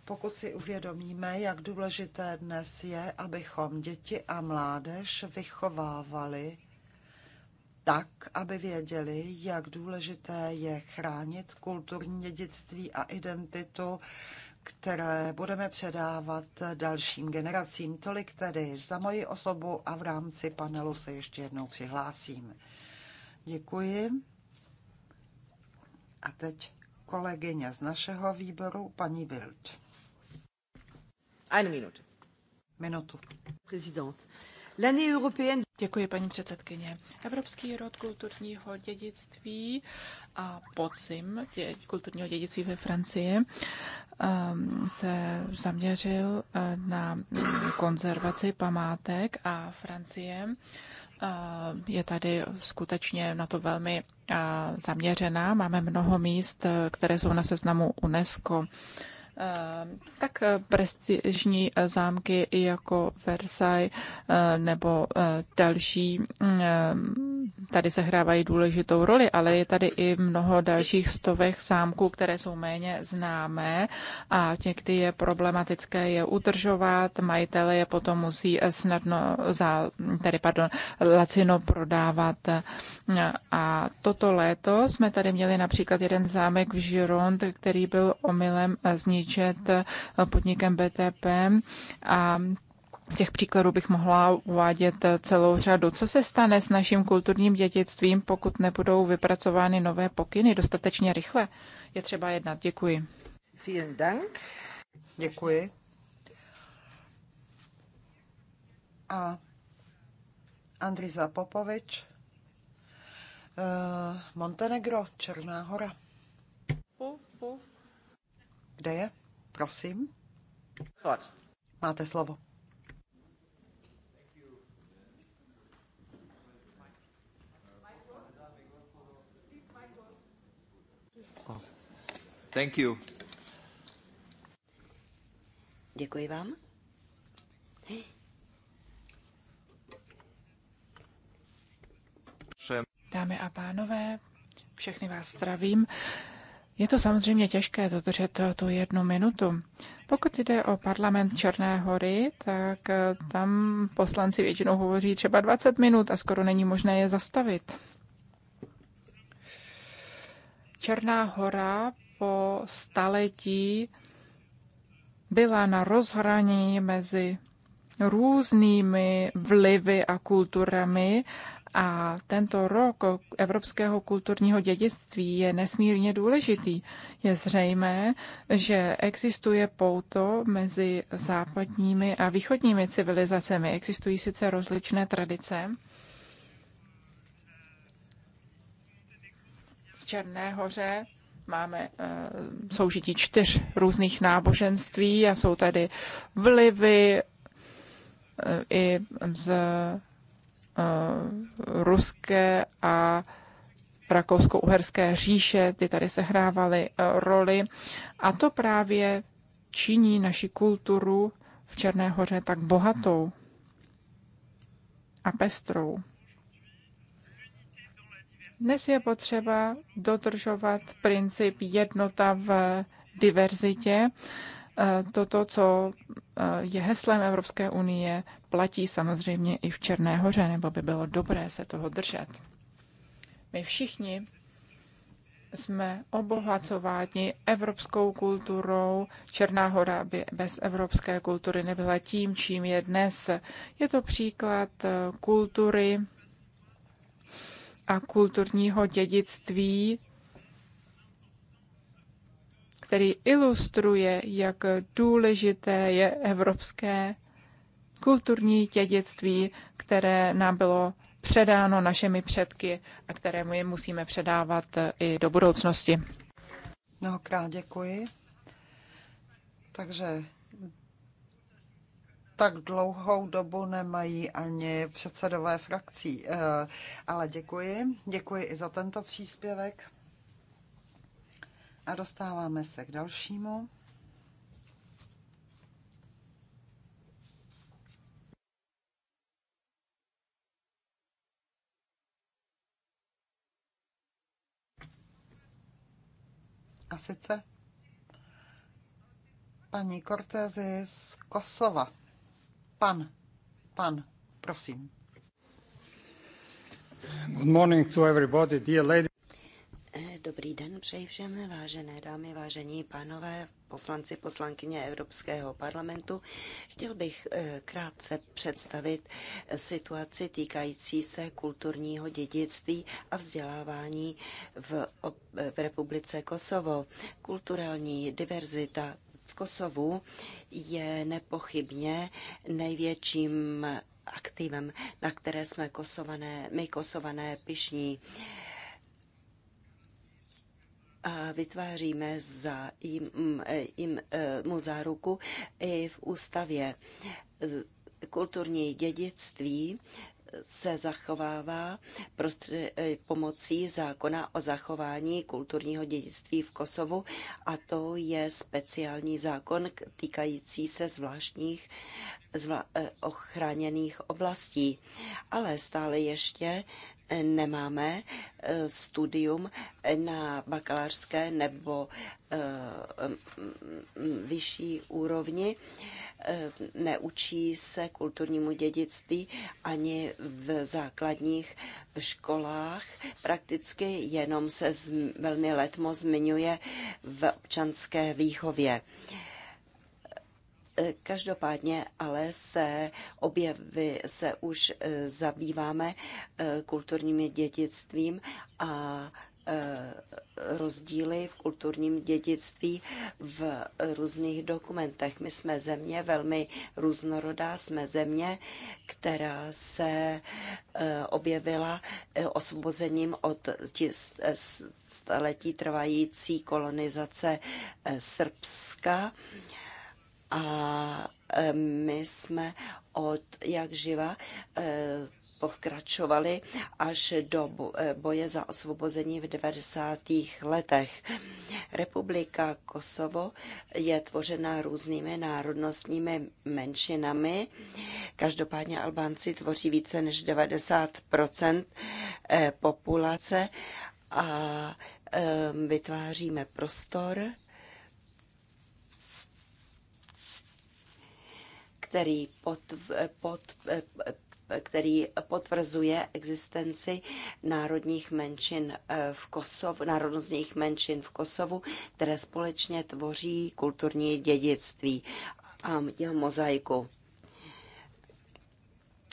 pokud si uvědomíme, jak důležité dnes je, abychom děti a mládež vychovávali tak, aby věděli, jak důležité je chránit kulturní dědictví a identitu, které budeme předávat dalším generacím. Tolik tedy za moji osobu a v rámci panelu se ještě jednou přihlásím. Děkuji. A teď kolegyně z našeho výboru, paní Bild. Eine Minutu. Prezident. Děkuji, paní předsedkyně. Evropský rok kulturního dědictví a podzim dě, kulturního dědictví ve Francii ehm, se zaměřil eh, na mm, konzervaci památek a Francie eh, je tady skutečně na to velmi eh, zaměřená. Máme mnoho míst, které jsou na seznamu UNESCO. Eh, tak eh, prestižní eh, zámky jako Versailles nebo další mm, tady sehrávají důležitou roli, ale je tady i mnoho dalších stovek sámků, které jsou méně známé a někdy je problematické je udržovat, majitele je potom musí snadno, za, tedy pardon, lacino prodávat. A toto léto jsme tady měli například jeden zámek v Žirond, který byl omylem zničet podnikem BTP a Těch příkladů bych mohla uvádět eh, celou řadu. Co se stane s naším kulturním dědictvím, pokud nebudou vypracovány nové pokyny dostatečně rychle? Je třeba jednat. Děkuji. Vielen Dank. Děkuji. A Andriza Popovič, eh, Montenegro, Černá hora. Kde je? Prosím. Máte slovo. Děkuji vám. Dámy a pánové, všechny vás zdravím. Je to samozřejmě těžké dodržet tu jednu minutu. Pokud jde o parlament Černé hory, tak tam poslanci většinou hovoří třeba 20 minut a skoro není možné je zastavit. Černá hora po staletí byla na rozhraní mezi různými vlivy a kulturami a tento rok evropského kulturního dědictví je nesmírně důležitý. Je zřejmé, že existuje pouto mezi západními a východními civilizacemi. Existují sice rozličné tradice. V Černé hoře máme eh, soužití čtyř různých náboženství a jsou tady vlivy eh, i z eh, ruské a rakousko-uherské říše, ty tady sehrávaly roli. A to právě činí naši kulturu v Černé hoře tak bohatou a pestrou. Dnes je potřeba dodržovat princip jednota v diverzitě. Eh, Toto, co eh, je heslem Evropské unie, platí samozřejmě i v Černé hoře, nebo by bylo dobré se toho držet. My všichni jsme obohacováni evropskou kulturou. Černá hora by bez evropské kultury nebyla tím, čím je dnes. Je to příklad eh, kultury, a kulturního dědictví, který ilustruje, jak důležité je evropské kulturní dědictví, které nám bylo předáno našimi předky a kterému je musíme předávat i do budoucnosti. Mnohokrát děkuji. Takže tak dlouhou dobu nemají ani předsedové frakcí. Eh, ale děkuji. Děkuji i za tento příspěvek. A dostáváme se k dalšímu. A sice paní Cortezi z Kosova. Pan, pan, prosím. Good morning to everybody, dear lady. Dobrý den přeji všem, vážené dámy, vážení pánové, poslanci, poslankyně Evropského parlamentu. Chtěl bych eh, krátce představit eh, situaci týkající se kulturního dědictví a vzdělávání v, eh, v Republice Kosovo. Kulturální diverzita Kosovu je nepochybně největším aktivem, na které jsme kosované, my kosované pišní. A vytváříme za jim, jim, eh, mu záruku i v ústavě kulturní dědictví se zachovává eh, pomocí zákona o zachování kulturního dědictví v Kosovu a to je speciální zákon týkající se zvláštních zvla, eh, ochráněných oblastí. Ale stále ještě eh, nemáme studium na bakalářské nebo vyšší úrovni neučí se kulturnímu dědictví ani v základních školách. Prakticky jenom se velmi letmo zmiňuje v občanské výchově. Každopádně ale se objevy se už e, zabýváme e, kulturním dědictvím a Eh, rozdíly v kulturním dědictví v různých dokumentech. My jsme země velmi různorodá, jsme země, která se eh, objevila eh, osvobozením od staletí trvající kolonizace Srbska a my jsme od jak živa pokračovaly až do eh, boje za osvobození v 90. letech. Republika Kosovo je tvořena různými národnostními menšinami. Každopádně Albánci tvoří více než 90 eh, populace a eh, vytváříme prostor, který pod, pod, který potvrzuje existenci národních menšin eh, v Kosovu, národnostních menšin v Kosovu, které společně tvoří kulturní dědictví a mozaiku.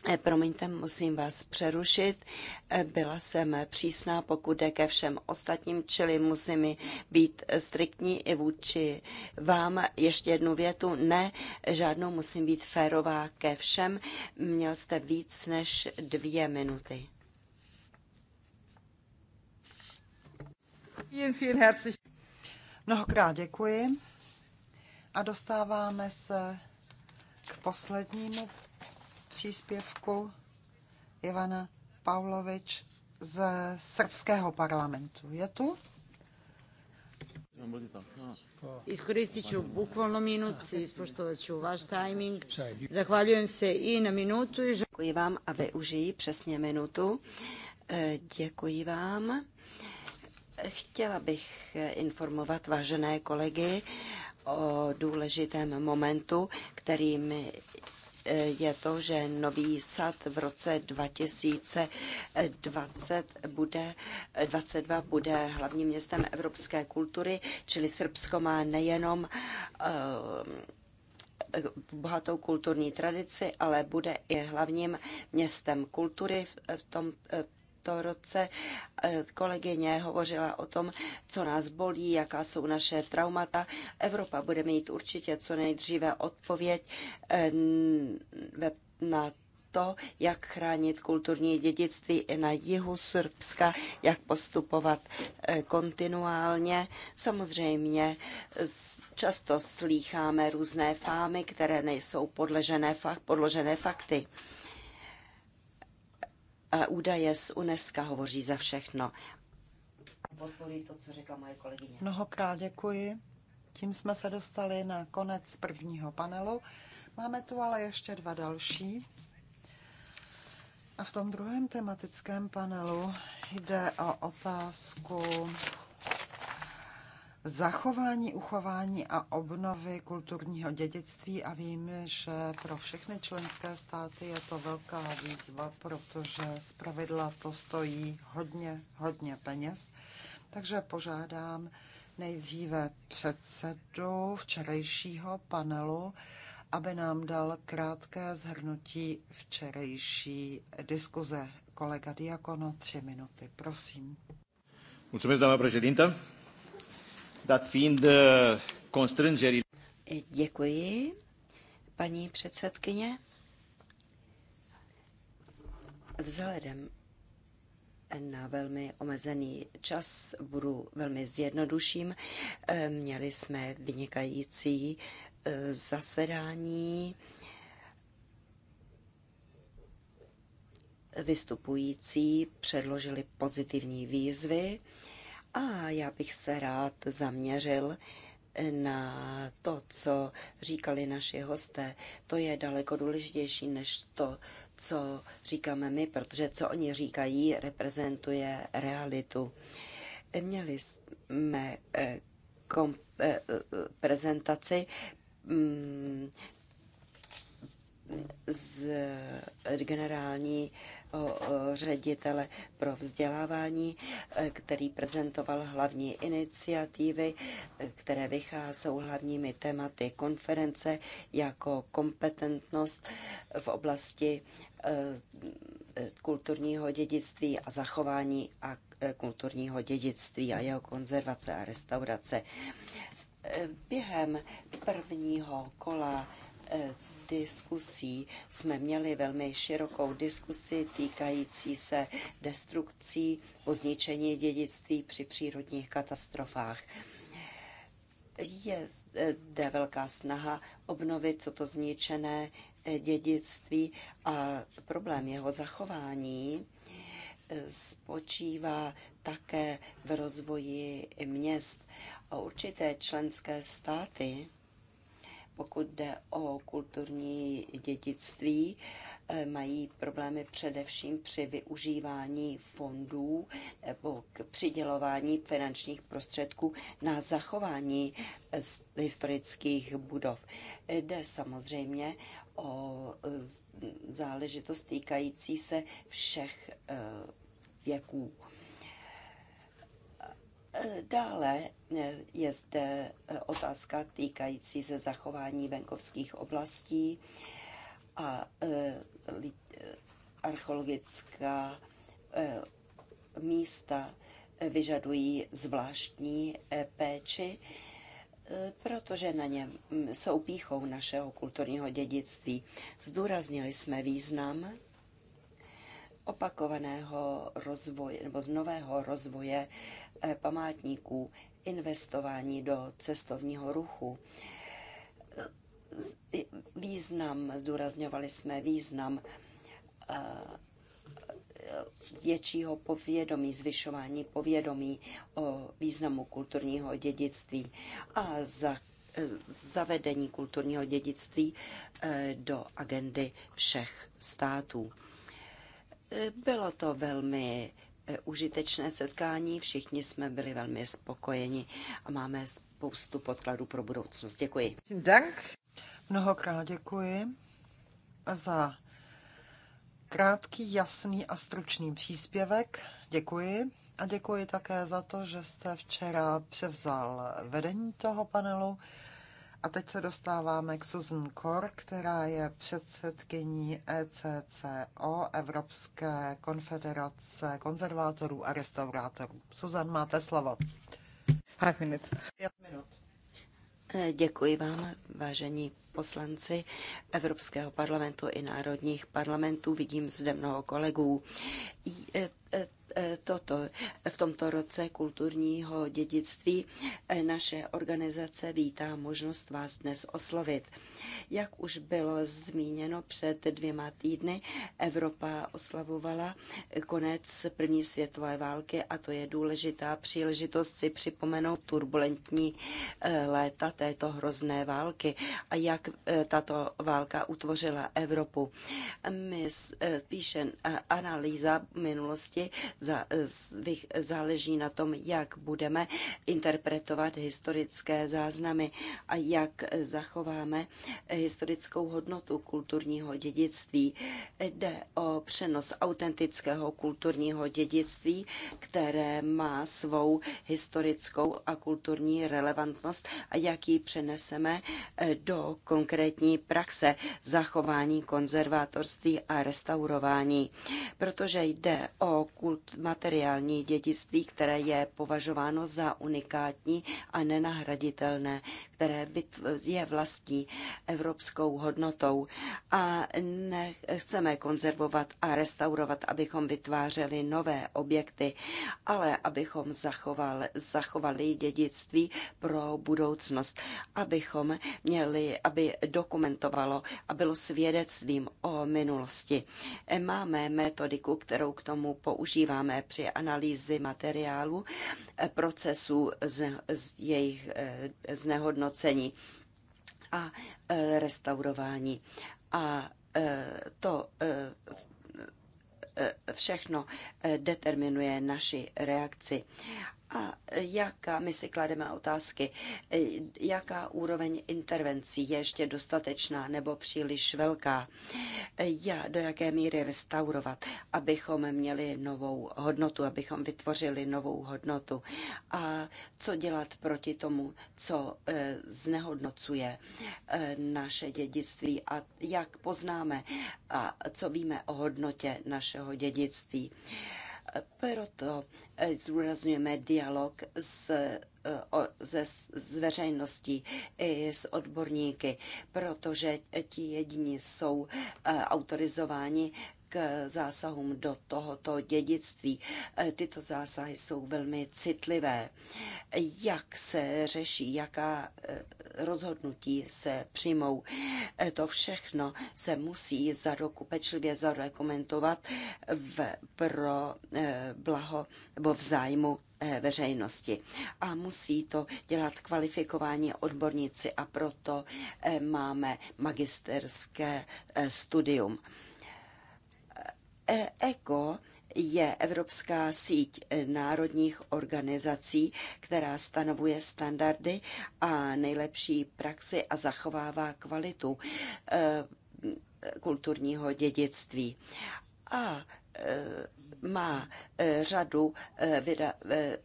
Eh, promiňte, musím vás přerušit. Eh, byla jsem přísná, pokud jde ke všem ostatním, čili musím být striktní i vůči vám. Ještě jednu větu. Ne, žádnou musím být férová ke všem. Měl jste víc než dvě minuty. Mnohokrát děkuji. A dostáváme se k poslednímu příspěvku Ivana Pavlovič z srbského parlamentu. Je tu? Iskoristit ću bukvalno minut, ispoštovat ću váš timing. Zahvaljujem se i na minutu. Děkuji vám a využiji přesně minutu. E, děkuji vám. Chtěla bych informovat vážené kolegy o důležitém momentu, kterým je to, že nový sad v roce 2020 bude, 22 bude hlavním městem evropské kultury, čili Srbsko má nejenom eh, bohatou kulturní tradici, ale bude i hlavním městem kultury v tom eh, tomto roce. Eh, kolegyně hovořila o tom, co nás bolí, jaká jsou naše traumata. Evropa bude mít určitě co nejdříve odpověď eh, na to, jak chránit kulturní dědictví i na jihu Srbska, jak postupovat eh, kontinuálně. Samozřejmě často slýcháme různé fámy, které nejsou podložené fakty údaje z UNESCO hovoří za všechno. Podporuji to, co řekla moje kolegyně. Mnohokrát děkuji. Tím jsme se dostali na konec prvního panelu. Máme tu ale ještě dva další. A v tom druhém tematickém panelu jde o otázku zachování, uchování a obnovy kulturního dědictví a víme, že pro všechny členské státy je to velká výzva, protože zpravidla to stojí hodně, hodně peněz. Takže požádám nejdříve předsedu včerejšího panelu, aby nám dal krátké zhrnutí včerejší diskuze. Kolega Diakono, tři minuty, prosím. Mulțumesc, doamna președintă dat fiind eh, constrângerile. E, děkuji, paní předsedkyně. Vzhledem na velmi omezený čas budu velmi zjednoduším. Eh, měli jsme vynikající eh, zasedání vystupující předložili pozitivní výzvy a já bych se rád zaměřil na to, co říkali naši hosté. To je daleko důležitější než to, co říkáme my, protože co oni říkají, reprezentuje realitu. Měli jsme eh, eh, eh, prezentaci mm, z generální ředitele pro vzdělávání, e, který prezentoval hlavní iniciativy, e, které vycházou hlavními tématy konference jako kompetentnost v oblasti e, kulturního dědictví a zachování a kulturního dědictví a jeho konzervace a restaurace. Během prvního kola diskusí. Jsme měli velmi širokou diskusi týkající se destrukcí o zničení dědictví při přírodních katastrofách. Je zde velká snaha obnovit toto zničené dědictví a problém jeho zachování spočívá také v rozvoji měst. A určité členské státy pokud jde o kulturní dědictví, eh, mají problémy především při využívání fondů nebo k přidělování finančních prostředků na zachování eh, historických budov. Jde samozřejmě o eh, záležitost týkající se všech věků Dále eh, je zde eh, otázka týkající se zachování venkovských oblastí a eh, archeologická místa vyžadují zvláštní péči, protože na ně mm, jsou píchou našeho kulturního dědictví. Zdůraznili jsme význam opakovaného rozvoje nebo z nového rozvoje eh, památníků, investování do cestovního ruchu. Eh, význam, zdůrazňovali jsme význam eh, většího povědomí, zvyšování povědomí o významu kulturního dědictví a za, zavedení kulturního dědictví do agendy všech států. Bylo to velmi eh, užitečné setkání, všichni jsme byli velmi spokojeni a máme spoustu podkladů pro budoucnost. Děkuji. Dank. Mnohokrát děkuji za krátký, jasný a stručný příspěvek. Děkuji. A děkuji také za to, že jste včera převzal vedení toho panelu. A teď se dostáváme k Susan Kor, která je předsedkyní ECCO, Evropské konfederace konzervátorů a restaurátorů. Susan, máte slovo. Pět minut. Pět minut. E, děkuji vám, vážení poslanci Evropského parlamentu i národních parlamentů. Vidím zde mnoho kolegů. E, e, Eh, toto, v tomto roce kulturního dědictví eh, naše organizace vítá možnost vás dnes oslovit. Jak už bylo zmíněno před dvěma týdny, Evropa oslavovala konec první světové války a to je důležitá příležitost si připomenout turbulentní eh, léta této hrozné války a jak tato válka utvořila Evropu. My spíše analýza minulosti Eh, záleží na tom, jak budeme interpretovat historické záznamy a jak eh, zachováme eh, historickou hodnotu kulturního dědictví. Jde o přenos autentického kulturního dědictví, které má svou historickou a kulturní relevantnost a jak ji přeneseme do konkrétní praxe zachování konzervátorství a restaurování. Protože jde o kulturní materiální dědictví, které je považováno za unikátní a nenahraditelné které je vlastní evropskou hodnotou a nechceme konzervovat a restaurovat, abychom vytvářeli nové objekty, ale abychom zachoval, zachovali dědictví pro budoucnost, abychom měli, aby dokumentovalo a bylo svědectvím o minulosti. Máme metodiku, kterou k tomu používáme při analýzi materiálu, procesů z, z jejich eh, znehodnocení zhodnocení a e, restaurování. A e, to e, všechno determinuje naši reakci. A jaká, my si klademe otázky, e, jaká úroveň intervencí je ještě dostatečná nebo příliš velká? E, Já, do jaké míry restaurovat, abychom měli novou hodnotu, abychom vytvořili novou hodnotu? A co dělat proti tomu, co e, znehodnocuje naše dědictví a jak poznáme a co víme o hodnotě našeho dědictví? Proto eh, zúraznujeme dialog s, eh, o, ze, s veřejností i s odborníky, protože ti jediní jsou eh, autorizováni k zásahům do tohoto dědictví. E, tyto zásahy jsou velmi citlivé. Jak se řeší, jaká e, rozhodnutí se přijmou, e, to všechno se musí za roku pečlivě zarekomentovat v, pro blaho nebo v zájmu veřejnosti. A musí to dělat kvalifikování odborníci a proto máme magisterské studium. ECO e je Evropská síť národních organizací, která stanovuje standardy a nejlepší praxi a zachovává kvalitu eh, kulturního dědictví. A eh, má eh, řadu eh, eh,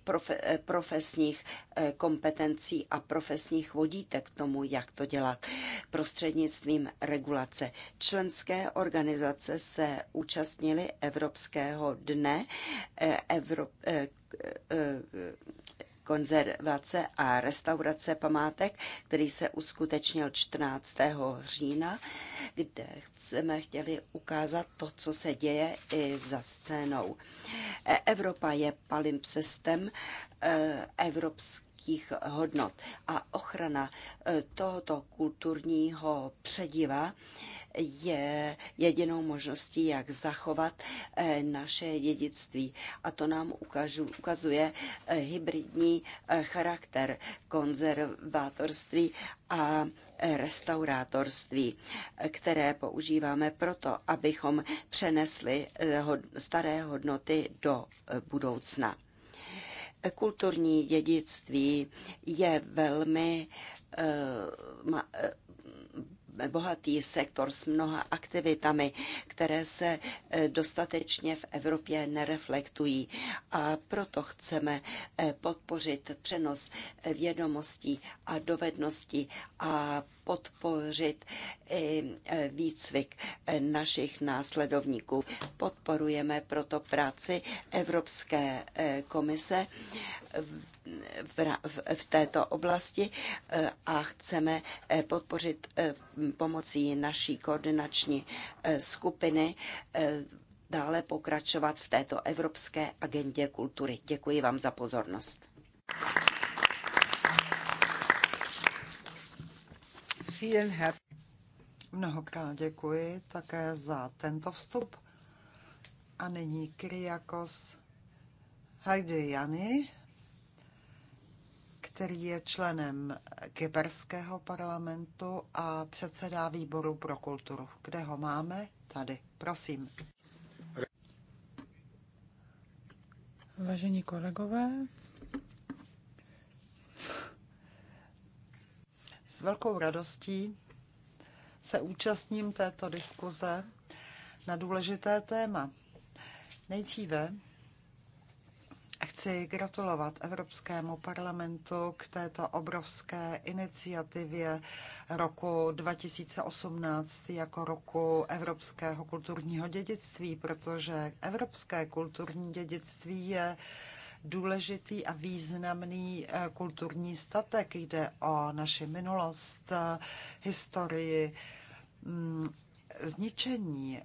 profesních kompetencí a profesních vodítek k tomu, jak to dělat prostřednictvím regulace. Členské organizace se účastnily Evropského dne Evrop, konzervace a restaurace památek, který se uskutečnil 14. října, kde jsme chtěli ukázat to, co se děje i za scénou. Evropa je palimpsestem eh, evropských hodnot a ochrana eh, tohoto kulturního přediva je jedinou možností, jak zachovat eh, naše dědictví. A to nám ukážu, ukazuje eh, hybridní eh, charakter konzervátorství a restaurátorství, které používáme proto, abychom přenesli staré hodnoty do budoucna. Kulturní dědictví je velmi bohatý sektor s mnoha aktivitami, které se e, dostatečně v Evropě nereflektují. A proto chceme e, podpořit přenos e, vědomostí a dovedností a podpořit i výcvik našich následovníků. Podporujeme proto práci Evropské komise v této oblasti eh, a chceme eh, podpořit eh, pomocí naší koordinační skupiny dále pokračovat v této evropské agendě kultury. Děkuji vám za pozornost. Mnohokrát děkuji také za tento vstup. A nyní Kyriakos Hajdejany který je členem kyperského parlamentu a předsedá výboru pro kulturu. Kde ho máme? Tady. Prosím. Vážení kolegové, s velkou radostí se účastním této diskuze na důležité téma. Nejdříve Chci gratulovat Evropskému parlamentu k této obrovské iniciativě roku 2018 jako roku evropského kulturního dědictví, protože evropské kulturní dědictví je důležitý a významný eh, kulturní statek. Jde o naši minulost, historii, mm, zničení eh,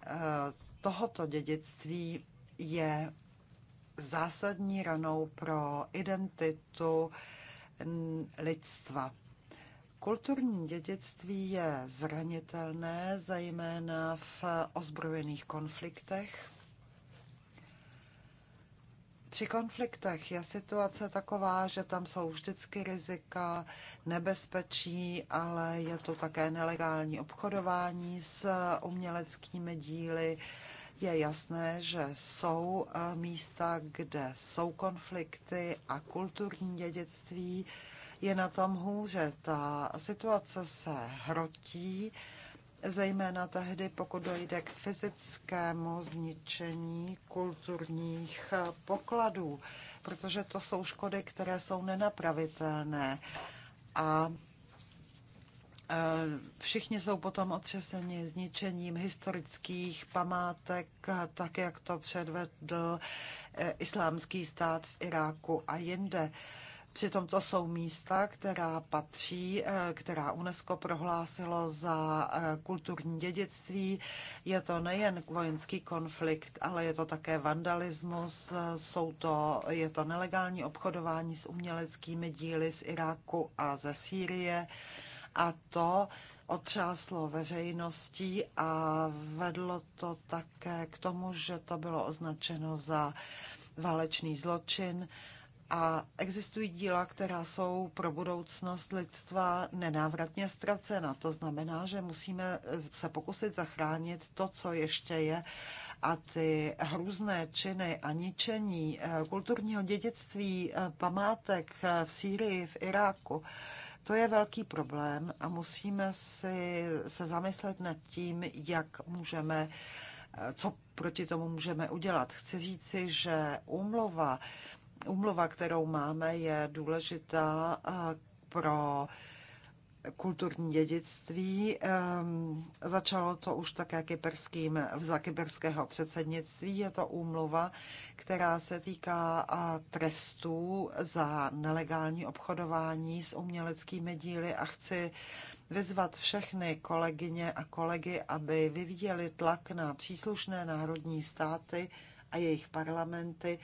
tohoto dědictví je zásadní ranou pro identitu lidstva. Kulturní dědictví je zranitelné, zejména v ozbrojených konfliktech. Při konfliktech je situace taková, že tam jsou vždycky rizika, nebezpečí, ale je to také nelegální obchodování s uměleckými díly, je jasné, že jsou eh, místa, kde jsou konflikty a kulturní dědictví je na tom hůře. Ta situace se hrotí, zejména tehdy, pokud dojde k fyzickému zničení kulturních eh, pokladů, protože to jsou škody, které jsou nenapravitelné. A Eh, všichni jsou potom otřeseni zničením historických památek, tak jak to předvedl eh, islámský stát v Iráku a jinde. Přitom to jsou místa, která patří, eh, která UNESCO prohlásilo za kulturní dědictví. Je to nejen vojenský konflikt, ale je to také vandalismus, jsou to, je to nelegální obchodování s uměleckými díly z Iráku a ze Sýrie a to otřáslo veřejností a vedlo to také k tomu, že to bylo označeno za válečný zločin. A existují díla, která jsou pro budoucnost lidstva nenávratně ztracena. To znamená, že musíme se pokusit zachránit to, co ještě je. A ty hrůzné činy a ničení eh, kulturního dědictví, eh, památek eh, v Sýrii, v Iráku, to je velký problém a musíme si se zamyslet nad tím, jak můžeme, co proti tomu můžeme udělat. Chci říci, že úmlova, úmlova, kterou máme, je důležitá eh, pro kulturní dědictví. Ehm, začalo to už také kyperským, za kyperského předsednictví. Je to úmluva, která se týká trestů za nelegální obchodování s uměleckými díly a chci vyzvat všechny kolegyně a kolegy, aby vyvíjeli tlak na příslušné národní státy a jejich parlamenty,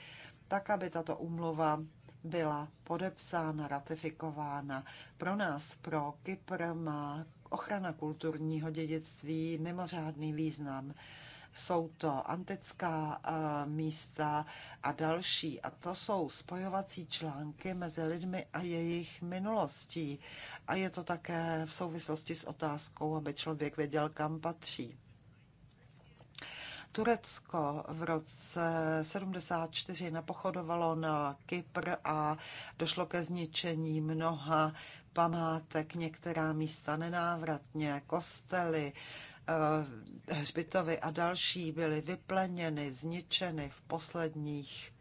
tak, aby tato úmluva byla podepsána, ratifikována. Pro nás, pro Kypr, má ochrana kulturního dědictví mimořádný význam. Jsou to antická eh, místa a další. A to jsou spojovací články mezi lidmi a jejich minulostí. A je to také v souvislosti s otázkou, aby člověk věděl, kam patří. Turecko v roce 74 napochodovalo na Kypr a došlo ke zničení mnoha památek, některá místa nenávratně, kostely, eh, hřbitovy a další byly vypleněny, zničeny v posledních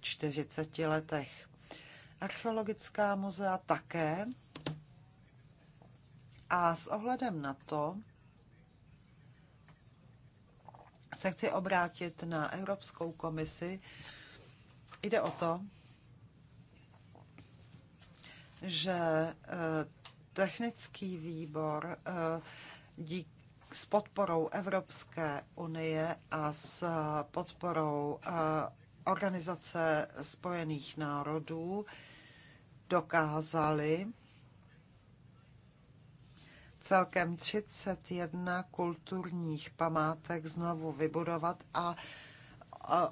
40 letech. Archeologická muzea také. A s ohledem na to, se chci obrátit na Evropskou komisi. Jde o to, že eh, technický výbor eh, dík s podporou Evropské unie a s eh, podporou Organizace spojených národů dokázali celkem 31 kulturních památek znovu vybudovat a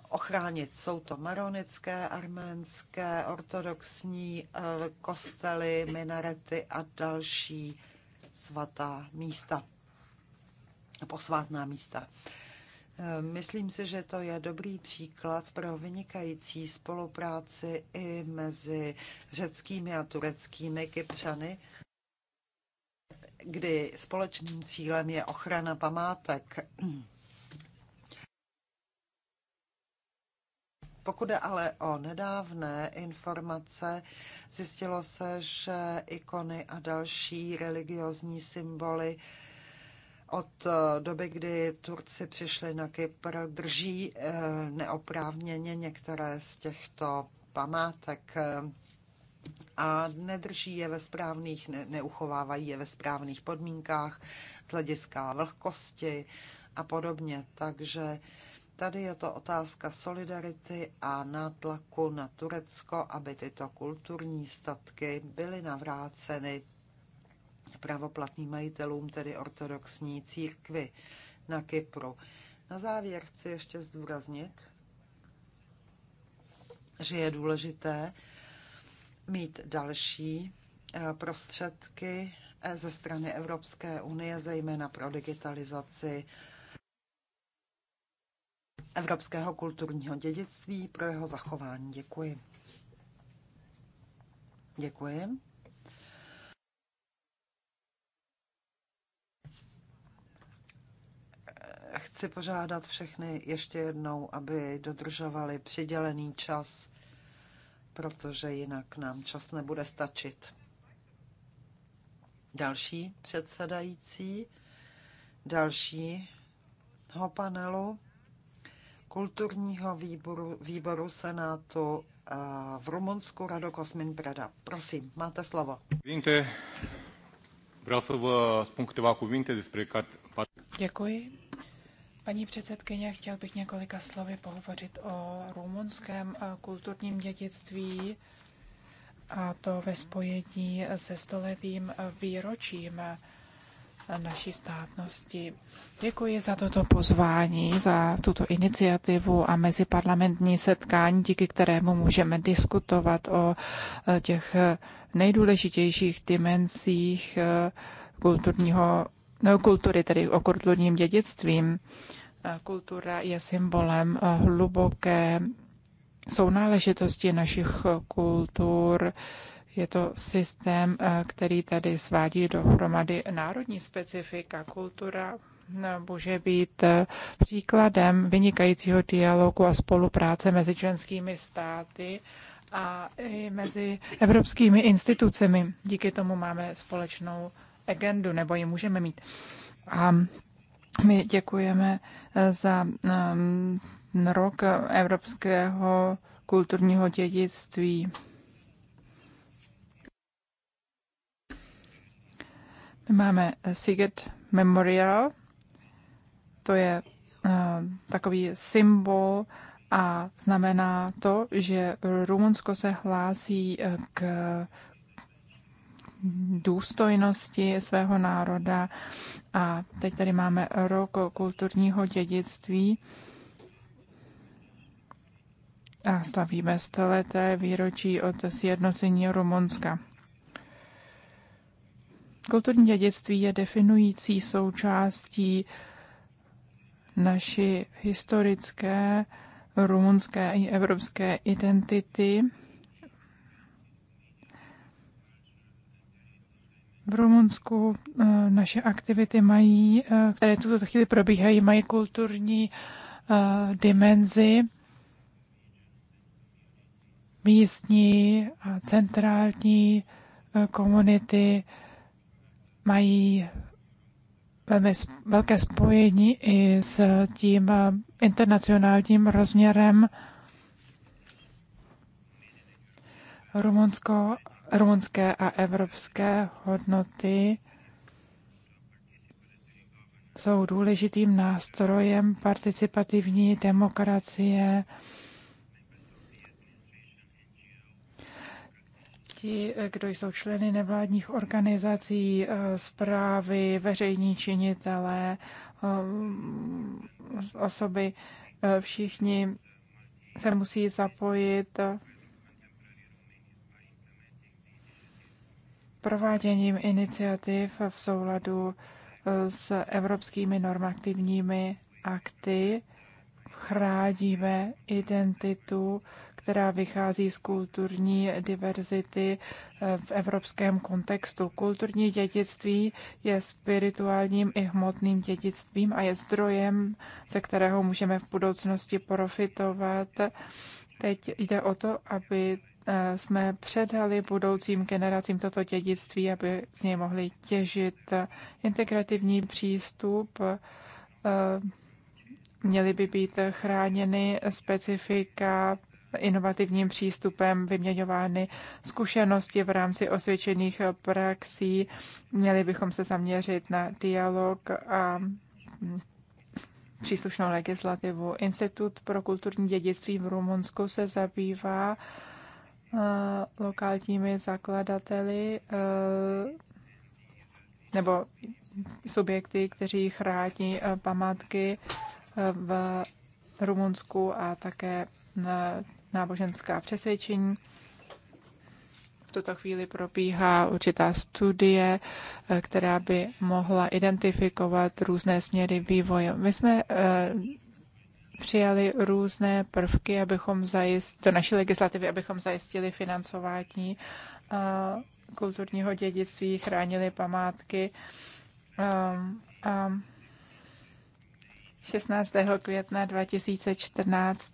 ochránit. Jsou to maronické, arménské, ortodoxní e, kostely, minarety a další svatá místa, posvátná místa. E, myslím si, že to je dobrý příklad pro vynikající spolupráci i mezi řeckými a tureckými kypřany kdy společným cílem je ochrana památek. Pokud je ale o nedávné informace, zjistilo se, že ikony a další religiozní symboly od doby, kdy Turci přišli na Kypr, drží eh, neoprávněně některé z těchto památek a nedrží je ve správných, ne, neuchovávají je ve správných podmínkách z hlediska vlhkosti a podobně. Takže tady je to otázka solidarity a nátlaku na Turecko, aby tyto kulturní statky byly navráceny pravoplatným majitelům, tedy ortodoxní církvi na Kypru. Na závěr chci ještě zdůraznit, že je důležité, mít další eh, prostředky eh, ze strany Evropské unie, zejména pro digitalizaci evropského kulturního dědictví, pro jeho zachování. Děkuji. Děkuji. Eh, chci požádat všechny ještě jednou, aby dodržovali přidělený čas protože jinak nám čas nebude stačit. Další předsedající dalšího panelu kulturního výboru, výboru Senátu eh, v Rumunsku Rado Kosmin Preda. Prosím, máte slovo. Děkuji. Paní předsedkyně, chtěl bych několika slovy pohovořit o rumunském eh, kulturním dědictví a to ve spojení se stoletým eh, výročím eh, naší státnosti. Děkuji za toto pozvání, za tuto iniciativu a meziparlamentní setkání, díky kterému můžeme diskutovat o těch nejdůležitějších dimenzích kulturního No, kultury, tedy o kulturním dědictvím. Eh, kultura je symbolem eh, hluboké sounáležitosti našich eh, kultur. Je to systém, který tady svádí dohromady národní specifika. Kultura může být příkladem vynikajícího dialogu a spolupráce mezi členskými státy a i mezi evropskými institucemi. Díky tomu máme společnou agendu, nebo ji můžeme mít. A my děkujeme eh, za ehm, rok evropského kulturního dědictví. My máme eh, Siget Memorial, to je uh, takový symbol a znamená to, že Rumunsko se hlásí k důstojnosti svého národa. A teď tady máme rok kulturního dědictví a slavíme stoleté výročí od sjednocení Rumunska. Kulturní dědictví je definující součástí naší historické rumunské i evropské identity v Rumunsku eh, naše aktivity mají, eh, které tuto chvíli probíhají, mají kulturní eh, dimenzi místní a centrální komunity mají velmi velké spojení i s tím internacionálním rozměrem. Rumunsko rumunské a evropské hodnoty jsou důležitým nástrojem participativní demokracie. Ti, kdo jsou členy nevládních organizací, zprávy, veřejní činitelé, um, osoby, eh, všichni se musí zapojit prováděním iniciativ v souladu eh, s evropskými normativními akty chrádíme identitu, která vychází z kulturní diverzity eh, v evropském kontextu. Kulturní dědictví je spirituálním i hmotným dědictvím a je zdrojem, ze kterého můžeme v budoucnosti profitovat. Teď jde o to, aby Eh, jsme předali budoucím generacím toto dědictví, aby z něj mohli těžit integrativní přístup. Eh, měly by být chráněny specifika inovativním přístupem vyměňovány zkušenosti v rámci osvědčených praxí. Měli bychom se zaměřit na dialog a příslušnou legislativu. Institut pro kulturní dědictví v Rumunsku se zabývá uh, lokálními zakladateli e, nebo subjekty, kteří chrání e, památky e, v Rumunsku a také náboženská přesvědčení. V tuto chvíli probíhá určitá studie, která by mohla identifikovat různé směry vývoje. My jsme přijali různé prvky, abychom zajist, do naší legislativy, abychom zajistili financování kulturního dědictví, chránili památky. Ehm, a 16. května 2014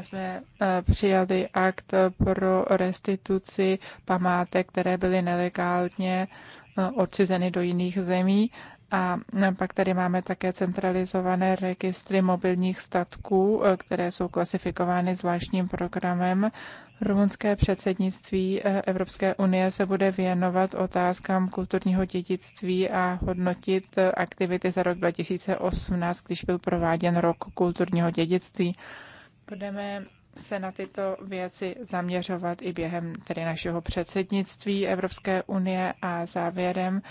jsme e, přijali akt pro restituci památek, které byly nelegálně e, odcizeny do jiných zemí a pak tady máme také centralizované registry mobilních statků, eh, které jsou klasifikovány zvláštním programem. Rumunské předsednictví eh, Evropské unie se bude věnovat otázkám kulturního dědictví a hodnotit eh, aktivity za rok 2018, když byl prováděn rok kulturního dědictví. Budeme se na tyto věci zaměřovat i během tedy našeho předsednictví Evropské unie a závěrem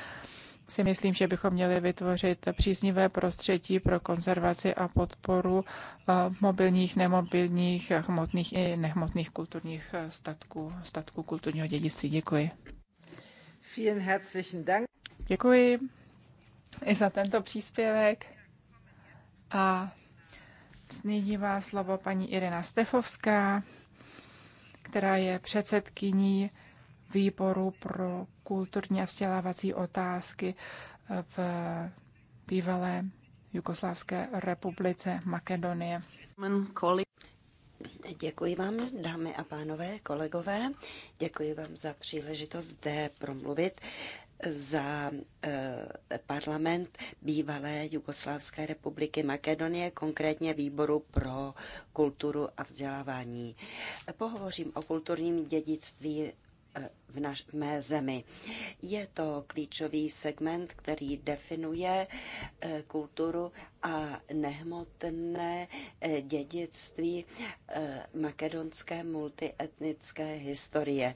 si myslím, že bychom měli vytvořit příznivé prostředí pro konzervaci a podporu eh, mobilních, nemobilních, hmotných i nehmotných kulturních eh, statků, statků kulturního dědictví. Děkuji. Děkuji i za tento příspěvek. A nyní má slovo paní Irena Stefovská, která je předsedkyní výboru pro kulturní a vzdělávací otázky v bývalé Jugoslávské republice Makedonie. Děkuji vám, dámy a pánové, kolegové. Děkuji vám za příležitost zde promluvit za eh, parlament bývalé Jugoslávské republiky Makedonie, konkrétně výboru pro kulturu a vzdělávání. Pohovořím o kulturním dědictví v, naš, v mé zemi. Je to klíčový segment, který definuje eh, kulturu a nehmotné eh, dědictví eh, makedonské multietnické historie.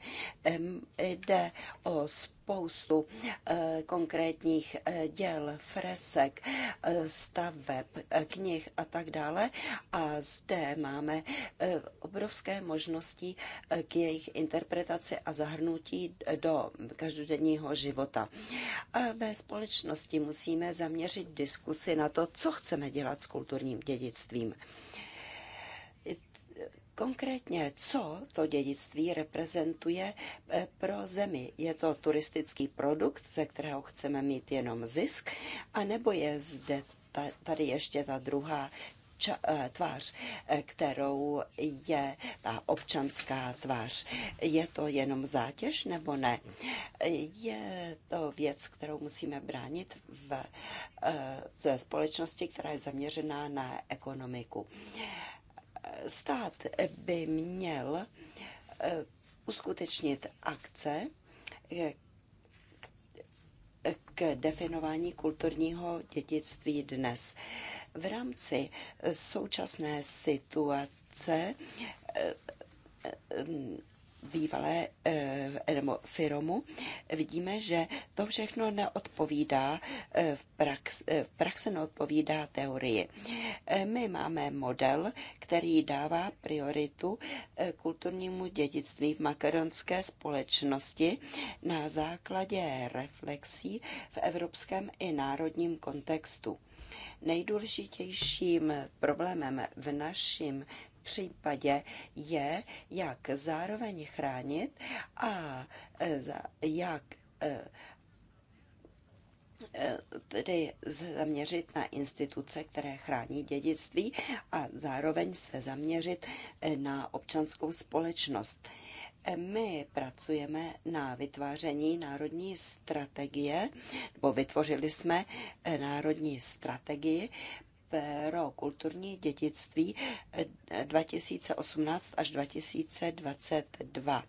Jde o spoustu eh, konkrétních eh, děl, fresek, eh, staveb, knih a tak dále. A zde máme obrovské možnosti k jejich interpretaci a zahrnutí do každodenního života. A ve společnosti musíme zaměřit diskusy na to, co chceme dělat s kulturním dědictvím. Konkrétně, co to dědictví reprezentuje eh, pro zemi? Je to turistický produkt, ze kterého chceme mít jenom zisk, anebo je zde tady ještě ta druhá eh, tvář, eh, kterou je ta občanská tvář. Je to jenom zátěž nebo ne? Je to věc, kterou musíme bránit v, ze společnosti, která je zaměřená na ekonomiku stát by měl eh, uskutečnit akce eh, k definování kulturního dědictví dnes. V rámci současné situace eh, bývalé nebo eh, Firomu, vidíme, že to všechno neodpovídá eh, v, prax, eh, v praxe neodpovídá teorii. My máme model, který dává prioritu kulturnímu dědictví v makedonské společnosti na základě reflexí v evropském i národním kontextu. Nejdůležitějším problémem v našem případě je, jak zároveň chránit a e, jak e, e, tedy zaměřit na instituce, které chrání dědictví a zároveň se zaměřit na občanskou společnost. My pracujeme na vytváření národní strategie, nebo vytvořili jsme národní strategii pro kulturní dědictví 2018 eh, až 2022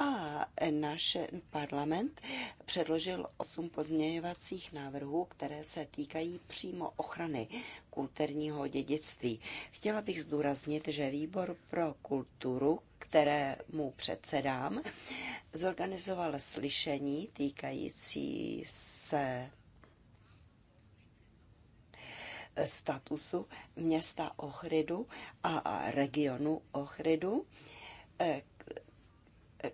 a náš parlament předložil osm pozměňovacích návrhů, které se týkají přímo ochrany kulturního dědictví. Chtěla bych zdůraznit, že výbor pro kulturu, kterému předsedám, zorganizoval slyšení týkající se statusu města Ohridu a regionu Ohridu, eh, eh,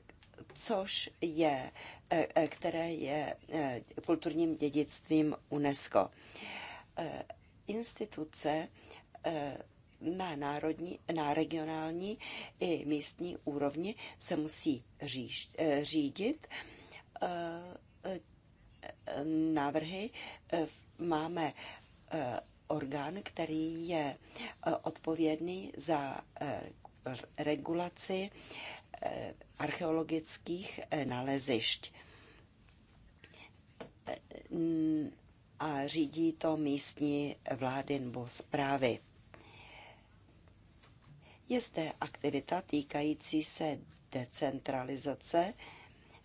což je, eh, které je kulturním dědictvím UNESCO. Instituce na národní, na regionální i místní úrovni se musí říš, řídit. Návrhy máme orgán, který je eh, odpovědný za eh, regulaci eh, archeologických nalezišť a řídí to místní vlády nebo zprávy. Je zde aktivita týkající se decentralizace,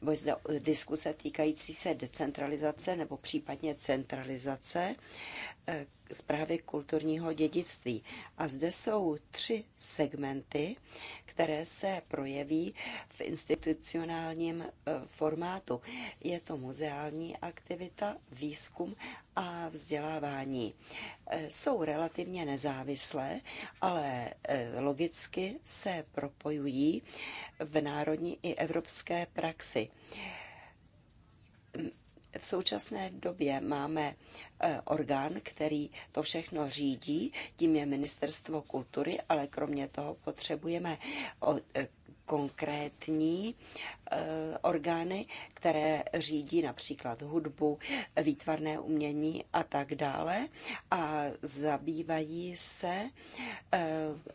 nebo zde diskuse týkající se decentralizace nebo případně centralizace Eh, zprávy kulturního dědictví. A zde jsou tři segmenty, které se projeví v institucionálním eh, formátu. Je to muzeální aktivita, výzkum a vzdělávání. Eh, jsou relativně nezávislé, ale logicky se propojují v národní i evropské praxi v současné době máme eh, orgán, který to všechno řídí, tím je Ministerstvo kultury, ale kromě toho potřebujeme eh, konkrétní eh, orgány, které řídí například hudbu, výtvarné umění a tak dále a zabývají se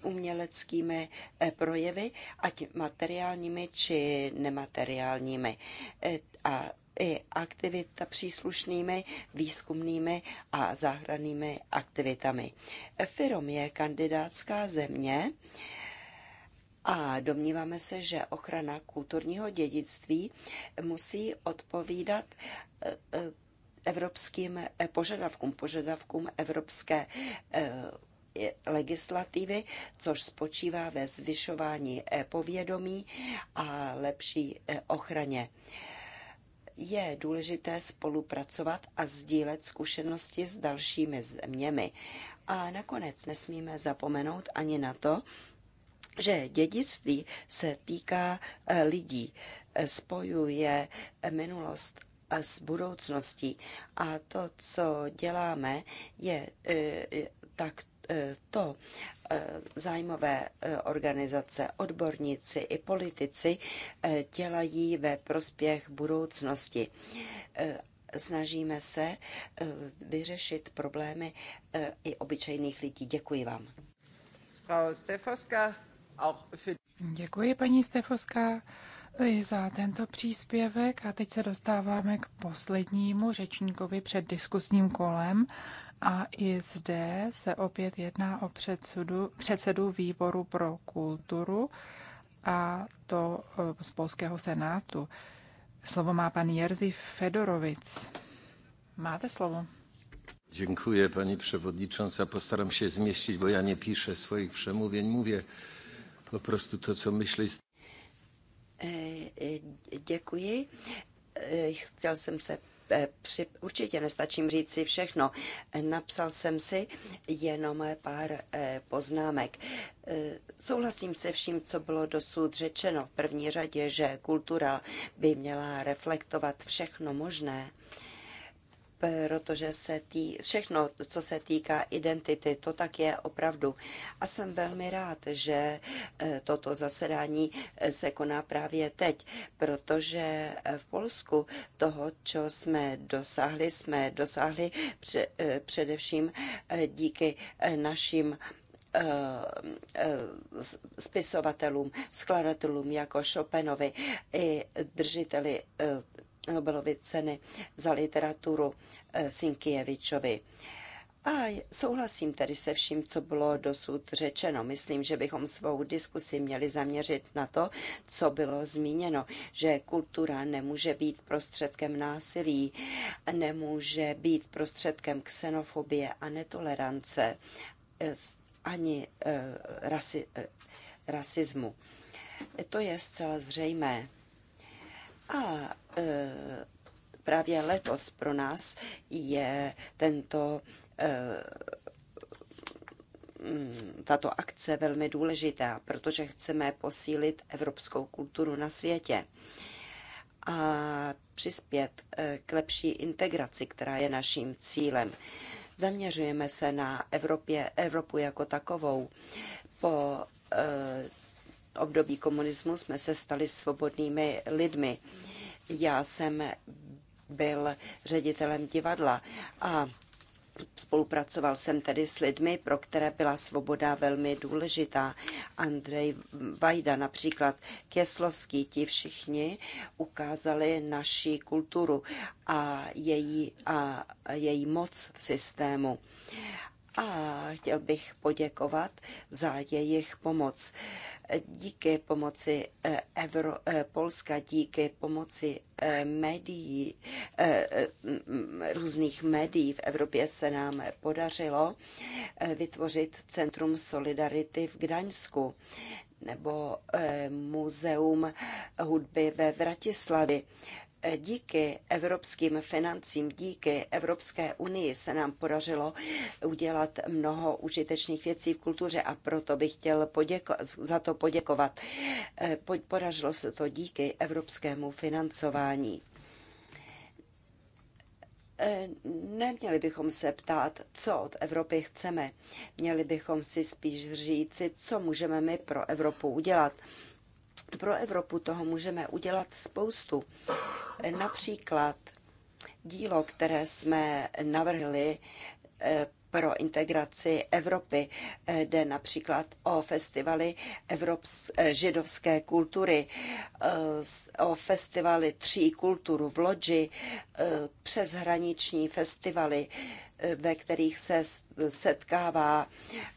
uměleckými projevy, ať materiálními či nemateriálními. A i aktivita příslušnými výzkumnými a záhrannými aktivitami. Firom je kandidátská země a domníváme se, že ochrana kulturního dědictví musí odpovídat eh, eh, evropským požadavkům, požadavkům evropské eh, legislativy, což spočívá ve zvyšování povědomí a lepší ochraně je důležité spolupracovat a sdílet zkušenosti s dalšími zeměmi. A nakonec nesmíme zapomenout ani na to, že dědictví se týká eh, lidí, eh, spojuje eh, minulost s budoucností. A to, co děláme, je tak E, to e, zájmové e, organizace, odborníci i politici dělají ve prospěch budoucnosti. Snažíme se vyřešit problémy i obyčejných lidí. Děkuji vám. Děkuji, paní Stefoska, i za tento příspěvek. A teď se dostáváme k poslednímu řečníkovi před diskusním kolem. A i zde se opět jedná o předsudu, předsedu výboru pro kulturu a to e, z Polského senátu. Slovo má pan Jerzy Fedorovic. Máte slovo. Děkuji, pani przewodnicząca. Postaram se změstit, bo já nie piszę swoich Mluvě po prostu to, co myślę. Děkuji. Chtěl jsem se Eh, při, určitě nestačím říct si všechno. Eh, napsal jsem si jenom eh, pár poznámek. Souhlasím se vším, co bylo dosud řečeno. V první řadě, že kultura by měla reflektovat všechno možné protože se tý, všechno, co se týká identity, to tak je opravdu. A jsem velmi rád, že e, toto zasedání e, se koná právě teď, protože e, v Polsku toho, co jsme dosáhli, jsme dosáhli především díky našim spisovatelům, skladatelům jako Chopinovi i držiteli Nobelovy ceny za literaturu eh, Sinkievičovi. A souhlasím tedy se vším, co bylo dosud řečeno. Myslím, že bychom svou diskusi měli zaměřit na to, co bylo zmíněno, že kultura nemůže být prostředkem násilí, nemůže být prostředkem ksenofobie a netolerance, eh, ani eh, rasi, rasismu. To je zcela zřejmé. A e, právě letos pro nás je tento e, mm, tato akce velmi důležitá, protože chceme posílit evropskou kulturu na světě a přispět e, k lepší integraci, která je naším cílem. Zaměřujeme se na Evropě, Evropu jako takovou. Po e, období komunismu jsme se stali svobodnými lidmi. Já jsem byl ředitelem divadla a Spolupracoval jsem tedy s lidmi, pro které byla svoboda velmi důležitá. Andrej Vajda, například Keslovský, ti všichni ukázali naši kulturu a její, a její moc v systému. A chtěl bych poděkovat za jejich pomoc díky pomoci eh, Evro, eh, Polska, díky pomoci eh, médií, různých médií v Evropě se nám podařilo vytvořit Centrum Solidarity v Gdaňsku nebo Muzeum hudby ve Vratislavi díky evropským financím, díky Evropské unii se nám podařilo udělat mnoho užitečných věcí v kultuře a proto bych chtěl poděko- za to poděkovat. Eh, podařilo se to díky evropskému financování eh, neměli bychom se ptát, co od Evropy chceme. Měli bychom si spíš říci, co můžeme my pro Evropu udělat pro Evropu toho můžeme udělat spoustu. Například dílo, které jsme navrhli eh, pro integraci Evropy. Eh, jde například o festivaly Evrops, eh, židovské kultury, o festivaly tří kulturu v Lodži, přeshraniční festivaly ve kterých se setkává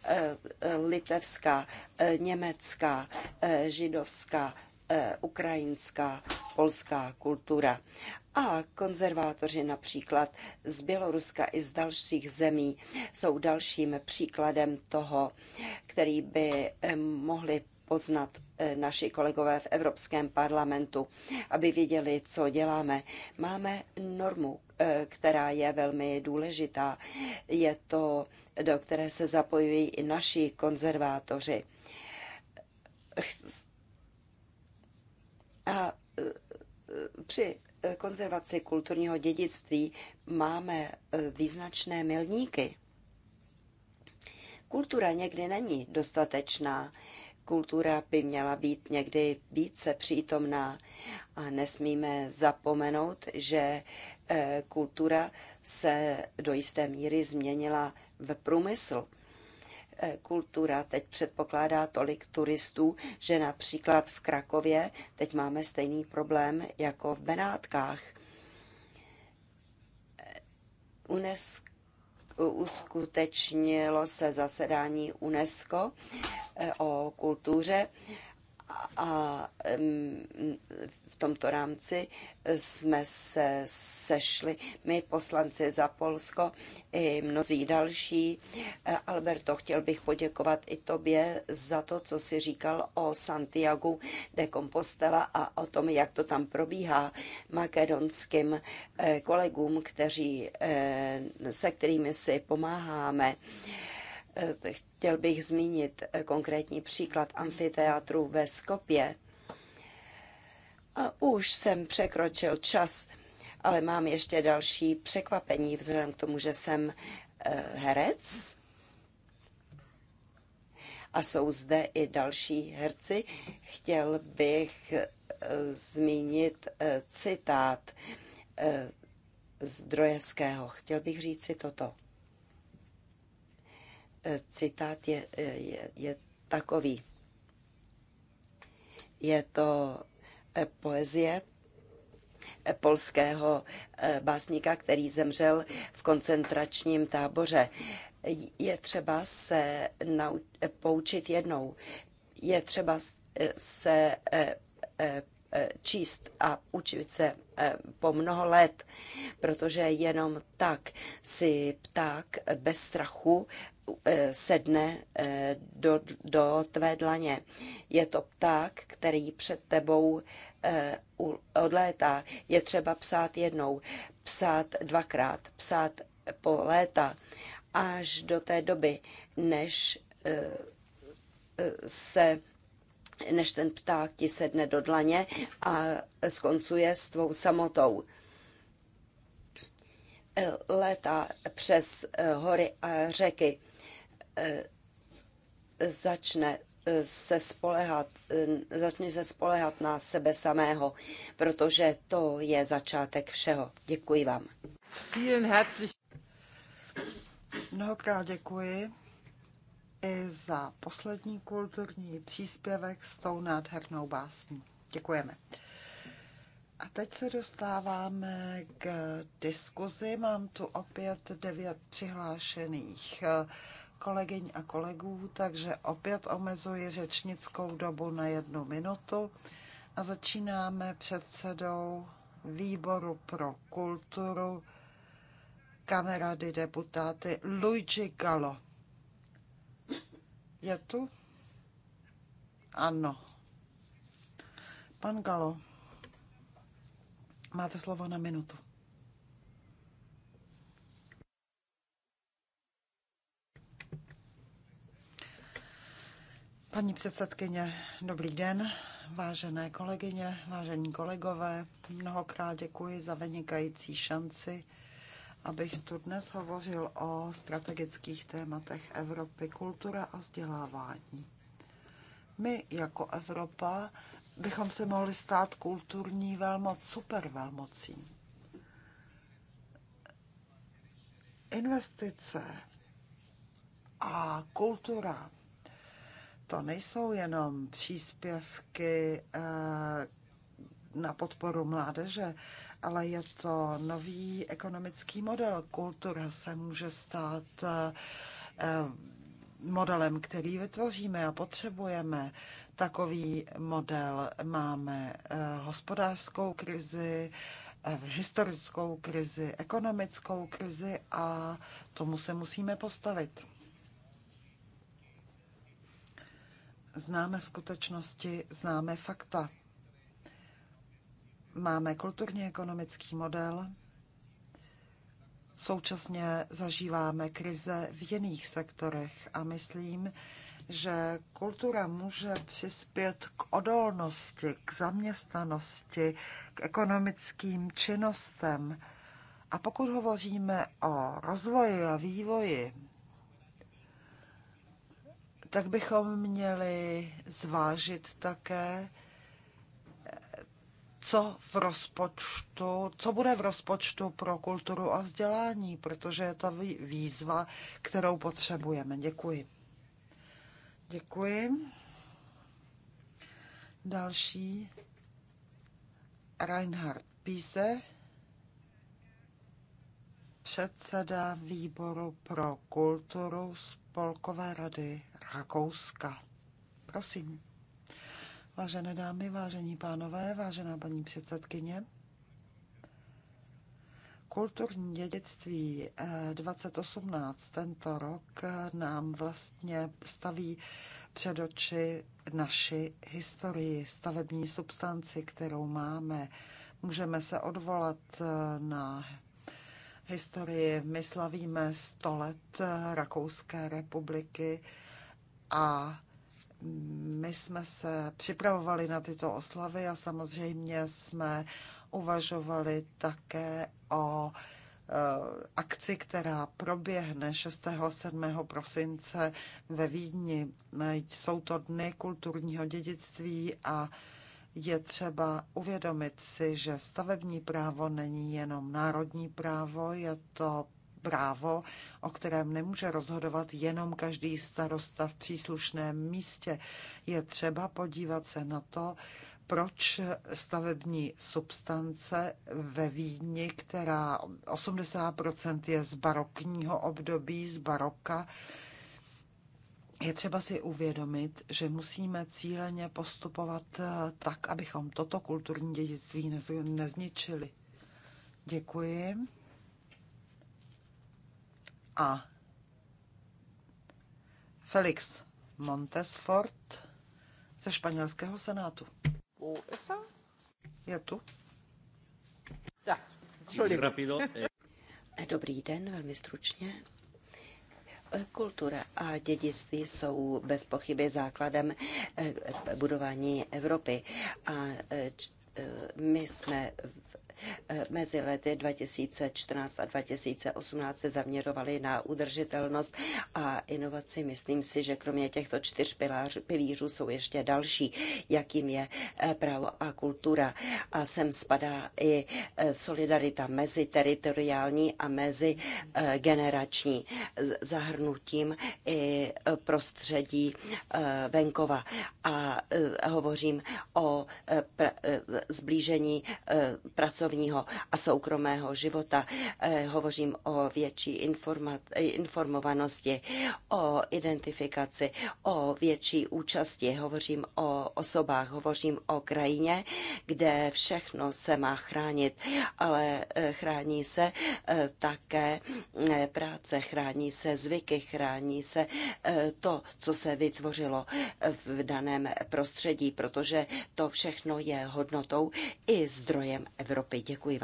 eh, eh, litevská, eh, německá, židovská, ukrajinská, polská kultura. A konzervátoři například z Běloruska i z dalších zemí jsou dalším příkladem toho, který by mohli poznat naši kolegové v Evropském parlamentu, aby věděli, co děláme. Máme normu Eh, která je velmi důležitá. Je to, do které se zapojují i naši konzervátoři. A eh, při konzervaci kulturního dědictví máme eh, význačné milníky. Kultura někdy není dostatečná kultura by měla být někdy více přítomná a nesmíme zapomenout, že eh, kultura se do jisté míry změnila v průmysl. Eh, kultura teď předpokládá tolik turistů, že například v Krakově teď máme stejný problém jako v Benátkách. Eh, UNESCO uskutečnilo se zasedání UNESCO eh, o kultuře a v tomto rámci jsme se sešli my poslanci za Polsko i mnozí další. E, Alberto, chtěl bych poděkovat i tobě za to, co jsi říkal o Santiago de Compostela a o tom, jak to tam probíhá makedonským e, kolegům, kteří, e, se kterými si pomáháme. Eh, chtěl bych zmínit eh, konkrétní příklad amfiteátru ve Skopě. A už jsem překročil čas, ale mám ještě další překvapení vzhledem k tomu, že jsem eh, herec. A jsou zde i další herci. Chtěl bych zmínit citát Zdrojevského. Chtěl bych říct si toto citát je, je, je takový. Je to eh, poezie eh, polského eh, básníka, který zemřel v koncentračním táboře. Je třeba se poučit jednou. Je třeba se číst a učit se po mnoho let, protože jenom tak si pták bez strachu Eh, sedne eh, do, do tvé dlaně. Je to pták, který před tebou eh, odlétá. Je třeba psát jednou, psát dvakrát, psát po léta, až do té doby, než se než ten pták ti sedne do dlaně a skoncuje s tvou samotou léta přes hory a řeky. Eh, začne eh, se spolehat, eh, začne se spolehat na sebe samého, protože to je začátek všeho. Děkuji vám. Vielen herzlich. Mnohokrát děkuji i za poslední kulturní příspěvek s tou nádhernou básní. Děkujeme. A teď se dostáváme k diskuzi. Mám tu opět devět přihlášených kolegyň a kolegů, takže opět omezuji řečnickou dobu na jednu minutu a začínáme předsedou výboru pro kulturu kamerady deputáty Luigi Gallo. Je tu? Ano. Pan Galo, máte slovo na minutu. Paní předsedkyně, dobrý den, vážené kolegyně, vážení kolegové. Mnohokrát děkuji za vynikající šanci, abych tu dnes hovořil o strategických tématech Evropy, kultura a vzdělávání. My jako Evropa bychom se mohli stát kulturní velmoc, supervelmocí. Investice a kultura to nejsou jenom příspěvky eh, na podporu mládeže, ale je to nový ekonomický model. Kultura se může stát eh, modelem, který vytvoříme a potřebujeme. Takový model máme eh, hospodářskou krizi, historickou krizi, ekonomickou krizi a tomu se musíme postavit. Známe skutečnosti, známe fakta. Máme kulturně ekonomický model, současně zažíváme krize v jiných sektorech a myslím, že kultura může přispět k odolnosti, k zaměstnanosti, k ekonomickým činnostem. A pokud hovoříme o rozvoji a vývoji tak bychom měli zvážit také, co v rozpočtu, co bude v rozpočtu pro kulturu a vzdělání, protože je to výzva, kterou potřebujeme. Děkuji. Děkuji. Další. Reinhard Píse, předseda výboru pro kulturu, Spolkové rady Rakouska. Prosím. Vážené dámy, vážení pánové, vážená paní předsedkyně, kulturní dědictví 2018 eh, tento rok eh, nám vlastně staví před oči naši historii, stavební substanci, kterou máme. Můžeme se odvolat eh, na historii. My slavíme 100 let eh, Rakouské republiky a my jsme se připravovali na tyto oslavy a samozřejmě jsme uvažovali také o eh, akci, která proběhne 6. a 7. prosince ve Vídni. Jsou to dny kulturního dědictví a je třeba uvědomit si, že stavební právo není jenom národní právo, je to právo, o kterém nemůže rozhodovat jenom každý starosta v příslušném místě. Je třeba podívat se na to, proč stavební substance ve Vídni, která 80% je z barokního období, z baroka, je třeba si uvědomit, že musíme cíleně postupovat eh, tak, abychom toto kulturní dědictví nezničili. Děkuji. A Felix Montesfort ze španělského senátu. Je tu. Dobrý den, velmi stručně. Kultura a dědictví jsou bez pochyby základem eh, budování Evropy a eh, eh, my jsme Eh, mezi lety 2014 a 2018 se zaměřovali na udržitelnost a inovaci. Myslím si, že kromě těchto čtyř pilář, pilířů jsou ještě další, jakým je eh, právo a kultura. A sem spadá i eh, solidarita mezi teritoriální a mezi generační zahrnutím i prostředí venkova. A hovořím o zblížení pracovní pracovního a soukromého života. Eh, hovořím o větší informovanosti, o identifikaci, o větší účasti. Hovořím o osobách, hovořím o krajině, kde všechno se má chránit, ale eh, chrání se eh, také práce, chrání se zvyky, chrání se to, co se vytvořilo v daném prostředí, protože to všechno je hodnotou i zdrojem Evropy. Evropy. Děkuji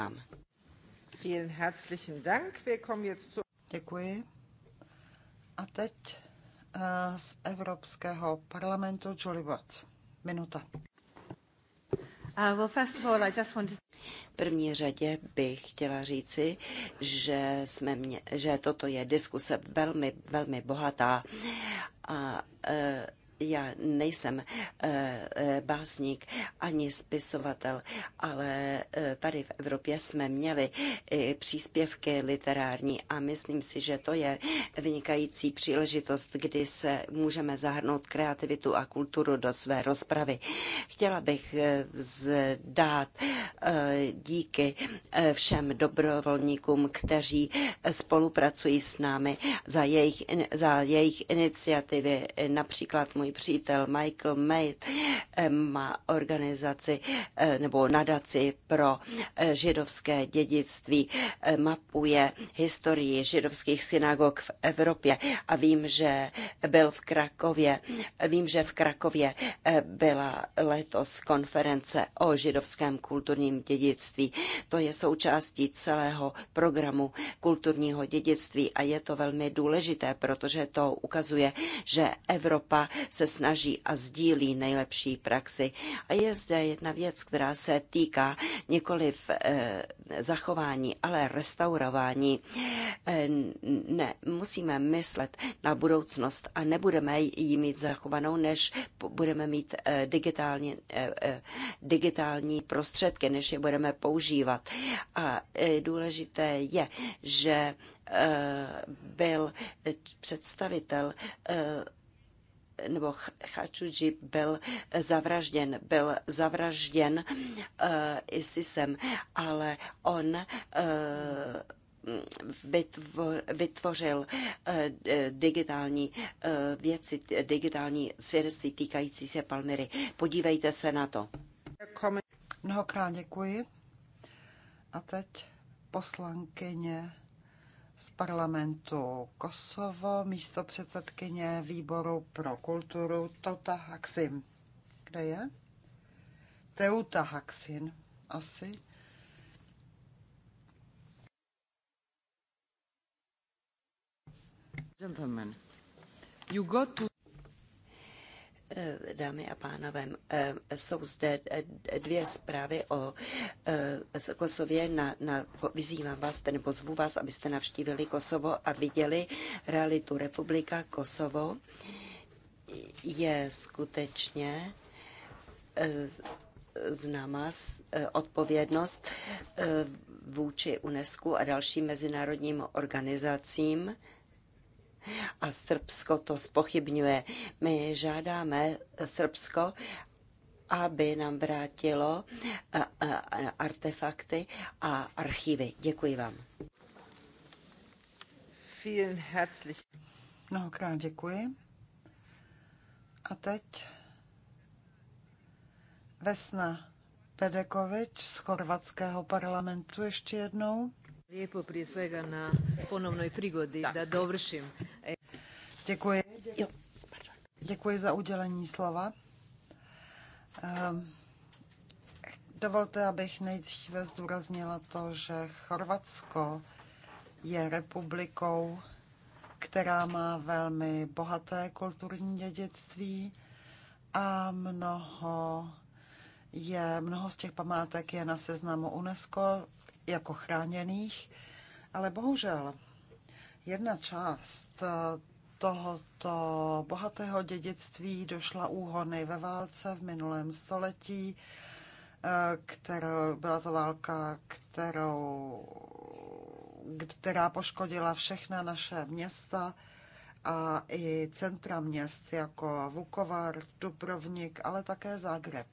vám. Děkuji. A teď eh, z Evropského parlamentu Julie Watt. Minuta. Uh, v první řadě bych chtěla říci, že, jsme mě, že toto je diskuse velmi, velmi bohatá a eh, já nejsem eh, eh, básník ani spisovatel, ale eh, tady v Evropě jsme měli příspěvky literární a myslím si, že to je vynikající příležitost, kdy se můžeme zahrnout kreativitu a kulturu do své rozpravy. Chtěla bych zdát díky všem dobrovolníkům, kteří spolupracují s námi za jejich, za jejich iniciativy, například můj přítel Michael Maid má organizaci eh, nebo nadaci pro eh, židovské dědictví, eh, mapuje historii židovských synagog v Evropě a vím, že byl v Krakově, vím, že v Krakově byla letos konference o židovském kulturním dědictví. To je součástí celého programu kulturního dědictví a je to velmi důležité, protože to ukazuje, že Evropa se se snaží a sdílí nejlepší praxi. A je zde jedna věc, která se týká nikoliv eh, zachování, ale restaurování. Eh, ne, musíme myslet na budoucnost a nebudeme ji mít zachovanou, než budeme mít eh, digitální, eh, eh, digitální prostředky, než je budeme používat. A eh, důležité je, že eh, byl eh, představitel nebo Khashoggi byl zavražděn, byl zavražděn uh, ISISem, ale on uh, vytvořil eh, digitální věci, digitální svědectví týkající se Palmyry. Podívejte se na to. Mnohokrát děkuji. A teď poslankyně z parlamentu Kosovo, místo předsedkyně výboru pro kulturu Tota Haxin. Kde je? Teuta Haxin, asi. Gentlemen, you got to... Eh, dámy a pánové, eh, jsou zde eh, dvě zprávy o Kosově. Na, na, vyzývám vás, nebo zvu vás, abyste navštívili Kosovo a viděli realitu Republika Kosovo. Je skutečně známa odpovědnost vůči UNESCO a dalším mezinárodním organizacím a Srbsko to spochybňuje. My žádáme Srbsko, aby nám vrátilo artefakty a archivy. Děkuji vám. Mnohokrát děkuji. A teď Vesna Pedekovič z chorvatského parlamentu ještě jednou. Lijepo prije svega na ponovnoj prigodi da dovršim. E, Děkuji. Děkuji za udělení slova. Ehm, dovolte, abych nejdříve zdůraznila to, že Chorvatsko je republikou, která má velmi bohaté kulturní dědictví a mnoho je, mnoho z těch památek je na seznamu UNESCO jako chráněných, ale bohužel jedna část eh, tohoto bohatého dědictví došla úhony ve válce v minulém století, eh, kterou, byla to válka, kterou, která poškodila všechna naše města a i centra měst jako Vukovar, Dubrovnik, ale také Zagreb.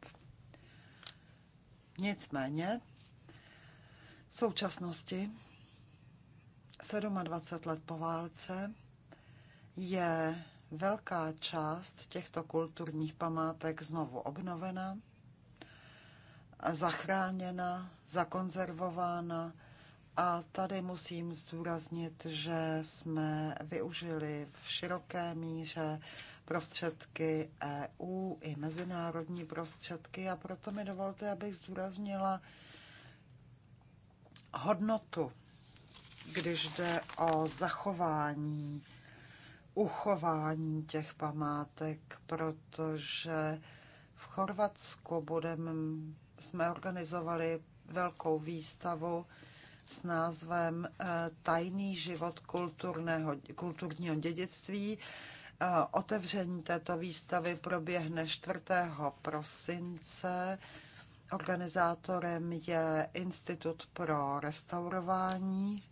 Nicméně v současnosti, 27 let po válce, je velká část těchto kulturních památek znovu obnovena, zachráněna, zakonzervována. A tady musím zdůraznit, že jsme využili v široké míře prostředky EU i mezinárodní prostředky a proto mi dovolte, abych zdůraznila hodnotu, když jde o zachování, uchování těch památek, protože v Chorvatsku budeme, jsme organizovali velkou výstavu s názvem eh, Tajný život kulturného, kulturního dědictví. Eh, otevření této výstavy proběhne 4. prosince Organizátorem je Institut pro restaurování,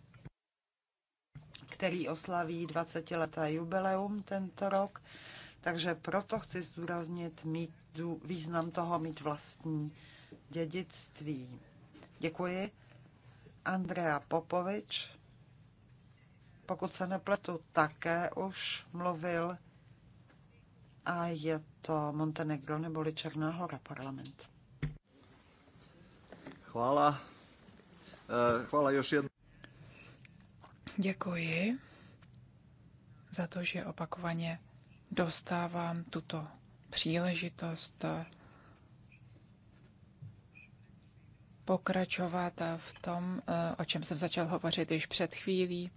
který oslaví 20-leté jubileum tento rok. Takže proto chci zdůraznit mít, význam toho mít vlastní dědictví. Děkuji. Andrea Popovič, pokud se nepletu, také už mluvil a je to Montenegro neboli Černá hora parlament. Hvala. E, Hvala još jednou. Děkuji za to, že opakovaně dostávám tuto příležitost e, pokračovat v tom, e, o čem jsem začal hovořit již před chvílí.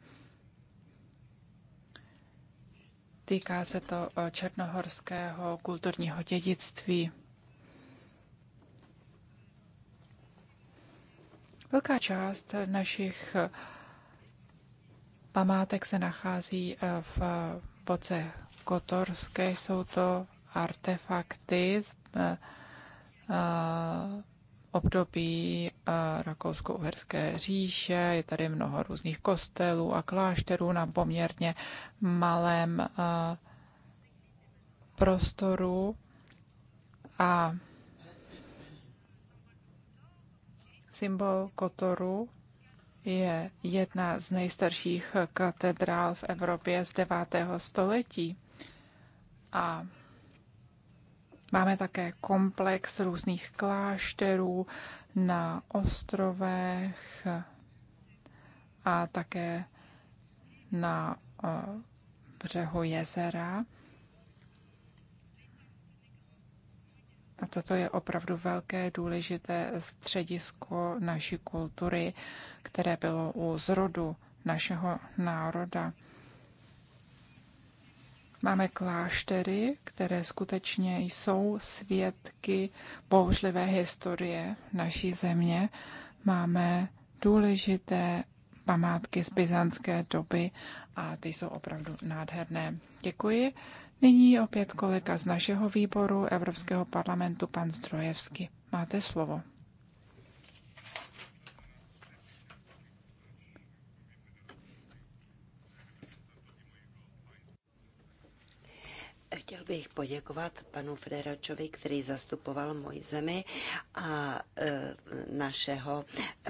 Týká se to černohorského kulturního dědictví. Velká část našich památek se nachází eh, v Boce Kotorské. Jsou to artefakty z eh, eh, období Rakousko-Uherské říše. Je tady mnoho různých kostelů a klášterů na poměrně malém prostoru. A Symbol Kotoru je jedna z nejstarších katedrál v Evropě z 9. století. A máme také komplex různých klášterů na ostrovech a také na eh, břehu jezera. A toto je opravdu velké důležité středisko naší kultury, které bylo u zrodu našeho národa. Máme kláštery, které skutečně jsou svědky bouřlivé historie naší země. Máme důležité památky z byzantské doby a ty jsou opravdu nádherné. Děkuji. Nyní opět kolega z našeho výboru Evropského parlamentu, pan zdrojevský, Máte slovo. Chtěl bych poděkovat panu Federačovi, který zastupoval moji zemi a e, našeho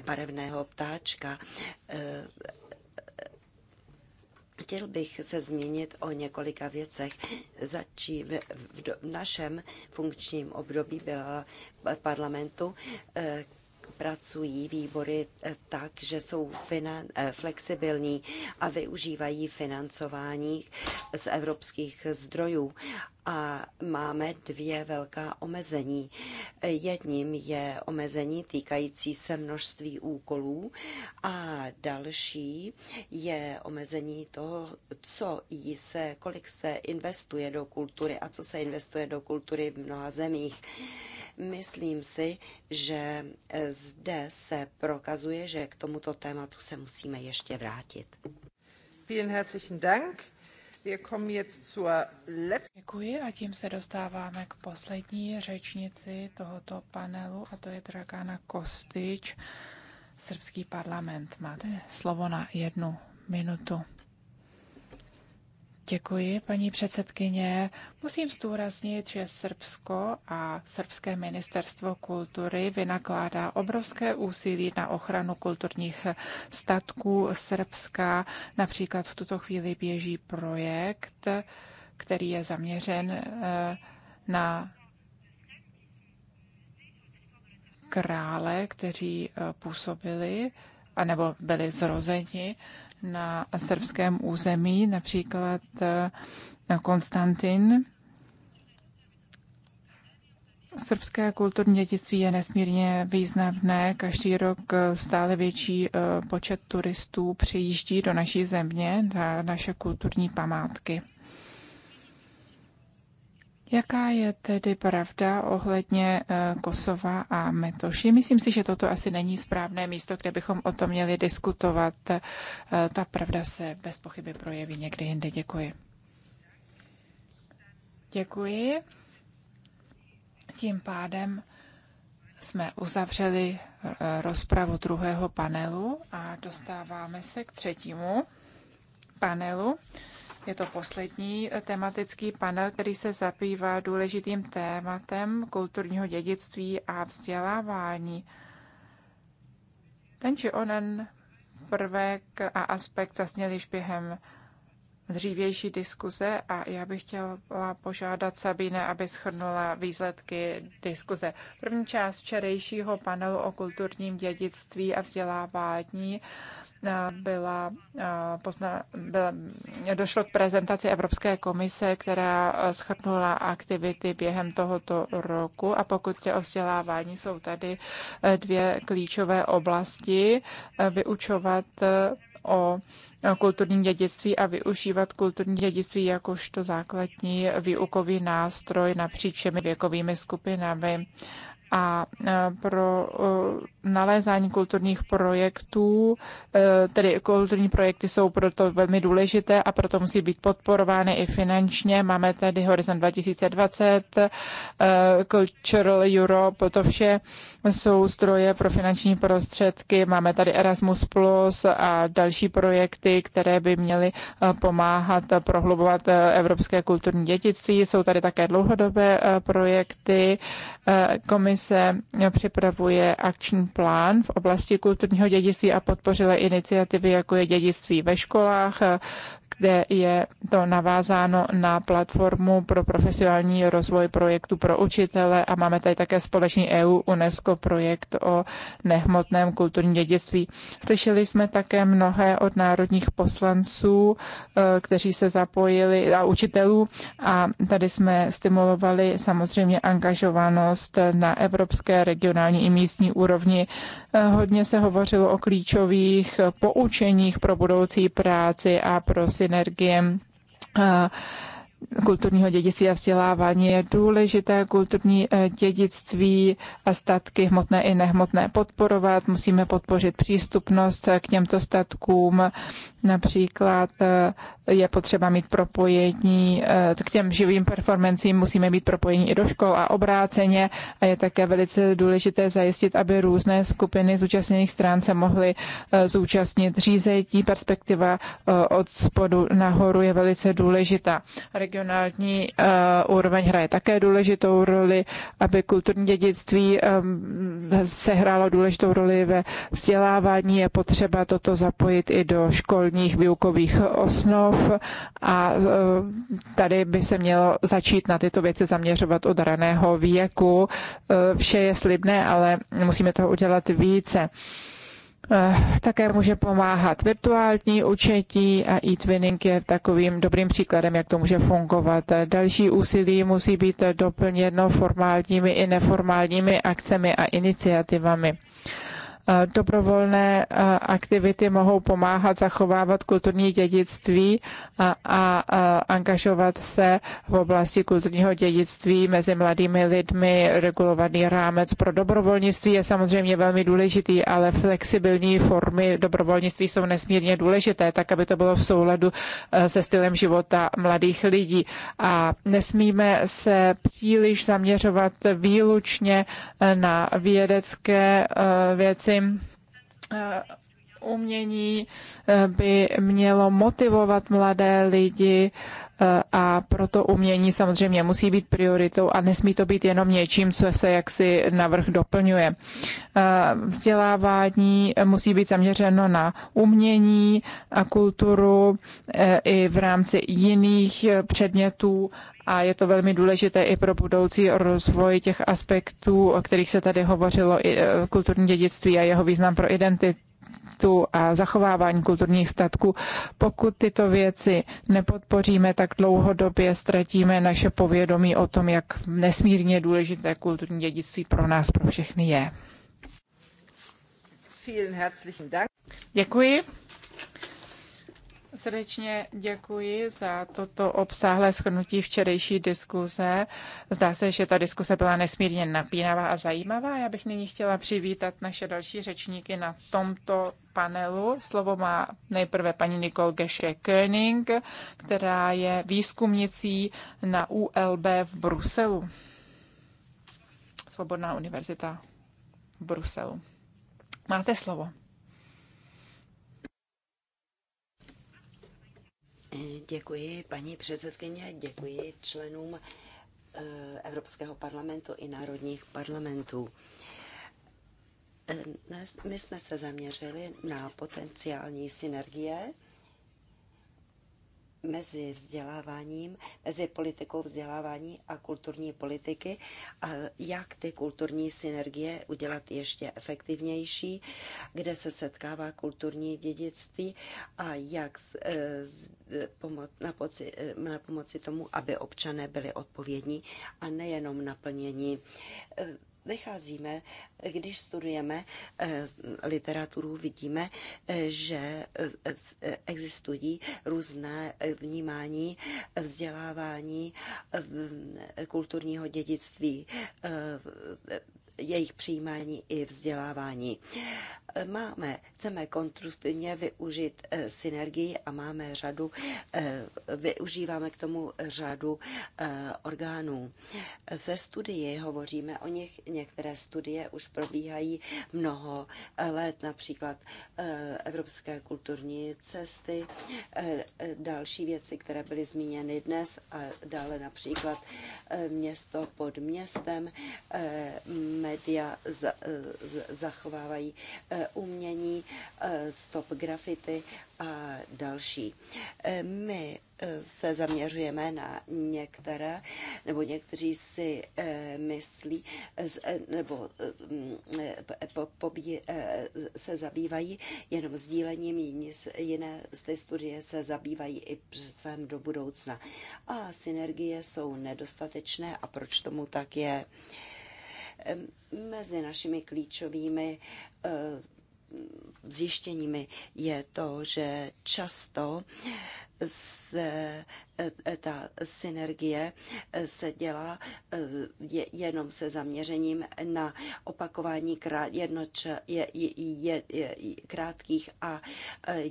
barevného ptáčka. E, Chtěl bych se zmínit o několika věcech. Začí v, v, v našem funkčním období byla parlamentu eh, pracují výbory eh, tak, že jsou eh, flexibilní a využívají financování z evropských zdrojů a máme dvě velká omezení. Jedním je omezení týkající se množství úkolů a další je omezení toho, co jí se, kolik se investuje do kultury a co se investuje do kultury v mnoha zemích. Myslím si, že eh, zde se prokazuje, že k tomuto tématu se musíme ještě vrátit. Děkuji a tím se dostáváme k poslední řečnici tohoto panelu a to je Dragana Kostič, srbský parlament. Máte slovo na jednu minutu. Děkuji, paní předsedkyně. Musím zdůraznit, že Srbsko a Srbské ministerstvo kultury vynakládá obrovské úsilí na ochranu kulturních statků Srbska. Například v tuto chvíli běží projekt, který je zaměřen eh, na krále, kteří eh, působili anebo byli zrozeni na srbském území, například eh, Konstantin. Srbské kulturní dědictví je nesmírně významné. Každý rok eh, stále větší eh, počet turistů přijíždí do naší země na naše kulturní památky. Jaká je tedy pravda ohledně eh, Kosova a Metoši? Myslím si, že toto asi není správné místo, kde bychom o tom měli diskutovat. Eh, ta pravda se bez pochyby projeví někdy jinde. Děkuji. Děkuji. Tím pádem jsme uzavřeli eh, rozpravu druhého panelu a dostáváme se k třetímu panelu. Je to poslední eh, tematický panel, který se zabývá důležitým tématem kulturního dědictví a vzdělávání. Ten či onen prvek a aspekt zasněl již během dřívější diskuze a já bych chtěla požádat Sabine, aby schrnula výsledky diskuze. První část včerejšího panelu o kulturním dědictví a vzdělávání eh, byla, eh, pozna, byla, došlo k prezentaci Evropské komise, která eh, schrnula aktivity během tohoto roku a pokud je o vzdělávání, jsou tady dvě klíčové oblasti. Vyučovat o kulturním dědictví a využívat kulturní dědictví jakožto základní výukový nástroj napříč všemi věkovými skupinami a e, pro e, nalézání kulturních projektů, e, tedy kulturní projekty jsou proto velmi důležité a proto musí být podporovány i finančně. Máme tady Horizon 2020, Cultural Europe, to vše jsou stroje pro finanční prostředky. Máme tady Erasmus Plus a další projekty, které by měly pomáhat prohlubovat evropské kulturní dědictví. Jsou tady také dlouhodobé projekty. Komise komise připravuje akční plán v oblasti kulturního dědictví a podpořila iniciativy, jako je dědictví ve školách, kde je to navázáno na platformu pro profesionální rozvoj projektu pro učitele a máme tady také společný EU UNESCO projekt o nehmotném kulturním dědictví. Slyšeli jsme také mnohé od národních poslanců, eh, kteří se zapojili a učitelů a tady jsme stimulovali samozřejmě angažovanost na evropské, regionální i místní úrovni. Eh, hodně se hovořilo o klíčových poučeních pro budoucí práci a pro synergii synergie kulturního dědictví a vzdělávání je důležité kulturní e, dědictví a statky hmotné i nehmotné podporovat. Musíme podpořit přístupnost k těmto statkům Například eh, je potřeba mít propojení eh, k těm živým performancím, musíme být propojení i do škol a obráceně. A je také velice důležité zajistit, aby různé skupiny zúčastněných stran se mohly eh, zúčastnit. Řízetí perspektiva od spodu nahoru je velice důležitá. Regionální úroveň hraje také důležitou roli, aby kulturní dědictví sehrálo důležitou roli ve vzdělávání. Je potřeba toto zapojit i do škol národních výukových osnov a e, tady by se mělo začít na tyto věci zaměřovat od raného věku. E, vše je slibné, ale musíme toho udělat více. E, také může pomáhat virtuální učetí a e-twinning je takovým dobrým příkladem, jak to může fungovat. Další úsilí musí být doplněno formálními i neformálními akcemi a iniciativami dobrovolné aktivity mohou pomáhat zachovávat kulturní dědictví a, a, a angažovat se v oblasti kulturního dědictví mezi mladými lidmi. Regulovaný rámec pro dobrovolnictví je samozřejmě velmi důležitý, ale flexibilní formy dobrovolnictví jsou nesmírně důležité, tak aby to bylo v souladu e, se stylem života mladých lidí. A nesmíme se příliš zaměřovat výlučně e, na vědecké e, věci, rámci eh, umění eh, by mělo motivovat mladé lidi eh, a proto umění samozřejmě musí být prioritou a nesmí to být jenom něčím, co se jaksi navrh doplňuje. Vzdělávání musí být zaměřeno na umění a kulturu i v rámci jiných předmětů a je to velmi důležité i pro budoucí rozvoj těch aspektů, o kterých se tady hovořilo, e, kulturní dědictví a jeho význam pro identitu a zachovávání kulturních statků. Pokud tyto věci nepodpoříme, tak dlouhodobě ztratíme naše povědomí o tom, jak nesmírně důležité kulturní dědictví pro nás, pro všechny je. Děkuji. Srdečně děkuji za toto obsáhlé shrnutí včerejší diskuze. Zdá se, že ta diskuse byla nesmírně napínavá a zajímavá. Já bych nyní chtěla přivítat naše další řečníky na tomto panelu. Slovo má nejprve paní Nicole Gesche Koenig, která je výzkumnicí na ULB v Bruselu. Svobodná univerzita v Bruselu. Máte slovo. Děkuji, paní předsedkyně, děkuji členům eh, Evropského parlamentu i národních parlamentů. Eh, my jsme se zaměřili na potenciální synergie mezi vzděláváním, mezi politikou vzdělávání a kulturní politiky a jak ty kulturní synergie udělat ještě efektivnější, kde se setkává kulturní dědictví a jak z, z, eh, eh, pomoc, na, poci, eh, na pomoci tomu, aby občané byli odpovědní a nejenom naplnění vycházíme, když studujeme eh, literaturu, vidíme, eh, že eh, existují různé vnímání vzdělávání kulturního dědictví jejich přijímání i vzdělávání. Máme, chceme kontrustivně využít eh, synergii a máme řadu, eh, využíváme k tomu řadu eh, orgánů. Ve studii hovoříme o nich, některé studie už probíhají mnoho let, například Evropské kulturní cesty, další věci, které byly zmíněny dnes a dále například město pod městem, média eh, zachovávají eh, umění, eh, stop grafity a další. My se zaměřujeme na některé, nebo někteří si myslí, nebo se zabývají jenom sdílením, jiné z té studie se zabývají i přesem do budoucna. A synergie jsou nedostatečné a proč tomu tak je? Mezi našimi klíčovými eh, zjištěními je to, že často se eh, ta synergie eh, se dělá jenom se zaměřením na opakování krátkých a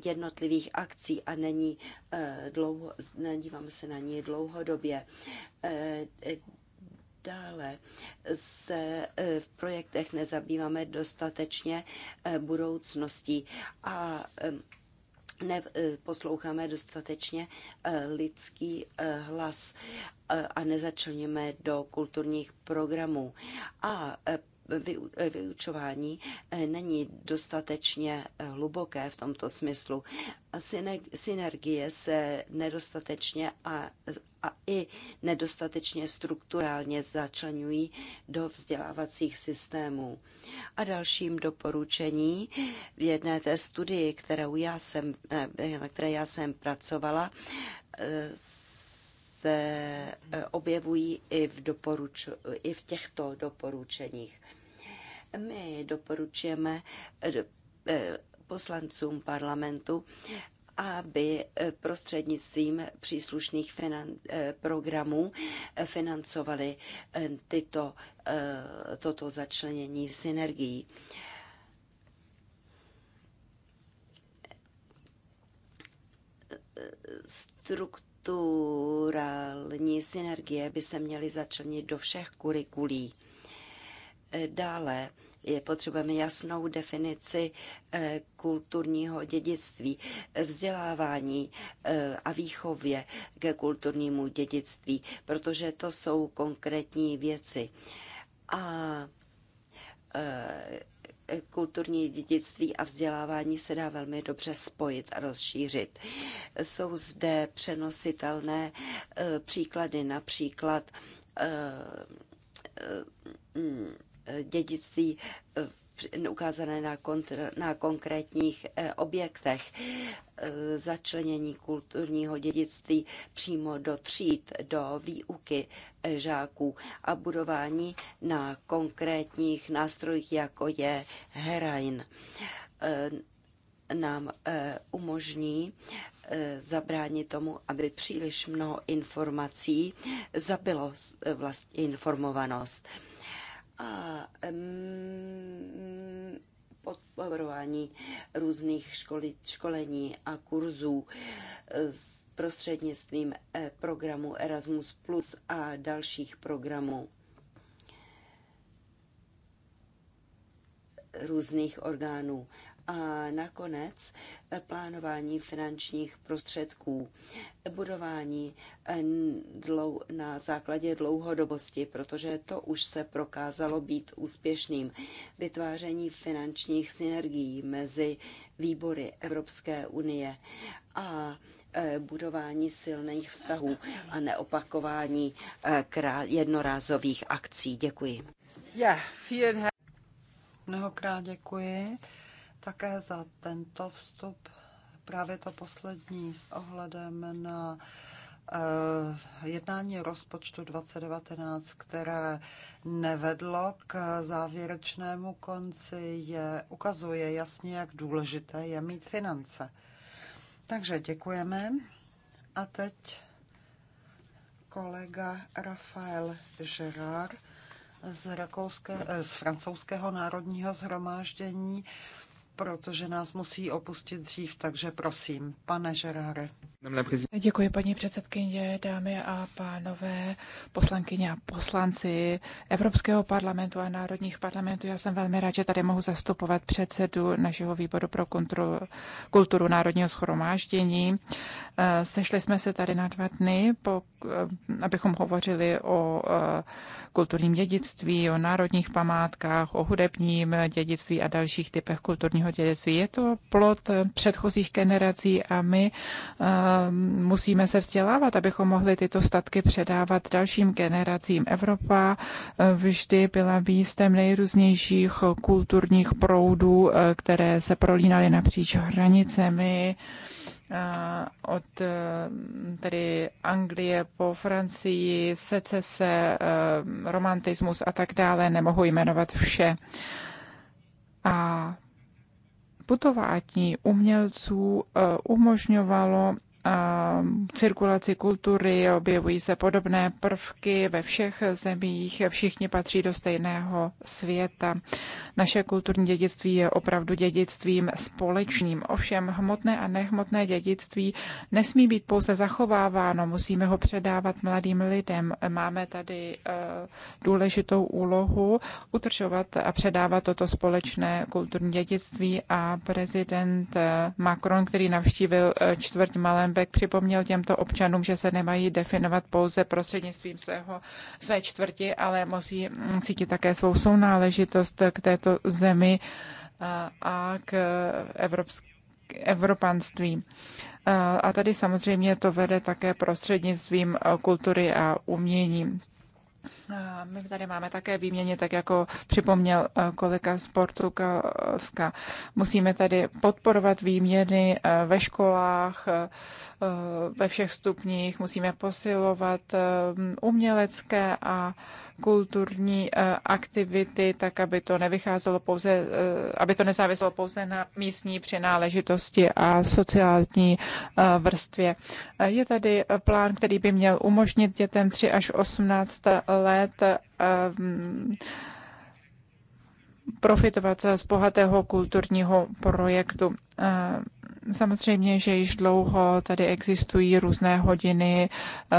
jednotlivých akcí a není dlouho, nedívám se na ní dlouhodobě. Dále se e, v projektech nezabýváme dostatečně e, budoucností a e, neposloucháme dostatečně lidský hlas a nezačleníme do kulturních programů. A vyučování není dostatečně hluboké v tomto smyslu. Synergie se nedostatečně a a i nedostatečně strukturálně začlenují do vzdělávacích systémů. A dalším doporučení v jedné té studii, kterou já jsem, eh, na které já jsem pracovala, eh, se eh, objevují i v, doporuč, i v těchto doporučeních. My doporučujeme poslancům parlamentu, aby eh, prostřednictvím příslušných finan- eh, programů eh, financovali tyto, toto začlenění synergií. Strukturální synergie by se měly začlenit do všech kurikulí. Dále je potřebujeme jasnou definici eh, kulturního dědictví, vzdělávání eh, a výchově ke kulturnímu dědictví, protože to jsou konkrétní věci. A eh, kulturní dědictví a vzdělávání se dá velmi dobře spojit a rozšířit. Jsou zde přenositelné příklady, například mm, dědictví eh, ukázané na, kontr, na konkrétních eh, objektech, eh, začlenění kulturního dědictví přímo do tříd, do výuky žáků a budování na konkrétních nástrojích, jako je herain, nám umožní zabránit tomu, aby příliš mnoho informací zabilo vlastně informovanost a podporování různých školi, školení a kurzů e, s prostřednictvím e, programu Erasmus Plus a dalších programů různých orgánů. A nakonec eh, plánování finančních prostředků, budování eh, na základě dlouhodobosti, protože to už se prokázalo být úspěšným, vytváření finančních synergií mezi výbory Evropské unie a eh, budování silných vztahů a neopakování jednorázových akcí. Děkuji. Já, Mnohokrát děkuji také za tento vstup. Právě to poslední s ohledem na eh, jednání rozpočtu 2019, které nevedlo k závěrečnému konci, je, ukazuje jasně, jak důležité je mít finance. Takže děkujeme. A teď kolega Rafael Gerard z, rakouské, eh, z francouzského národního zhromáždění protože nás musí opustit dřív, takže prosím, pane Žeráre. Děkuji, paní předsedkyně, dámy a pánové, poslankyně a poslanci Evropského parlamentu a národních parlamentů. Já jsem velmi rád, že tady mohu zastupovat předsedu našeho výboru pro kontrolu, kulturu národního schromáždění. Eh, sešli jsme se tady na dva dny, po, eh, abychom hovořili o eh, kulturním dědictví, o národních památkách, o hudebním dědictví a dalších typech kulturního duchovního dědictví. Je to plod předchozích generací a my eh, musíme se vzdělávat, abychom mohli tyto statky předávat dalším generacím. Evropa eh, vždy byla místem nejrůznějších kulturních proudů, eh, které se prolínaly napříč hranicemi od tedy Anglie po Francii, secese, romantismus a tak dále, nemohu jmenovat vše. A putování umělců eh, umožňovalo cirkulaci kultury, objevují se podobné prvky ve všech zemích, všichni patří do stejného světa. Naše kulturní dědictví je opravdu dědictvím společným. Ovšem hmotné a nehmotné dědictví nesmí být pouze zachováváno, musíme ho předávat mladým lidem. Máme tady e, důležitou úlohu utržovat a předávat toto společné kulturní dědictví a prezident e, Macron, který navštívil e, čtvrt Malém Bek připomněl těmto občanům, že se nemají definovat pouze prostřednictvím svého, své čtvrti, ale musí mm, cítit také svou sounáležitost k této zemi a, k evropské evropanství. A tady samozřejmě to vede také prostřednictvím kultury a umění. My tady máme také výměně, tak jako připomněl kolega z Portugalska. Musíme tady podporovat výměny ve školách, Eh, ve všech stupních, musíme posilovat eh, umělecké a kulturní eh, aktivity, tak aby to nevycházelo pouze, aby to nezáviselo pouze na místní přináležitosti a sociální vrstvě. Je tady plán, který by měl umožnit dětem 3 až 18 let mm, profitovat z bohatého kulturního projektu. Samozřejmě, že již dlouho tady existují různé hodiny eh,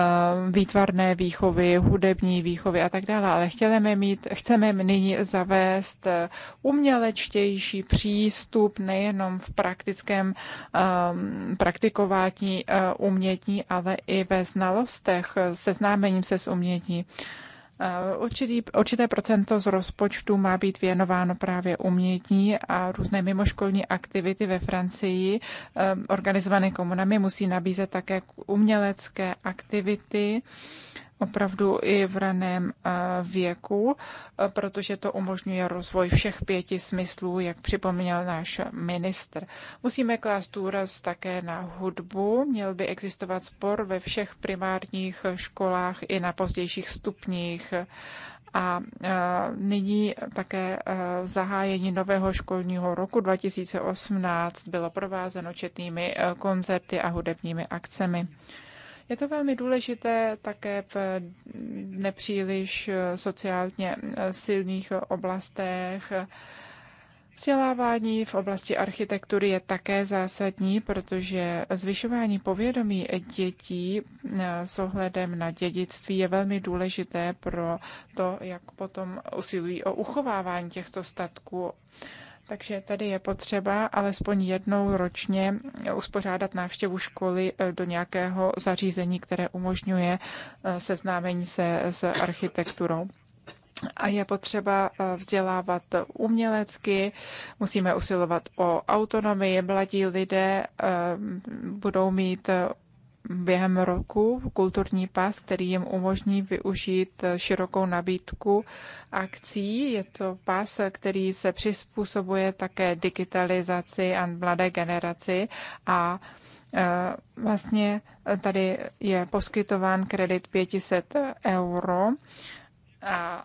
výtvarné výchovy, hudební výchovy a tak dále, ale chceme mít, chceme nyní zavést eh, umělečtější přístup nejenom v praktickém eh, praktikování umění, ale i ve znalostech, seznámením se s umění. Eh, určitý, určité procento z rozpočtu má být věnováno právě umění a různé mimoškolní aktivity ve Francii eh, organizované komunami musí nabízet také umělecké aktivity opravdu i v raném eh, věku, eh, protože to umožňuje rozvoj všech pěti smyslů, jak připomněl náš ministr. Musíme klást důraz také na hudbu. Měl by existovat spor ve všech primárních školách i na pozdějších stupních. A eh, nyní také zahájení nového školního roku 2018 bylo provázeno četnými koncerty a hudebními akcemi. Je to velmi důležité také v nepříliš eh, sociálně eh, silných eh, oblastech. Vzdělávání v oblasti architektury je také zásadní, protože zvyšování povědomí dětí s ohledem na dědictví je velmi důležité pro to, jak potom usilují o uchovávání těchto statků takže tady je potřeba alespoň jednou ročně uspořádat návštěvu školy eh, do nějakého zařízení, které umožňuje eh, seznámení se s architekturou. A je potřeba eh, vzdělávat umělecky, musíme usilovat o autonomii, mladí lidé budou mít během roku kulturní pas, který jim umožní využít širokou nabídku akcí. Je to pas, který se přizpůsobuje také digitalizaci a mladé generaci a e, vlastně tady je poskytován kredit 500 euro a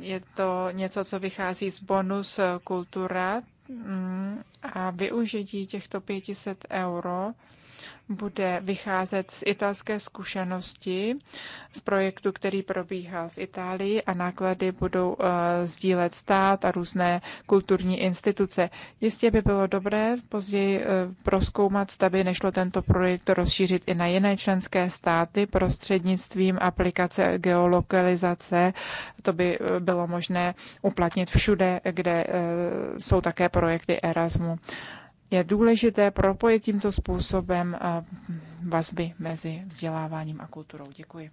je to něco, co vychází z bonus kultura mm, a využití těchto 500 euro bude vycházet z italské zkušenosti, z projektu, který probíhal v Itálii a náklady budou eh, sdílet stát a různé kulturní instituce. Jistě by bylo dobré později eh, proskoumat, zda by nešlo tento projekt rozšířit i na jiné členské státy prostřednictvím aplikace geolokalizace. To by eh, bylo možné uplatnit všude, kde jsou také projekty Erasmu je důležité propojit tímto způsobem eh, vazby mezi vzděláváním a kulturou. Děkuji.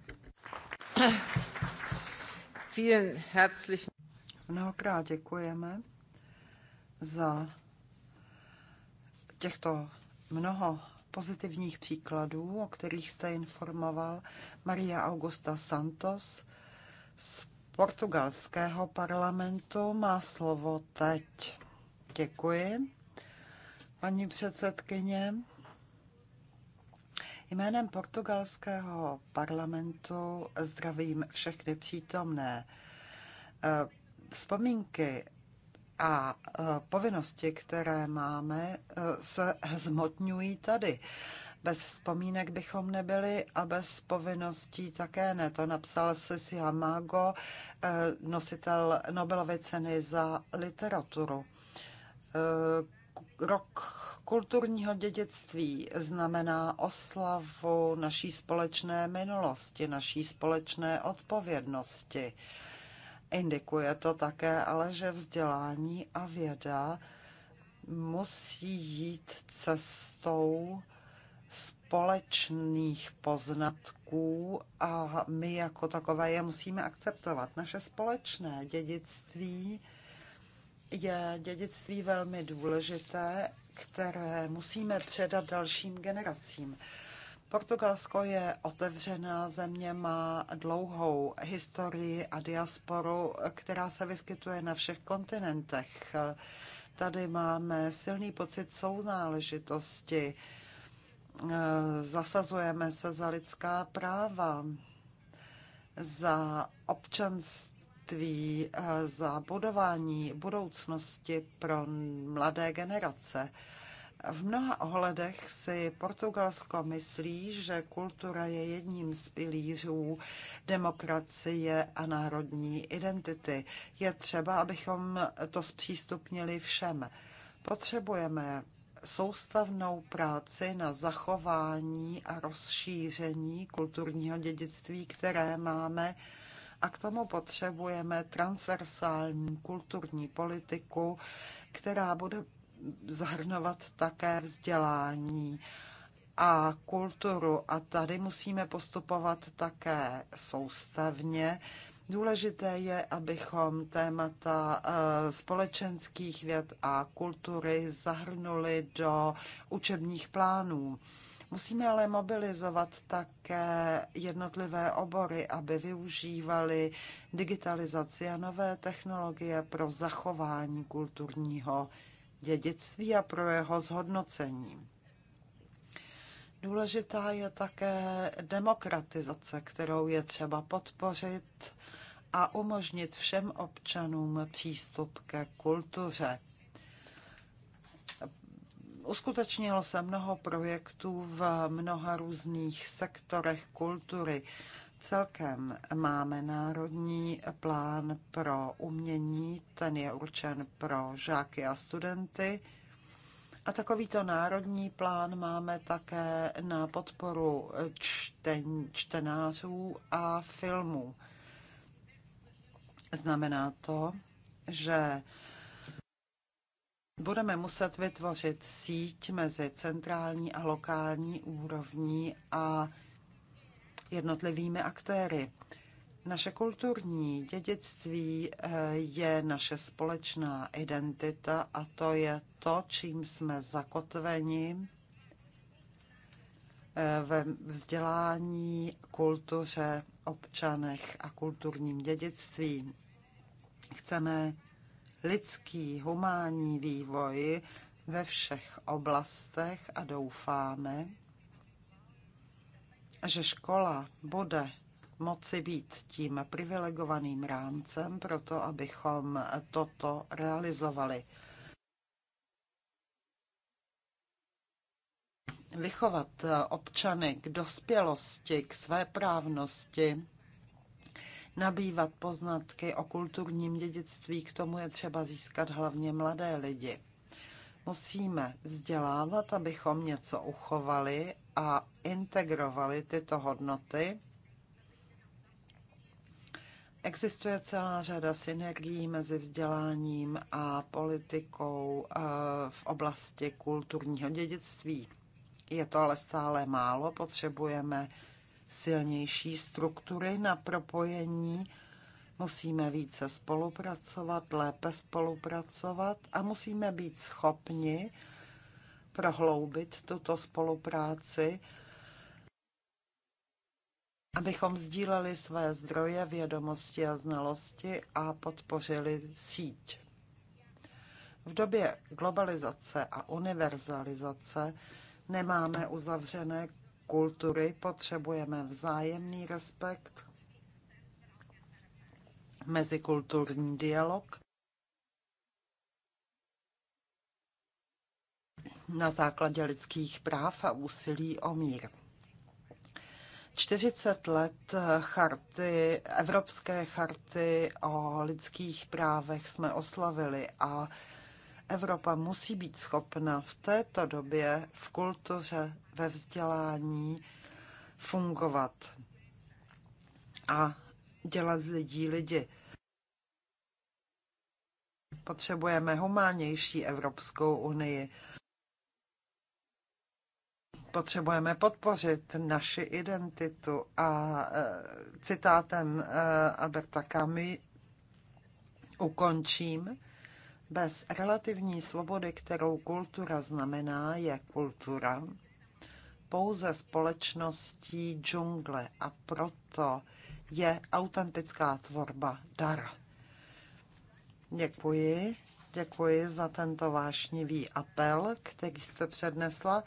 Mnohokrát děkujeme za těchto mnoho pozitivních příkladů, o kterých jste informoval Maria Augusta Santos z portugalského parlamentu. Má slovo teď. Děkuji paní předsedkyně. Jménem portugalského parlamentu zdravím všechny přítomné. Eh, vzpomínky a eh, povinnosti, které máme, eh, se zmotňují tady. Bez vzpomínek bychom nebyli a bez povinností také ne. To napsal Sisi Hamago, nositel Nobelovy ceny za literaturu rok kulturního dědictví znamená oslavu naší společné minulosti, naší společné odpovědnosti. Indikuje to také ale, že vzdělání a věda musí jít cestou společných poznatků a my jako takové je musíme akceptovat. Naše společné dědictví je dědictví velmi důležité, které musíme předat dalším generacím. Portugalsko je otevřená země, má dlouhou historii a diasporu, která se vyskytuje na všech kontinentech. Tady máme silný pocit sounáležitosti, zasazujeme se za lidská práva, za občanství odvětví, eh, za budování budoucnosti pro mladé generace. V mnoha ohledech si Portugalsko myslí, že kultura je jedním z pilířů demokracie a národní identity. Je třeba, abychom to zpřístupnili všem. Potřebujeme soustavnou práci na zachování a rozšíření kulturního dědictví, které máme a k tomu potřebujeme transversální kulturní politiku, která bude zahrnovat také vzdělání a kulturu. A tady musíme postupovat také soustavně. Důležité je, abychom témata eh, společenských věd a kultury zahrnuli do učebních plánů. Musíme ale mobilizovat také jednotlivé obory, aby využívali digitalizaci a nové technologie pro zachování kulturního dědictví a pro jeho zhodnocení. Důležitá je také demokratizace, kterou je třeba podpořit a umožnit všem občanům přístup ke kultuře uskutečnilo se mnoho projektů v mnoha různých sektorech kultury. Celkem máme národní plán pro umění, ten je určen pro žáky a studenty. A takovýto národní plán máme také na podporu čten, čtenářů a filmů. Znamená to, že Budeme muset vytvořit síť mezi centrální a lokální úrovní a jednotlivými aktéry. Naše kulturní dědictví eh, je naše společná identita a to je to, čím jsme zakotveni eh, ve vzdělání, kultuře, občanech a kulturním dědictví. Chceme lidský, humánní vývoj ve všech oblastech a doufáme, že škola bude moci být tím privilegovaným rámcem pro to, abychom toto realizovali. Vychovat občany k dospělosti, k své právnosti, nabývat poznatky o kulturním dědictví, k tomu je třeba získat hlavně mladé lidi. Musíme vzdělávat, abychom něco uchovali a integrovali tyto hodnoty. Existuje celá řada synergií mezi vzděláním a politikou eh, v oblasti kulturního dědictví. Je to ale stále málo, potřebujeme silnější struktury na propojení, musíme více spolupracovat, lépe spolupracovat a musíme být schopni prohloubit tuto spolupráci, abychom sdíleli své zdroje, vědomosti a znalosti a podpořili síť. V době globalizace a univerzalizace nemáme uzavřené kultury potřebujeme vzájemný respekt, mezikulturní dialog na základě lidských práv a úsilí o mír. 40 let charty, Evropské charty o lidských právech jsme oslavili a Evropa musí být schopna v této době v kultuře ve vzdělání fungovat a dělat z lidí lidi. Potřebujeme humánější Evropskou unii. Potřebujeme podpořit naši identitu a e, citátem e, Alberta Kami ukončím. Bez relativní svobody, kterou kultura znamená, je kultura pouze společností džungle a proto je autentická tvorba dar. Děkuji, děkuji za tento vášnivý apel, který jste přednesla.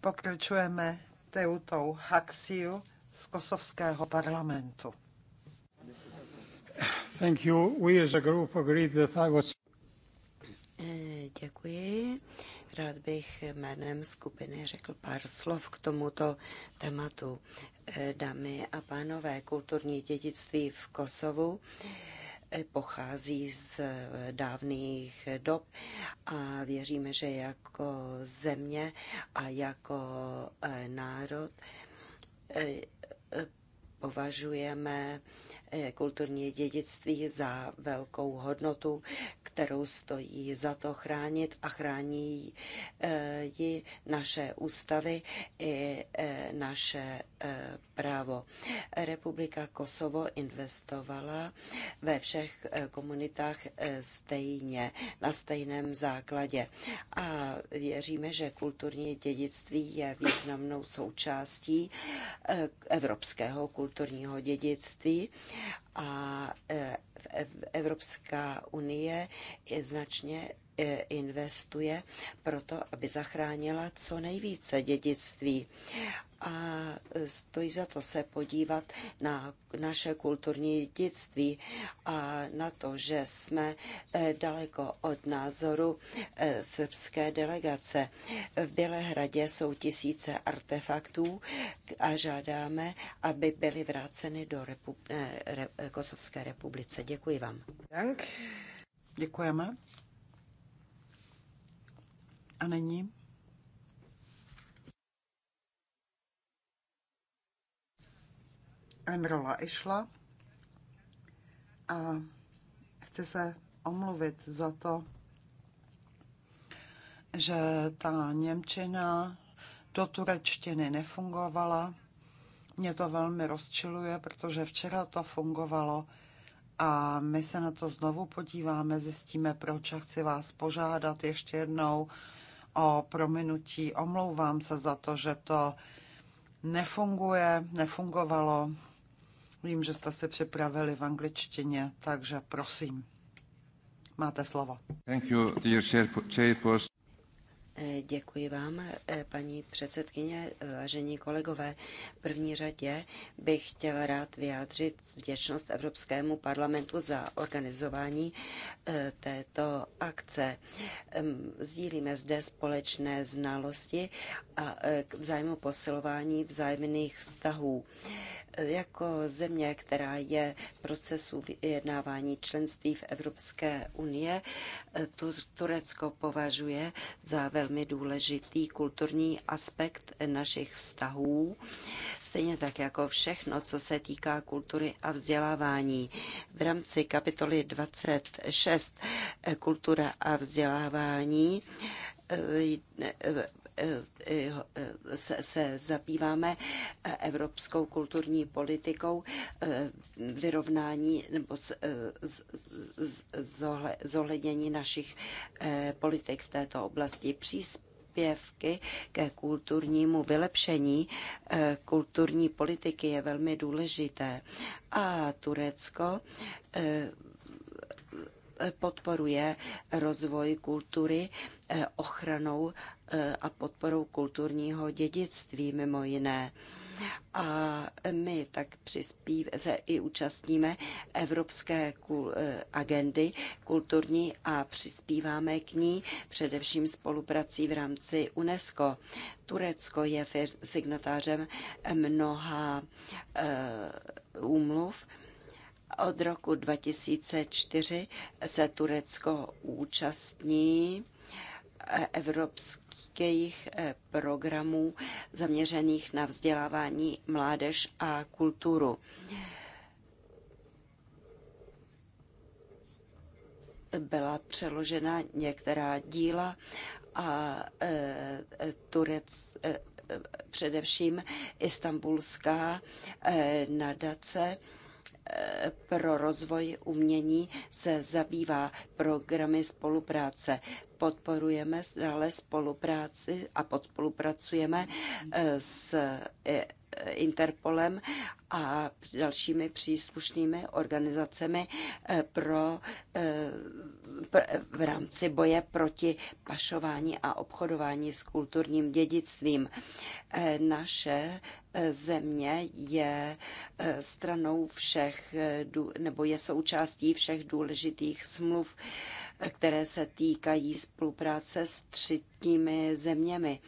Pokračujeme Teutou Haxiu z kosovského parlamentu. Thank you. We as a group agreed that I was... Eh, děkuji. Rád bych jménem skupiny řekl pár slov k tomuto tématu. Eh, dámy a pánové, kulturní dědictví v Kosovu eh, pochází z dávných dob a věříme, že jako země a jako národ považujeme Eh, kulturní dědictví za velkou hodnotu, kterou stojí za to chránit a chrání eh, ji naše ústavy i eh, naše právo. Republika Kosovo investovala ve všech komunitách stejně, na stejném základě. A věříme, že kulturní dědictví je významnou součástí evropského kulturního dědictví a e, Evropská unie značně E, investuje proto, aby zachránila co nejvíce dědictví. A stojí za to se podívat na naše kulturní dědictví a na to, že jsme e, daleko od názoru e, srbské delegace. V Bělehradě jsou tisíce artefaktů a žádáme, aby byly vráceny do repu- Kosovské republice. Děkuji vám. Dank. Děkujeme. A není? Emrola išla a chci se omluvit za to, že ta Němčina do turečtiny nefungovala. Mě to velmi rozčiluje, protože včera to fungovalo a my se na to znovu podíváme, zjistíme proč a chci vás požádat ještě jednou, o prominutí. Omlouvám se za to, že to nefunguje, nefungovalo. Vím, že jste se připravili v angličtině, takže prosím, máte slovo. Thank you, dear chairperson. E, děkuji vám, e, paní předsedkyně, e, vážení kolegové. V první řadě bych chtěla rád vyjádřit vděčnost Evropskému parlamentu za organizování této akce. Sdílíme zde společné znalosti a k zájmu posilování vzájemných vztahů. Jako země, která je v procesu vyjednávání členství v Evropské unie, eh, Turecko považuje za velmi důležitý kulturní aspekt našich vztahů, stejně tak jako všechno, co se týká kultury a vzdělávání. V rámci kapitoly 26 eh, Kultura a vzdělávání eh, se, se zabýváme evropskou kulturní politikou eh, vyrovnání nebo eh, z, z, z, zohle, zohlednění našich eh, politik v této oblasti příspěvky ke kulturnímu vylepšení kulturní politiky je velmi důležité. A Turecko podporuje rozvoj kultury ochranou Eh, a podporou kulturního dědictví mimo jiné. A my tak přispív, se i účastníme Evropské kul, eh, agendy kulturní a přispíváme k ní především spoluprací v rámci UNESCO. Turecko je signatářem mnoha uh, úmluv. Od roku 2004 se Turecko účastní Evropské jejich eh, programů zaměřených na vzdělávání mládež a kulturu. Byla přeložena některá díla a e, Turec, e, především istambulská e, nadace pro rozvoj umění se zabývá programy spolupráce podporujeme dále spolupráci a podspolupracujeme e, s e, Interpolem a dalšími příslušnými organizacemi e, pro, pro, v rámci boje proti pašování a obchodování s kulturním dědictvím. Naše země je stranou všech, nebo je součástí všech důležitých smluv které se týkají spolupráce s třetími zeměmi.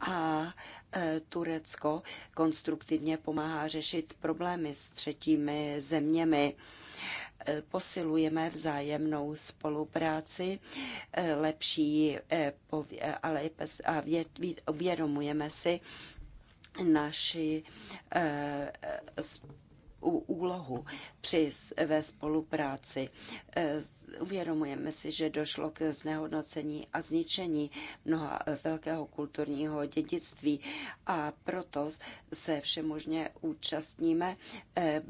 A e, Turecko konstruktivně pomáhá řešit problémy s třetími zeměmi e, posilujeme vzájemnou spolupráci, e, lepší ale a uvědomujeme si naši úlohu při, ve spolupráci Uvědomujeme si, že došlo k znehodnocení a zničení mnoha velkého kulturního dědictví a proto se všemožně účastníme eh,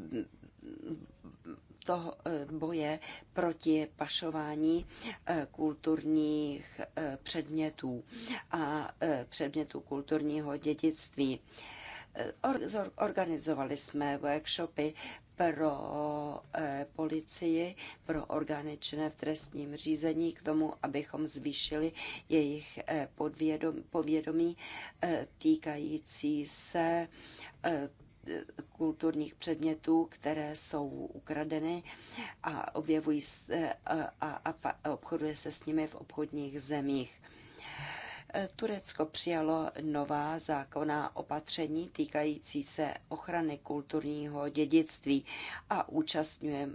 toho eh, boje proti pašování eh, kulturních předmětů a předmětů kulturního dědictví. Organizovali jsme workshopy pro eh, policii, pro orgány činné v trestním řízení k tomu, abychom zvýšili jejich eh, podvědom, povědomí eh, týkající se kulturních předmětů, které jsou ukradeny a objevují se, a, a, a obchoduje se s nimi v obchodních zemích. Turecko přijalo nová zákonná opatření týkající se ochrany kulturního dědictví a,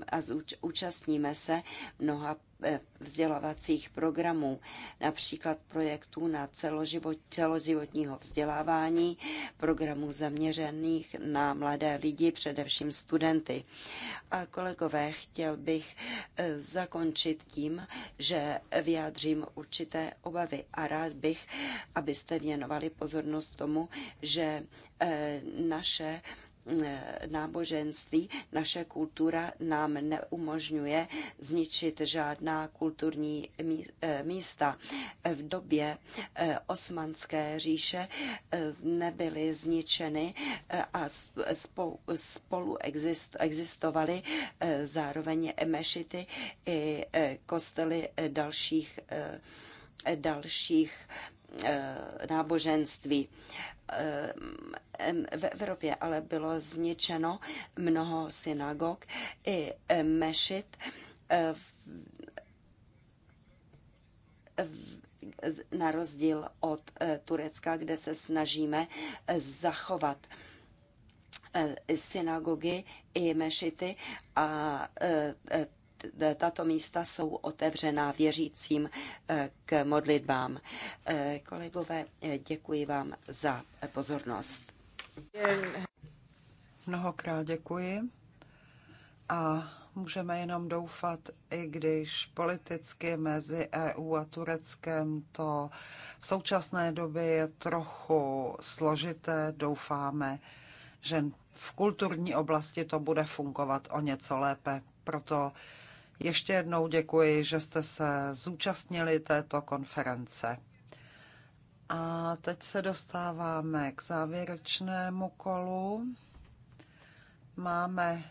a zúč, účastníme se mnoha E, vzdělávacích programů, například projektů na celoživot, celoživotního vzdělávání, programů zaměřených na mladé lidi, především studenty. A kolegové, chtěl bych e, zakončit tím, že vyjádřím určité obavy a rád bych, abyste věnovali pozornost tomu, že e, naše E, náboženství, naše kultura nám neumožňuje zničit žádná kulturní e, místa. V době e, osmanské říše nebyly zničeny a spolu existovaly zároveň mešity i kostely dalších dalších náboženství v Evropě, ale bylo zničeno mnoho synagog i mešit e, na rozdíl od e, Turecka, kde se snažíme e, zachovat synagogy i mešity a tato místa jsou otevřená věřícím eh, k modlitbám. Eh, kolegové, eh, děkuji vám za pozornost. Mnohokrát děkuji a můžeme jenom doufat, i když politicky mezi EU a Tureckem to v současné době je trochu složité, doufáme, že v kulturní oblasti to bude fungovat o něco lépe. Proto ještě jednou děkuji, že jste se zúčastnili této konference. A teď se dostáváme k závěrečnému kolu. Máme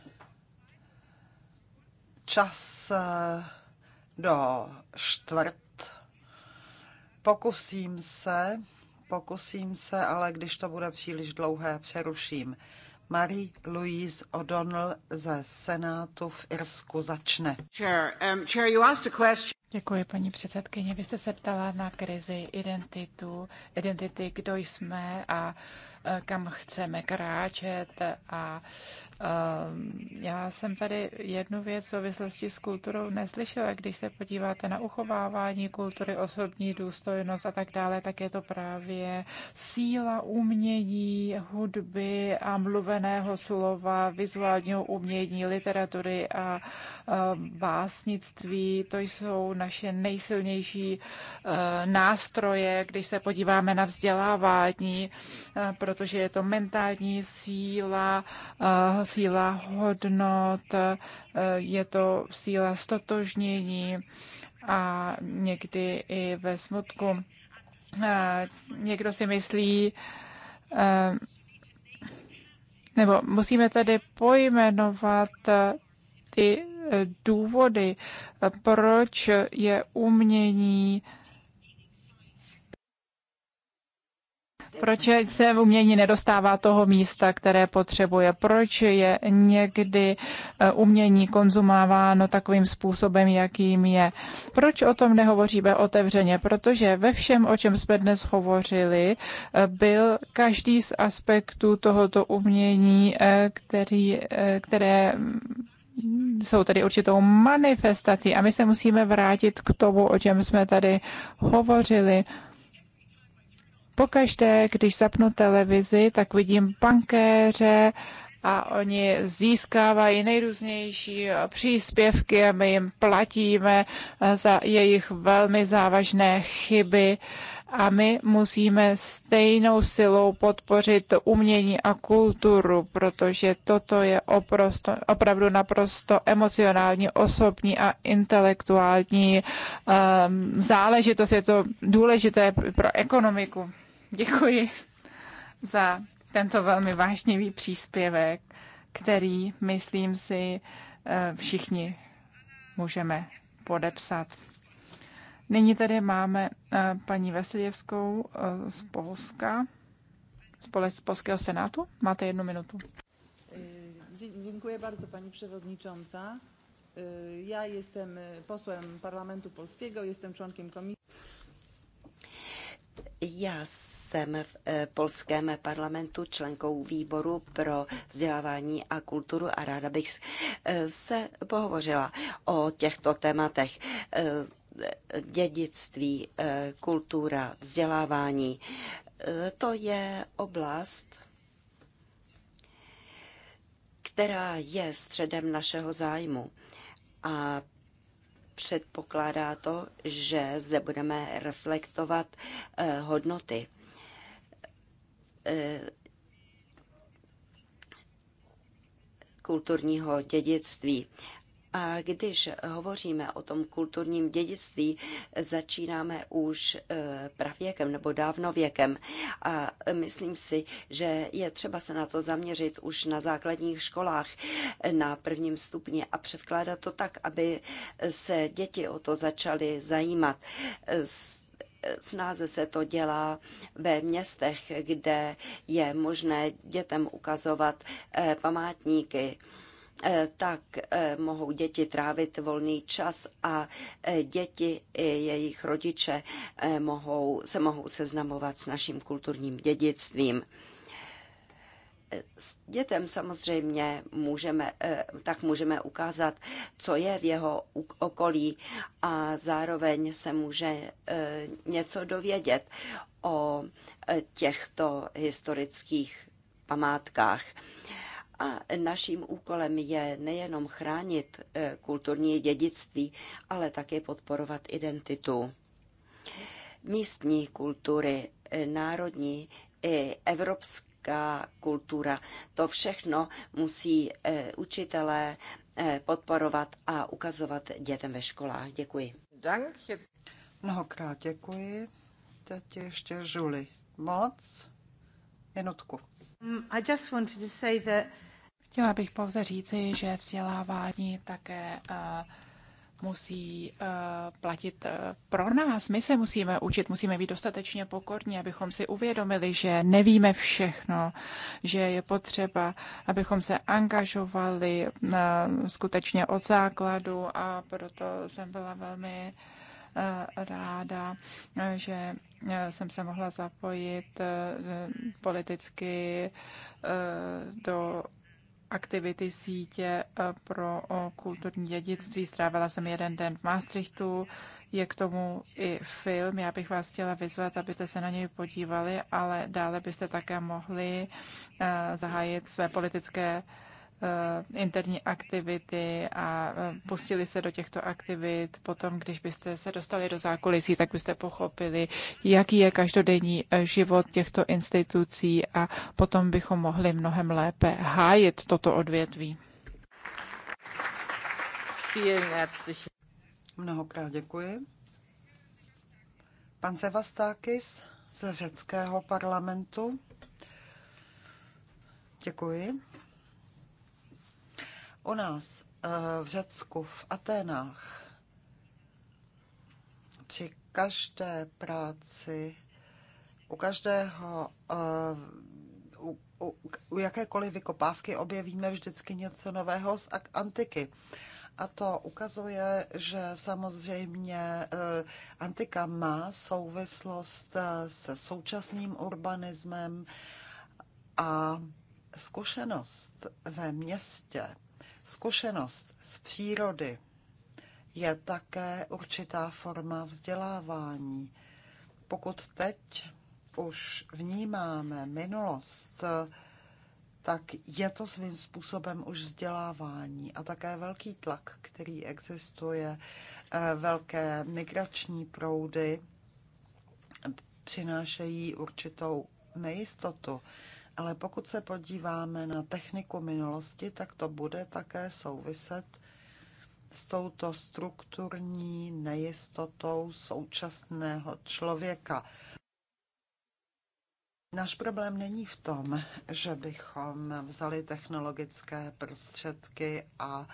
čas eh, do čtvrt. Pokusím se, pokusím se, ale když to bude příliš dlouhé, přeruším. Marie-Louise O'Donnell ze Senátu v Irsku začne. Um, Děkuji, paní předsedkyně. Vy jste se ptala na krizi identitu, identity, kdo jsme a eh, kam chceme kráčet a Ehm, já jsem tady jednu věc v souvislosti s kulturou neslyšela. Když se podíváte na uchovávání kultury, osobní důstojnost a tak dále, tak je to právě síla umění, hudby a mluveného slova, vizuálního umění, literatury a ehm, básnictví. To jsou naše nejsilnější ehm, nástroje, když se podíváme na vzdělávání, eh, protože je to mentální síla, eh, síla hodnot, eh, je to síla stotožnění a někdy i ve smutku. Eh, někdo si myslí, eh, nebo musíme tedy pojmenovat ty důvody, proč je umění Proč se umění nedostává toho místa, které potřebuje? Proč je někdy eh, umění konzumáváno takovým způsobem, jakým je? Proč o tom nehovoříme otevřeně? Protože ve všem, o čem jsme dnes hovořili, eh, byl každý z aspektů tohoto umění, eh, který, které mm, jsou tady určitou manifestací a my se musíme vrátit k tomu, o čem jsme tady hovořili. Pokaždé, když zapnu televizi, tak vidím pankéře a oni získávají nejrůznější příspěvky a my jim platíme eh, za jejich velmi závažné chyby a my musíme stejnou silou podpořit umění a kulturu, protože toto je oprosto, opravdu naprosto emocionální, osobní a intelektuální um, záležitost. Je to důležité pro ekonomiku. Děkuji za tento velmi vážnivý příspěvek, který, myslím si, eh, všichni můžeme podepsat. Nyní tady máme eh, paní Veselěvskou eh, z Polska, z Polského senátu. Máte jednu minutu. Děkuji bardzo paní Przewodnicząca. Já e, jsem poslem Parlamentu Polského. Jsem členkem komise. Já jsem v eh, polském parlamentu členkou výboru pro vzdělávání a kulturu a ráda bych eh, se pohovořila o těchto tématech. Eh, dědictví, kultura, vzdělávání. To je oblast, která je středem našeho zájmu. A předpokládá to, že zde budeme reflektovat eh, hodnoty. Eh, kulturního dědictví a když hovoříme o tom kulturním dědictví, začínáme už e, pravěkem nebo dávnověkem. A myslím si, že je třeba se na to zaměřit už na základních školách na prvním stupni a předkládat to tak, aby se děti o to začaly zajímat e, e, snáze se to dělá ve městech, kde je možné dětem ukazovat památníky. Eh, tak eh, mohou děti trávit volný čas a eh, děti i jejich rodiče mohou, se mohou seznamovat s naším kulturním dědictvím. S dětem samozřejmě můžeme, tak můžeme ukázat, co je v jeho okolí a zároveň se může něco dovědět o těchto historických památkách. A naším úkolem je nejenom chránit e, kulturní dědictví, ale také podporovat identitu místní kultury, e, národní i evropská kultura. To všechno musí e, učitelé podporovat a ukazovat dětem ve školách. Děkuji. Mnohokrát děkuji. Teď ještě Žuli. Moc. Minutku. Um, I just wanted to say that Chtěla bych pouze říci, že vzdělávání také eh, musí eh, platit eh, pro nás. My se musíme učit, musíme být dostatečně pokorní, abychom si uvědomili, že nevíme všechno, že je potřeba, abychom se angažovali skutečně od základu a proto jsem byla velmi ráda, že jsem se mohla zapojit politicky do aktivity sítě eh, pro eh, kulturní dědictví. Strávila jsem jeden den v Maastrichtu, je k tomu i film. Já bych vás chtěla vyzvat, abyste se na něj podívali, ale dále byste také mohli eh, zahájit své politické Eh, interní aktivity a eh, pustili se do těchto aktivit. Potom, když byste se dostali do zákulisí, tak byste pochopili, jaký je každodenní eh, život těchto institucí a potom bychom mohli mnohem lépe hájit toto odvětví. Mnohokrát děkuji. Pan Sevastákis ze řeckého parlamentu. Děkuji u nás eh, v Řecku, v Aténách, při každé práci, u každého, eh, u, u, u jakékoliv vykopávky objevíme vždycky něco nového z antiky. A to ukazuje, že samozřejmě eh, antika má souvislost se současným urbanismem a zkušenost ve městě Zkušenost z přírody je také určitá forma vzdělávání. Pokud teď už vnímáme minulost, tak je to svým způsobem už vzdělávání a také velký tlak, který existuje, eh, velké migrační proudy přinášejí určitou nejistotu. Ale pokud se podíváme na techniku minulosti, tak to bude také souviset s touto strukturní nejistotou současného člověka. Náš problém není v tom, že bychom vzali technologické prostředky a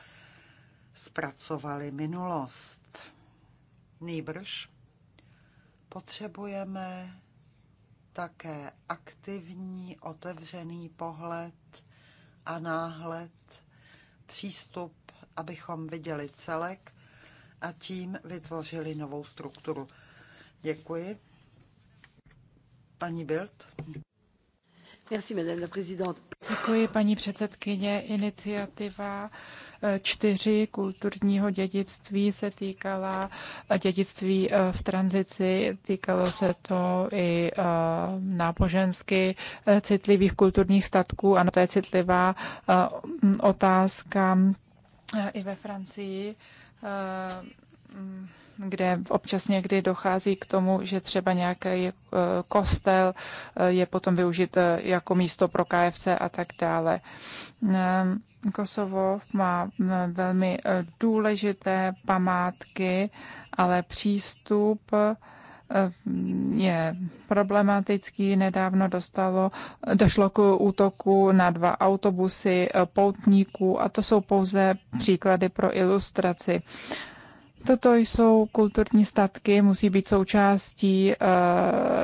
zpracovali minulost. Nýbrž potřebujeme také aktivní, otevřený pohled a náhled, přístup, abychom viděli celek a tím vytvořili novou strukturu. Děkuji. Paní Bild. Merci, madame la Děkuji, paní předsedkyně. Iniciativa čtyři kulturního dědictví se týkala dědictví e, v tranzici, týkalo se to i e, nábožensky e, citlivých kulturních statků. Ano, to je citlivá otázka i ve Francii kde občas někdy dochází k tomu, že třeba nějaký kostel je potom využit jako místo pro KFC a tak dále. Kosovo má velmi e, důležité památky, ale přístup e, je problematický. Nedávno dostalo, došlo k útoku na dva autobusy e, poutníků a to jsou pouze příklady pro ilustraci. Toto jsou kulturní statky, musí být součástí eh,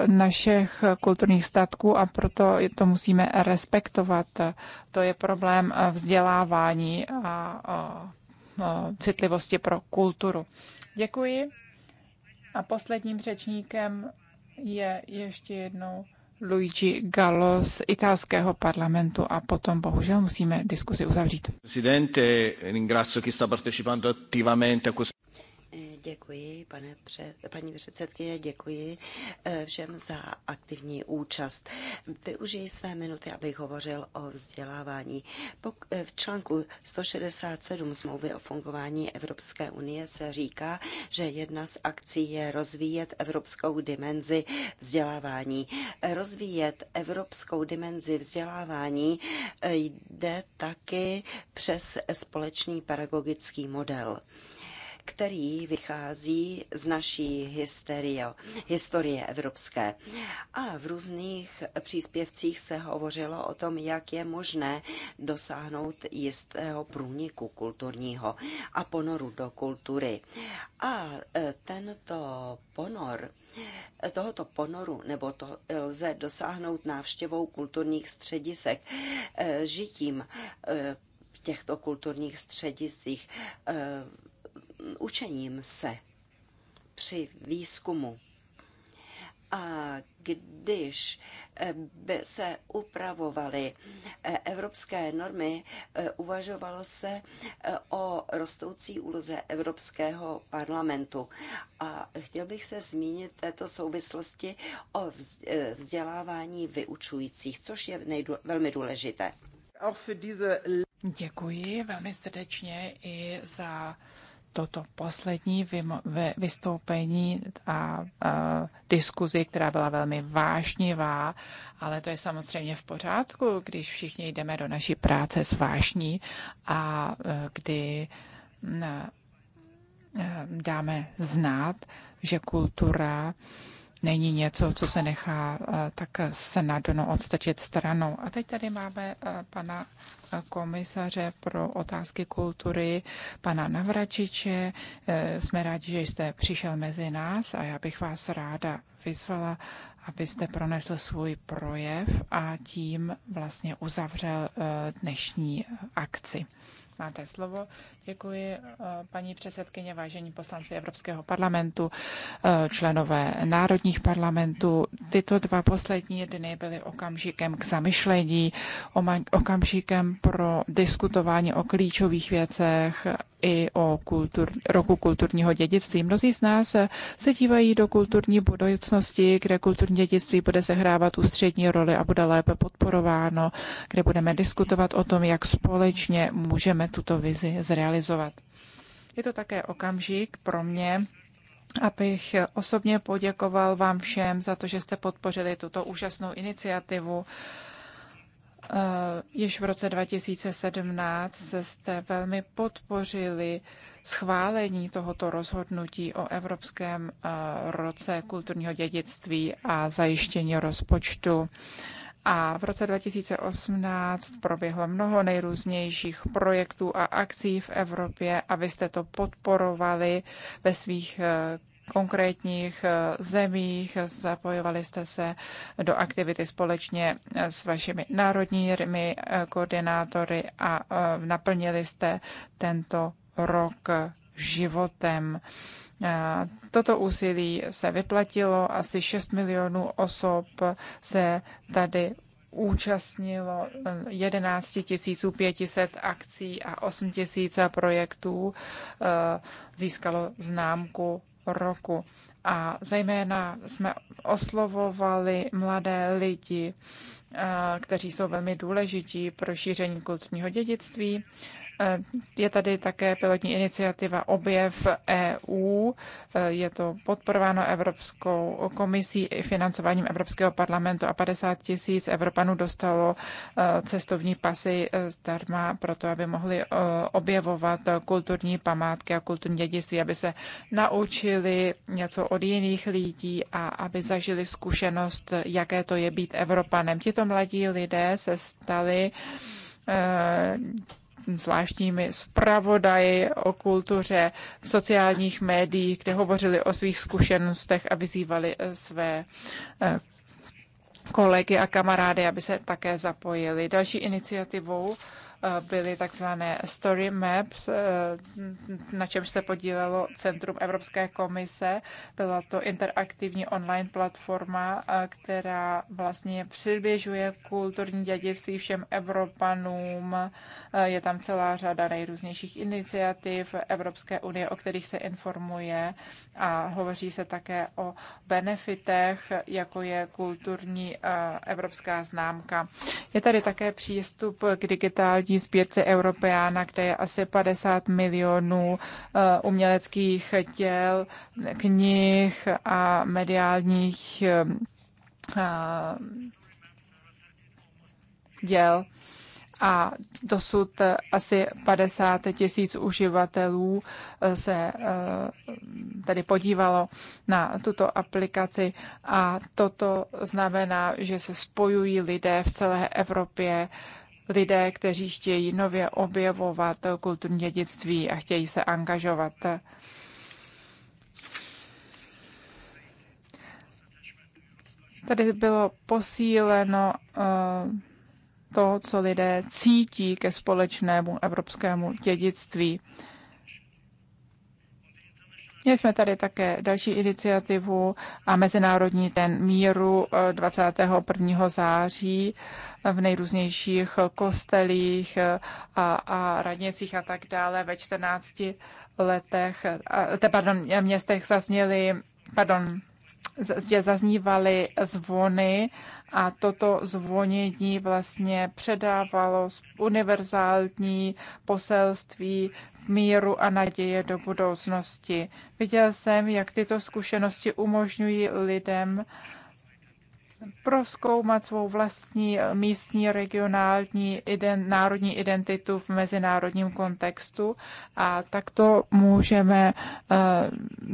našich kulturních statků a proto to musíme respektovat. To je problém eh, vzdělávání a eh, citlivosti pro kulturu. Děkuji. A posledním řečníkem je ještě jednou Luigi Gallo z italského parlamentu a potom bohužel musíme diskusi uzavřít. Presidente, ringrazio chi sta partecipando attivamente a questo Děkuji, pane před, paní předsedkyně, děkuji eh, všem za aktivní účast. Využiji své minuty, abych hovořil o vzdělávání. Eh, v článku 167 smlouvy o fungování Evropské unie se říká, že jedna z akcí je rozvíjet evropskou dimenzi vzdělávání. Rozvíjet evropskou dimenzi vzdělávání eh, jde taky přes společný pedagogický model který vychází z naší hysterie, historie evropské. A v různých příspěvcích se hovořilo o tom, jak je možné dosáhnout jistého průniku kulturního a ponoru do kultury. A e, tento ponor, e, tohoto ponoru, nebo to lze dosáhnout návštěvou kulturních středisek, e, žitím v těchto kulturních středisích učením se při výzkumu. A když eh, by se upravovaly eh, evropské normy, eh, uvažovalo se o rostoucí úloze Evropského parlamentu. A chtěl bych se zmínit této souvislosti o vzdělávání vyučujících, což je nejdu- velmi důležité. Děkuji velmi srdečně i za toto poslední vystoupení a, diskuzi, která byla velmi vášnivá, ale to je samozřejmě v pořádku, když všichni jdeme do naší práce s vášní a e, kdy e, dáme znát, že kultura není něco, co se nechá e, tak snadno odstačit stranou. A teď tady máme pana komisaře pro otázky kultury, pana Navračiče. Eh, jsme rádi, že jste přišel mezi nás a já bych vás ráda vyzvala, abyste pronesl svůj projev a tím vlastně uzavřel eh, dnešní akci. Máte slovo. Děkuji, eh, paní předsedkyně, vážení poslanci Evropského parlamentu, eh, členové národních parlamentů. Tyto dva poslední dny byly okamžikem k zamyšlení, okamžikem pro diskutování o klíčových věcech i o kultur, roku kulturního dědictví. Mnozí z nás se dívají do kulturní budoucnosti, kde kulturní dědictví bude sehrávat ústřední roli a bude lépe podporováno, kde budeme diskutovat o tom, jak společně můžeme tuto vizi zrealizovat realizovat. Je to také okamžik pro mě, abych osobně poděkoval vám všem za to, že jste podpořili tuto úžasnou iniciativu. Eh, již v roce 2017 jste velmi podpořili schválení tohoto rozhodnutí o Evropském eh, roce kulturního dědictví a zajištění rozpočtu. A v roce 2018 proběhlo mnoho nejrůznějších projektů a akcí v Evropě a vy jste to podporovali ve svých eh, konkrétních eh, zemích, zapojovali jste se do aktivity společně eh, s vašimi národními koordinátory a naplnili jste tento rok životem. Toto úsilí se vyplatilo, asi 6 milionů osob se tady účastnilo 11 500 akcí a 8 000 projektů e, získalo známku roku. A zejména jsme oslovovali mladé lidi, e, kteří jsou velmi důležití pro šíření kulturního dědictví. Eh, je tady také pilotní iniciativa Objev EU. Eh, je to podporováno Evropskou komisí i financováním Evropského parlamentu a 50 tisíc Evropanů dostalo eh, cestovní pasy zdarma proto, aby mohli objevovat kulturní památky a kulturní dědictví, aby se naučili něco od jiných lidí a aby zažili zkušenost, jaké to je být Evropanem. Tito mladí lidé se stali zvláštními zpravodaji o kultuře v sociálních médiích, kde hovořili o svých zkušenostech a vyzývali eh, své eh, kolegy a kamarády, aby se také zapojili. Další iniciativou byly takzvané story maps, eh, na čemž se podílelo Centrum Evropské komise. Byla to interaktivní online platforma, eh, která vlastně přibližuje kulturní dědictví všem Evropanům. Eh, je tam celá řada nejrůznějších iniciativ Evropské unie, o kterých se informuje a hovoří se také o benefitech, jako je kulturní evropská známka. Je tady také přístup k digitální velký sbírce Europeána, kde je asi 50 milionů eh, uměleckých těl, knih a mediálních eh, eh, děl a dosud asi 50 tisíc uživatelů se tady podívalo na tuto aplikaci a toto znamená, že se spojují lidé v celé Evropě lidé, kteří chtějí nově objevovat kulturní dědictví a chtějí se angažovat. Tady bylo posíleno eh, to, co lidé cítí ke společnému evropskému dědictví. Měli jsme tady také další iniciativu a Mezinárodní den míru 21. Eh, září eh, v nejrůznějších kostelích eh, a, a radnicích a tak dále ve 14 letech, te, pardon, městech zazněly, pardon, zde zaznívaly zvony a toto zvonění vlastně předávalo univerzální poselství míru a naděje do budoucnosti. Viděl jsem, jak tyto zkušenosti umožňují lidem proskoumat svou vlastní místní, regionální, ident, národní identitu v mezinárodním kontextu a takto můžeme uh,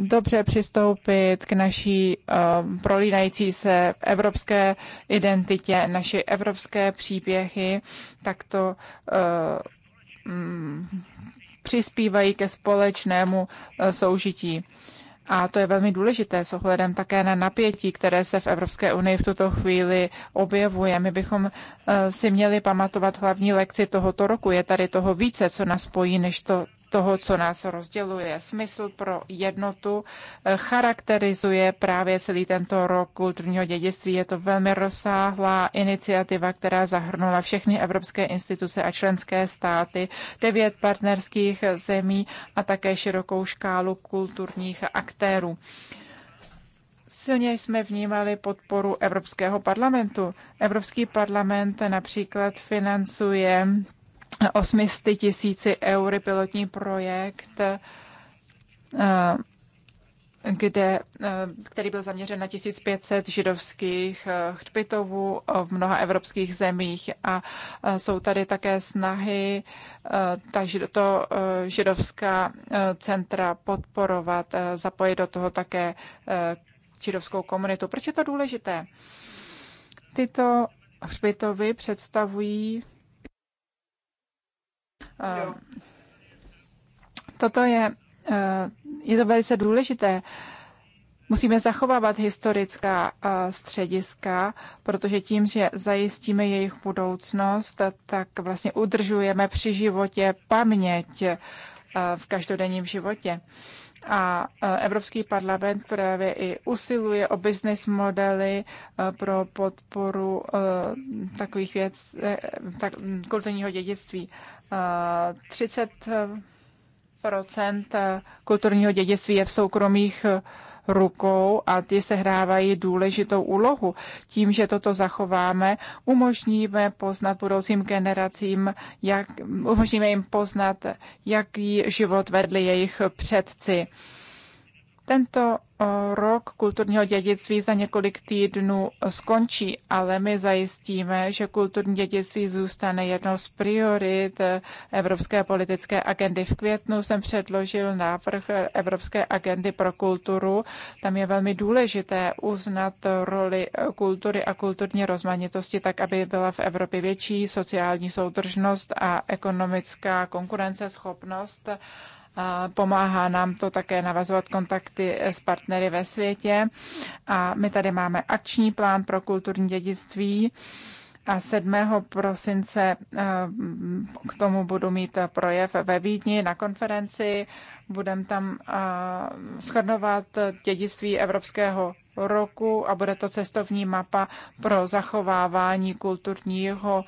dobře přistoupit k naší uh, prolínající se evropské identitě, naše evropské příběhy, takto uh, eh, um, mm, přispívají ke společnému soužití. A to je velmi důležité s ohledem také na napětí, které se v Evropské unii v tuto chvíli objevuje. My bychom eh, si měli pamatovat hlavní lekci tohoto roku. Je tady toho více, co nás spojí, než to, toho, co nás rozděluje. Smysl pro jednotu eh, charakterizuje právě celý tento rok kulturního dědictví. Je to velmi rozsáhlá iniciativa, která zahrnula všechny evropské instituce a členské státy, devět partnerských zemí a také širokou škálu kulturních aktivit aktérů. Silně jsme vnímali podporu Evropského parlamentu. Evropský parlament například financuje 800 tisíci eury pilotní projekt eh, kde, eh, který byl zaměřen na 1500 židovských chřbitovů eh, v mnoha evropských zemích. A eh, jsou tady také snahy ta, to židovská centra podporovat, zapojit do toho také židovskou komunitu. Proč je to důležité? Tyto hřbitovy představují Toto je Eh, je to velice důležité. Musíme zachovávat historická eh, střediska, protože tím, že zajistíme jejich budoucnost, tak vlastně udržujeme při životě paměť eh, v každodenním životě. A Evropský parlament právě i usiluje o business modely pro podporu takových věc, tak, mm, kulturního dědictví. 30 Eh, kulturního dědictví je v soukromých eh, rukou a ty se hrávají důležitou úlohu. Tím, že toto zachováme, umožníme poznat budoucím generacím, jak, umožníme jim poznat, jaký život vedli jejich předci. Tento eh, rok kulturního dědictví za několik týdnů skončí, ale my zajistíme, že kulturní dědictví zůstane jednou z priorit eh, Evropské politické agendy. V květnu jsem předložil návrh Evropské agendy pro kulturu. Tam je velmi důležité uznat roli eh, kultury a kulturní rozmanitosti tak, aby byla v Evropě větší sociální soudržnost a ekonomická konkurenceschopnost Pomáhá nám to také navazovat kontakty s partnery ve světě. A my tady máme akční plán pro kulturní dědictví. A 7. prosince eh, k tomu budu mít projev ve Vídni na konferenci. Budeme tam eh, shrnovat dědictví Evropského roku a bude to cestovní mapa pro zachovávání kulturního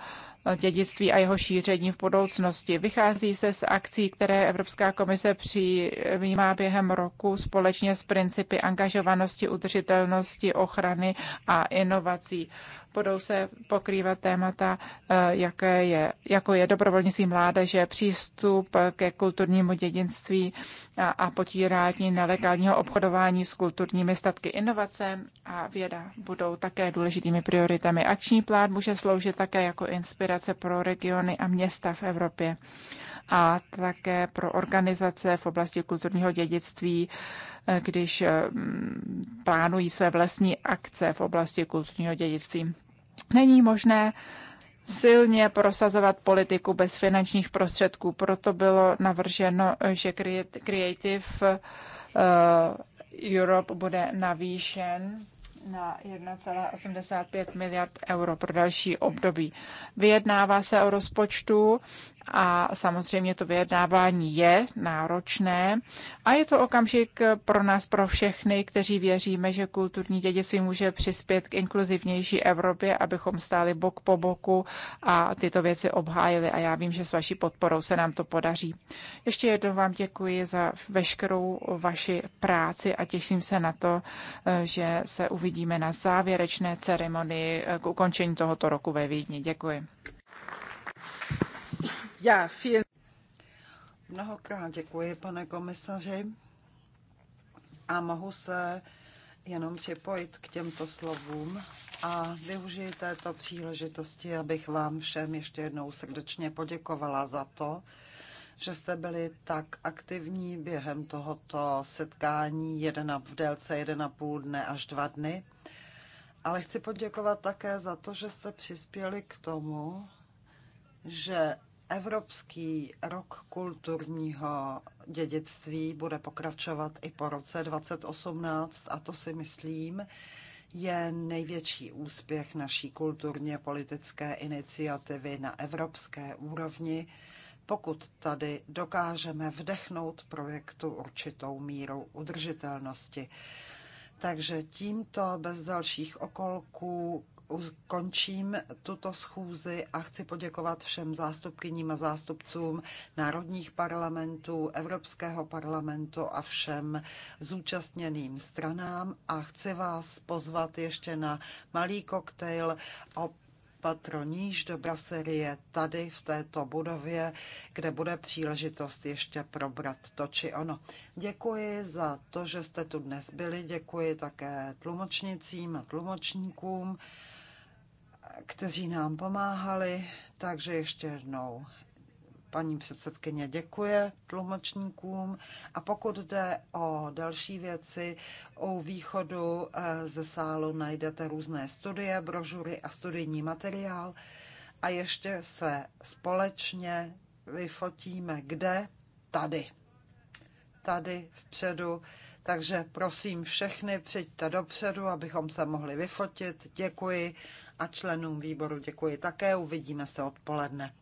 dědictví a jeho šíření v budoucnosti. Vychází se z akcí, které Evropská komise přijímá během roku společně s principy angažovanosti, udržitelnosti, ochrany a inovací budou se pokrývat témata, eh, jaké je, jako je dobrovolnictví mládeže, přístup ke kulturnímu dědictví a, a potírání nelegálního obchodování s kulturními statky. Inovace a věda budou také důležitými prioritami. Akční plán může sloužit také jako inspirace pro regiony a města v Evropě a také pro organizace v oblasti kulturního dědictví, eh, když mm, plánují své vlastní akce v oblasti kulturního dědictví. Není možné silně prosazovat politiku bez finančních prostředků. Proto bylo navrženo, že Creative eh, Europe bude navýšen na 1,85 miliard euro pro další období. Vyjednává se o rozpočtu a samozřejmě to vyjednávání je náročné a je to okamžik pro nás, pro všechny, kteří věříme, že kulturní dědictví může přispět k inkluzivnější Evropě, abychom stáli bok po boku a tyto věci obhájili a já vím, že s vaší podporou se nám to podaří. Ještě jednou vám děkuji za veškerou vaši práci a těším se na to, že se uvidíme na závěrečné ceremonii k ukončení tohoto roku ve Vídni. Děkuji. Já, vielen... Mnohokrát děkuji, pane komisaři. A mohu se jenom připojit k těmto slovům a využiji této příležitosti, abych vám všem ještě jednou srdečně poděkovala za to, že jste byli tak aktivní během tohoto setkání jeden v délce 1,5 dne až 2 dny. Ale chci poděkovat také za to, že jste přispěli k tomu, že Evropský rok kulturního dědictví bude pokračovat i po roce 2018 a to si myslím je největší úspěch naší kulturně politické iniciativy na evropské úrovni, pokud tady dokážeme vdechnout projektu určitou míru udržitelnosti. Takže tímto bez dalších okolků končím tuto schůzi a chci poděkovat všem zástupkyním a zástupcům národních parlamentů, Evropského parlamentu a všem zúčastněným stranám a chci vás pozvat ještě na malý koktejl o patroníž do braserie tady v této budově, kde bude příležitost ještě probrat to či ono. Děkuji za to, že jste tu dnes byli, děkuji také tlumočnicím a tlumočníkům kteří nám pomáhali. Takže ještě jednou paní předsedkyně děkuje tlumočníkům. A pokud jde o další věci, o východu eh, ze sálu najdete různé studie, brožury a studijní materiál. A ještě se společně vyfotíme kde? Tady. Tady vpředu. Takže prosím všechny, přijďte dopředu, abychom se mohli vyfotit. Děkuji a členům výboru děkuji také. Uvidíme se odpoledne.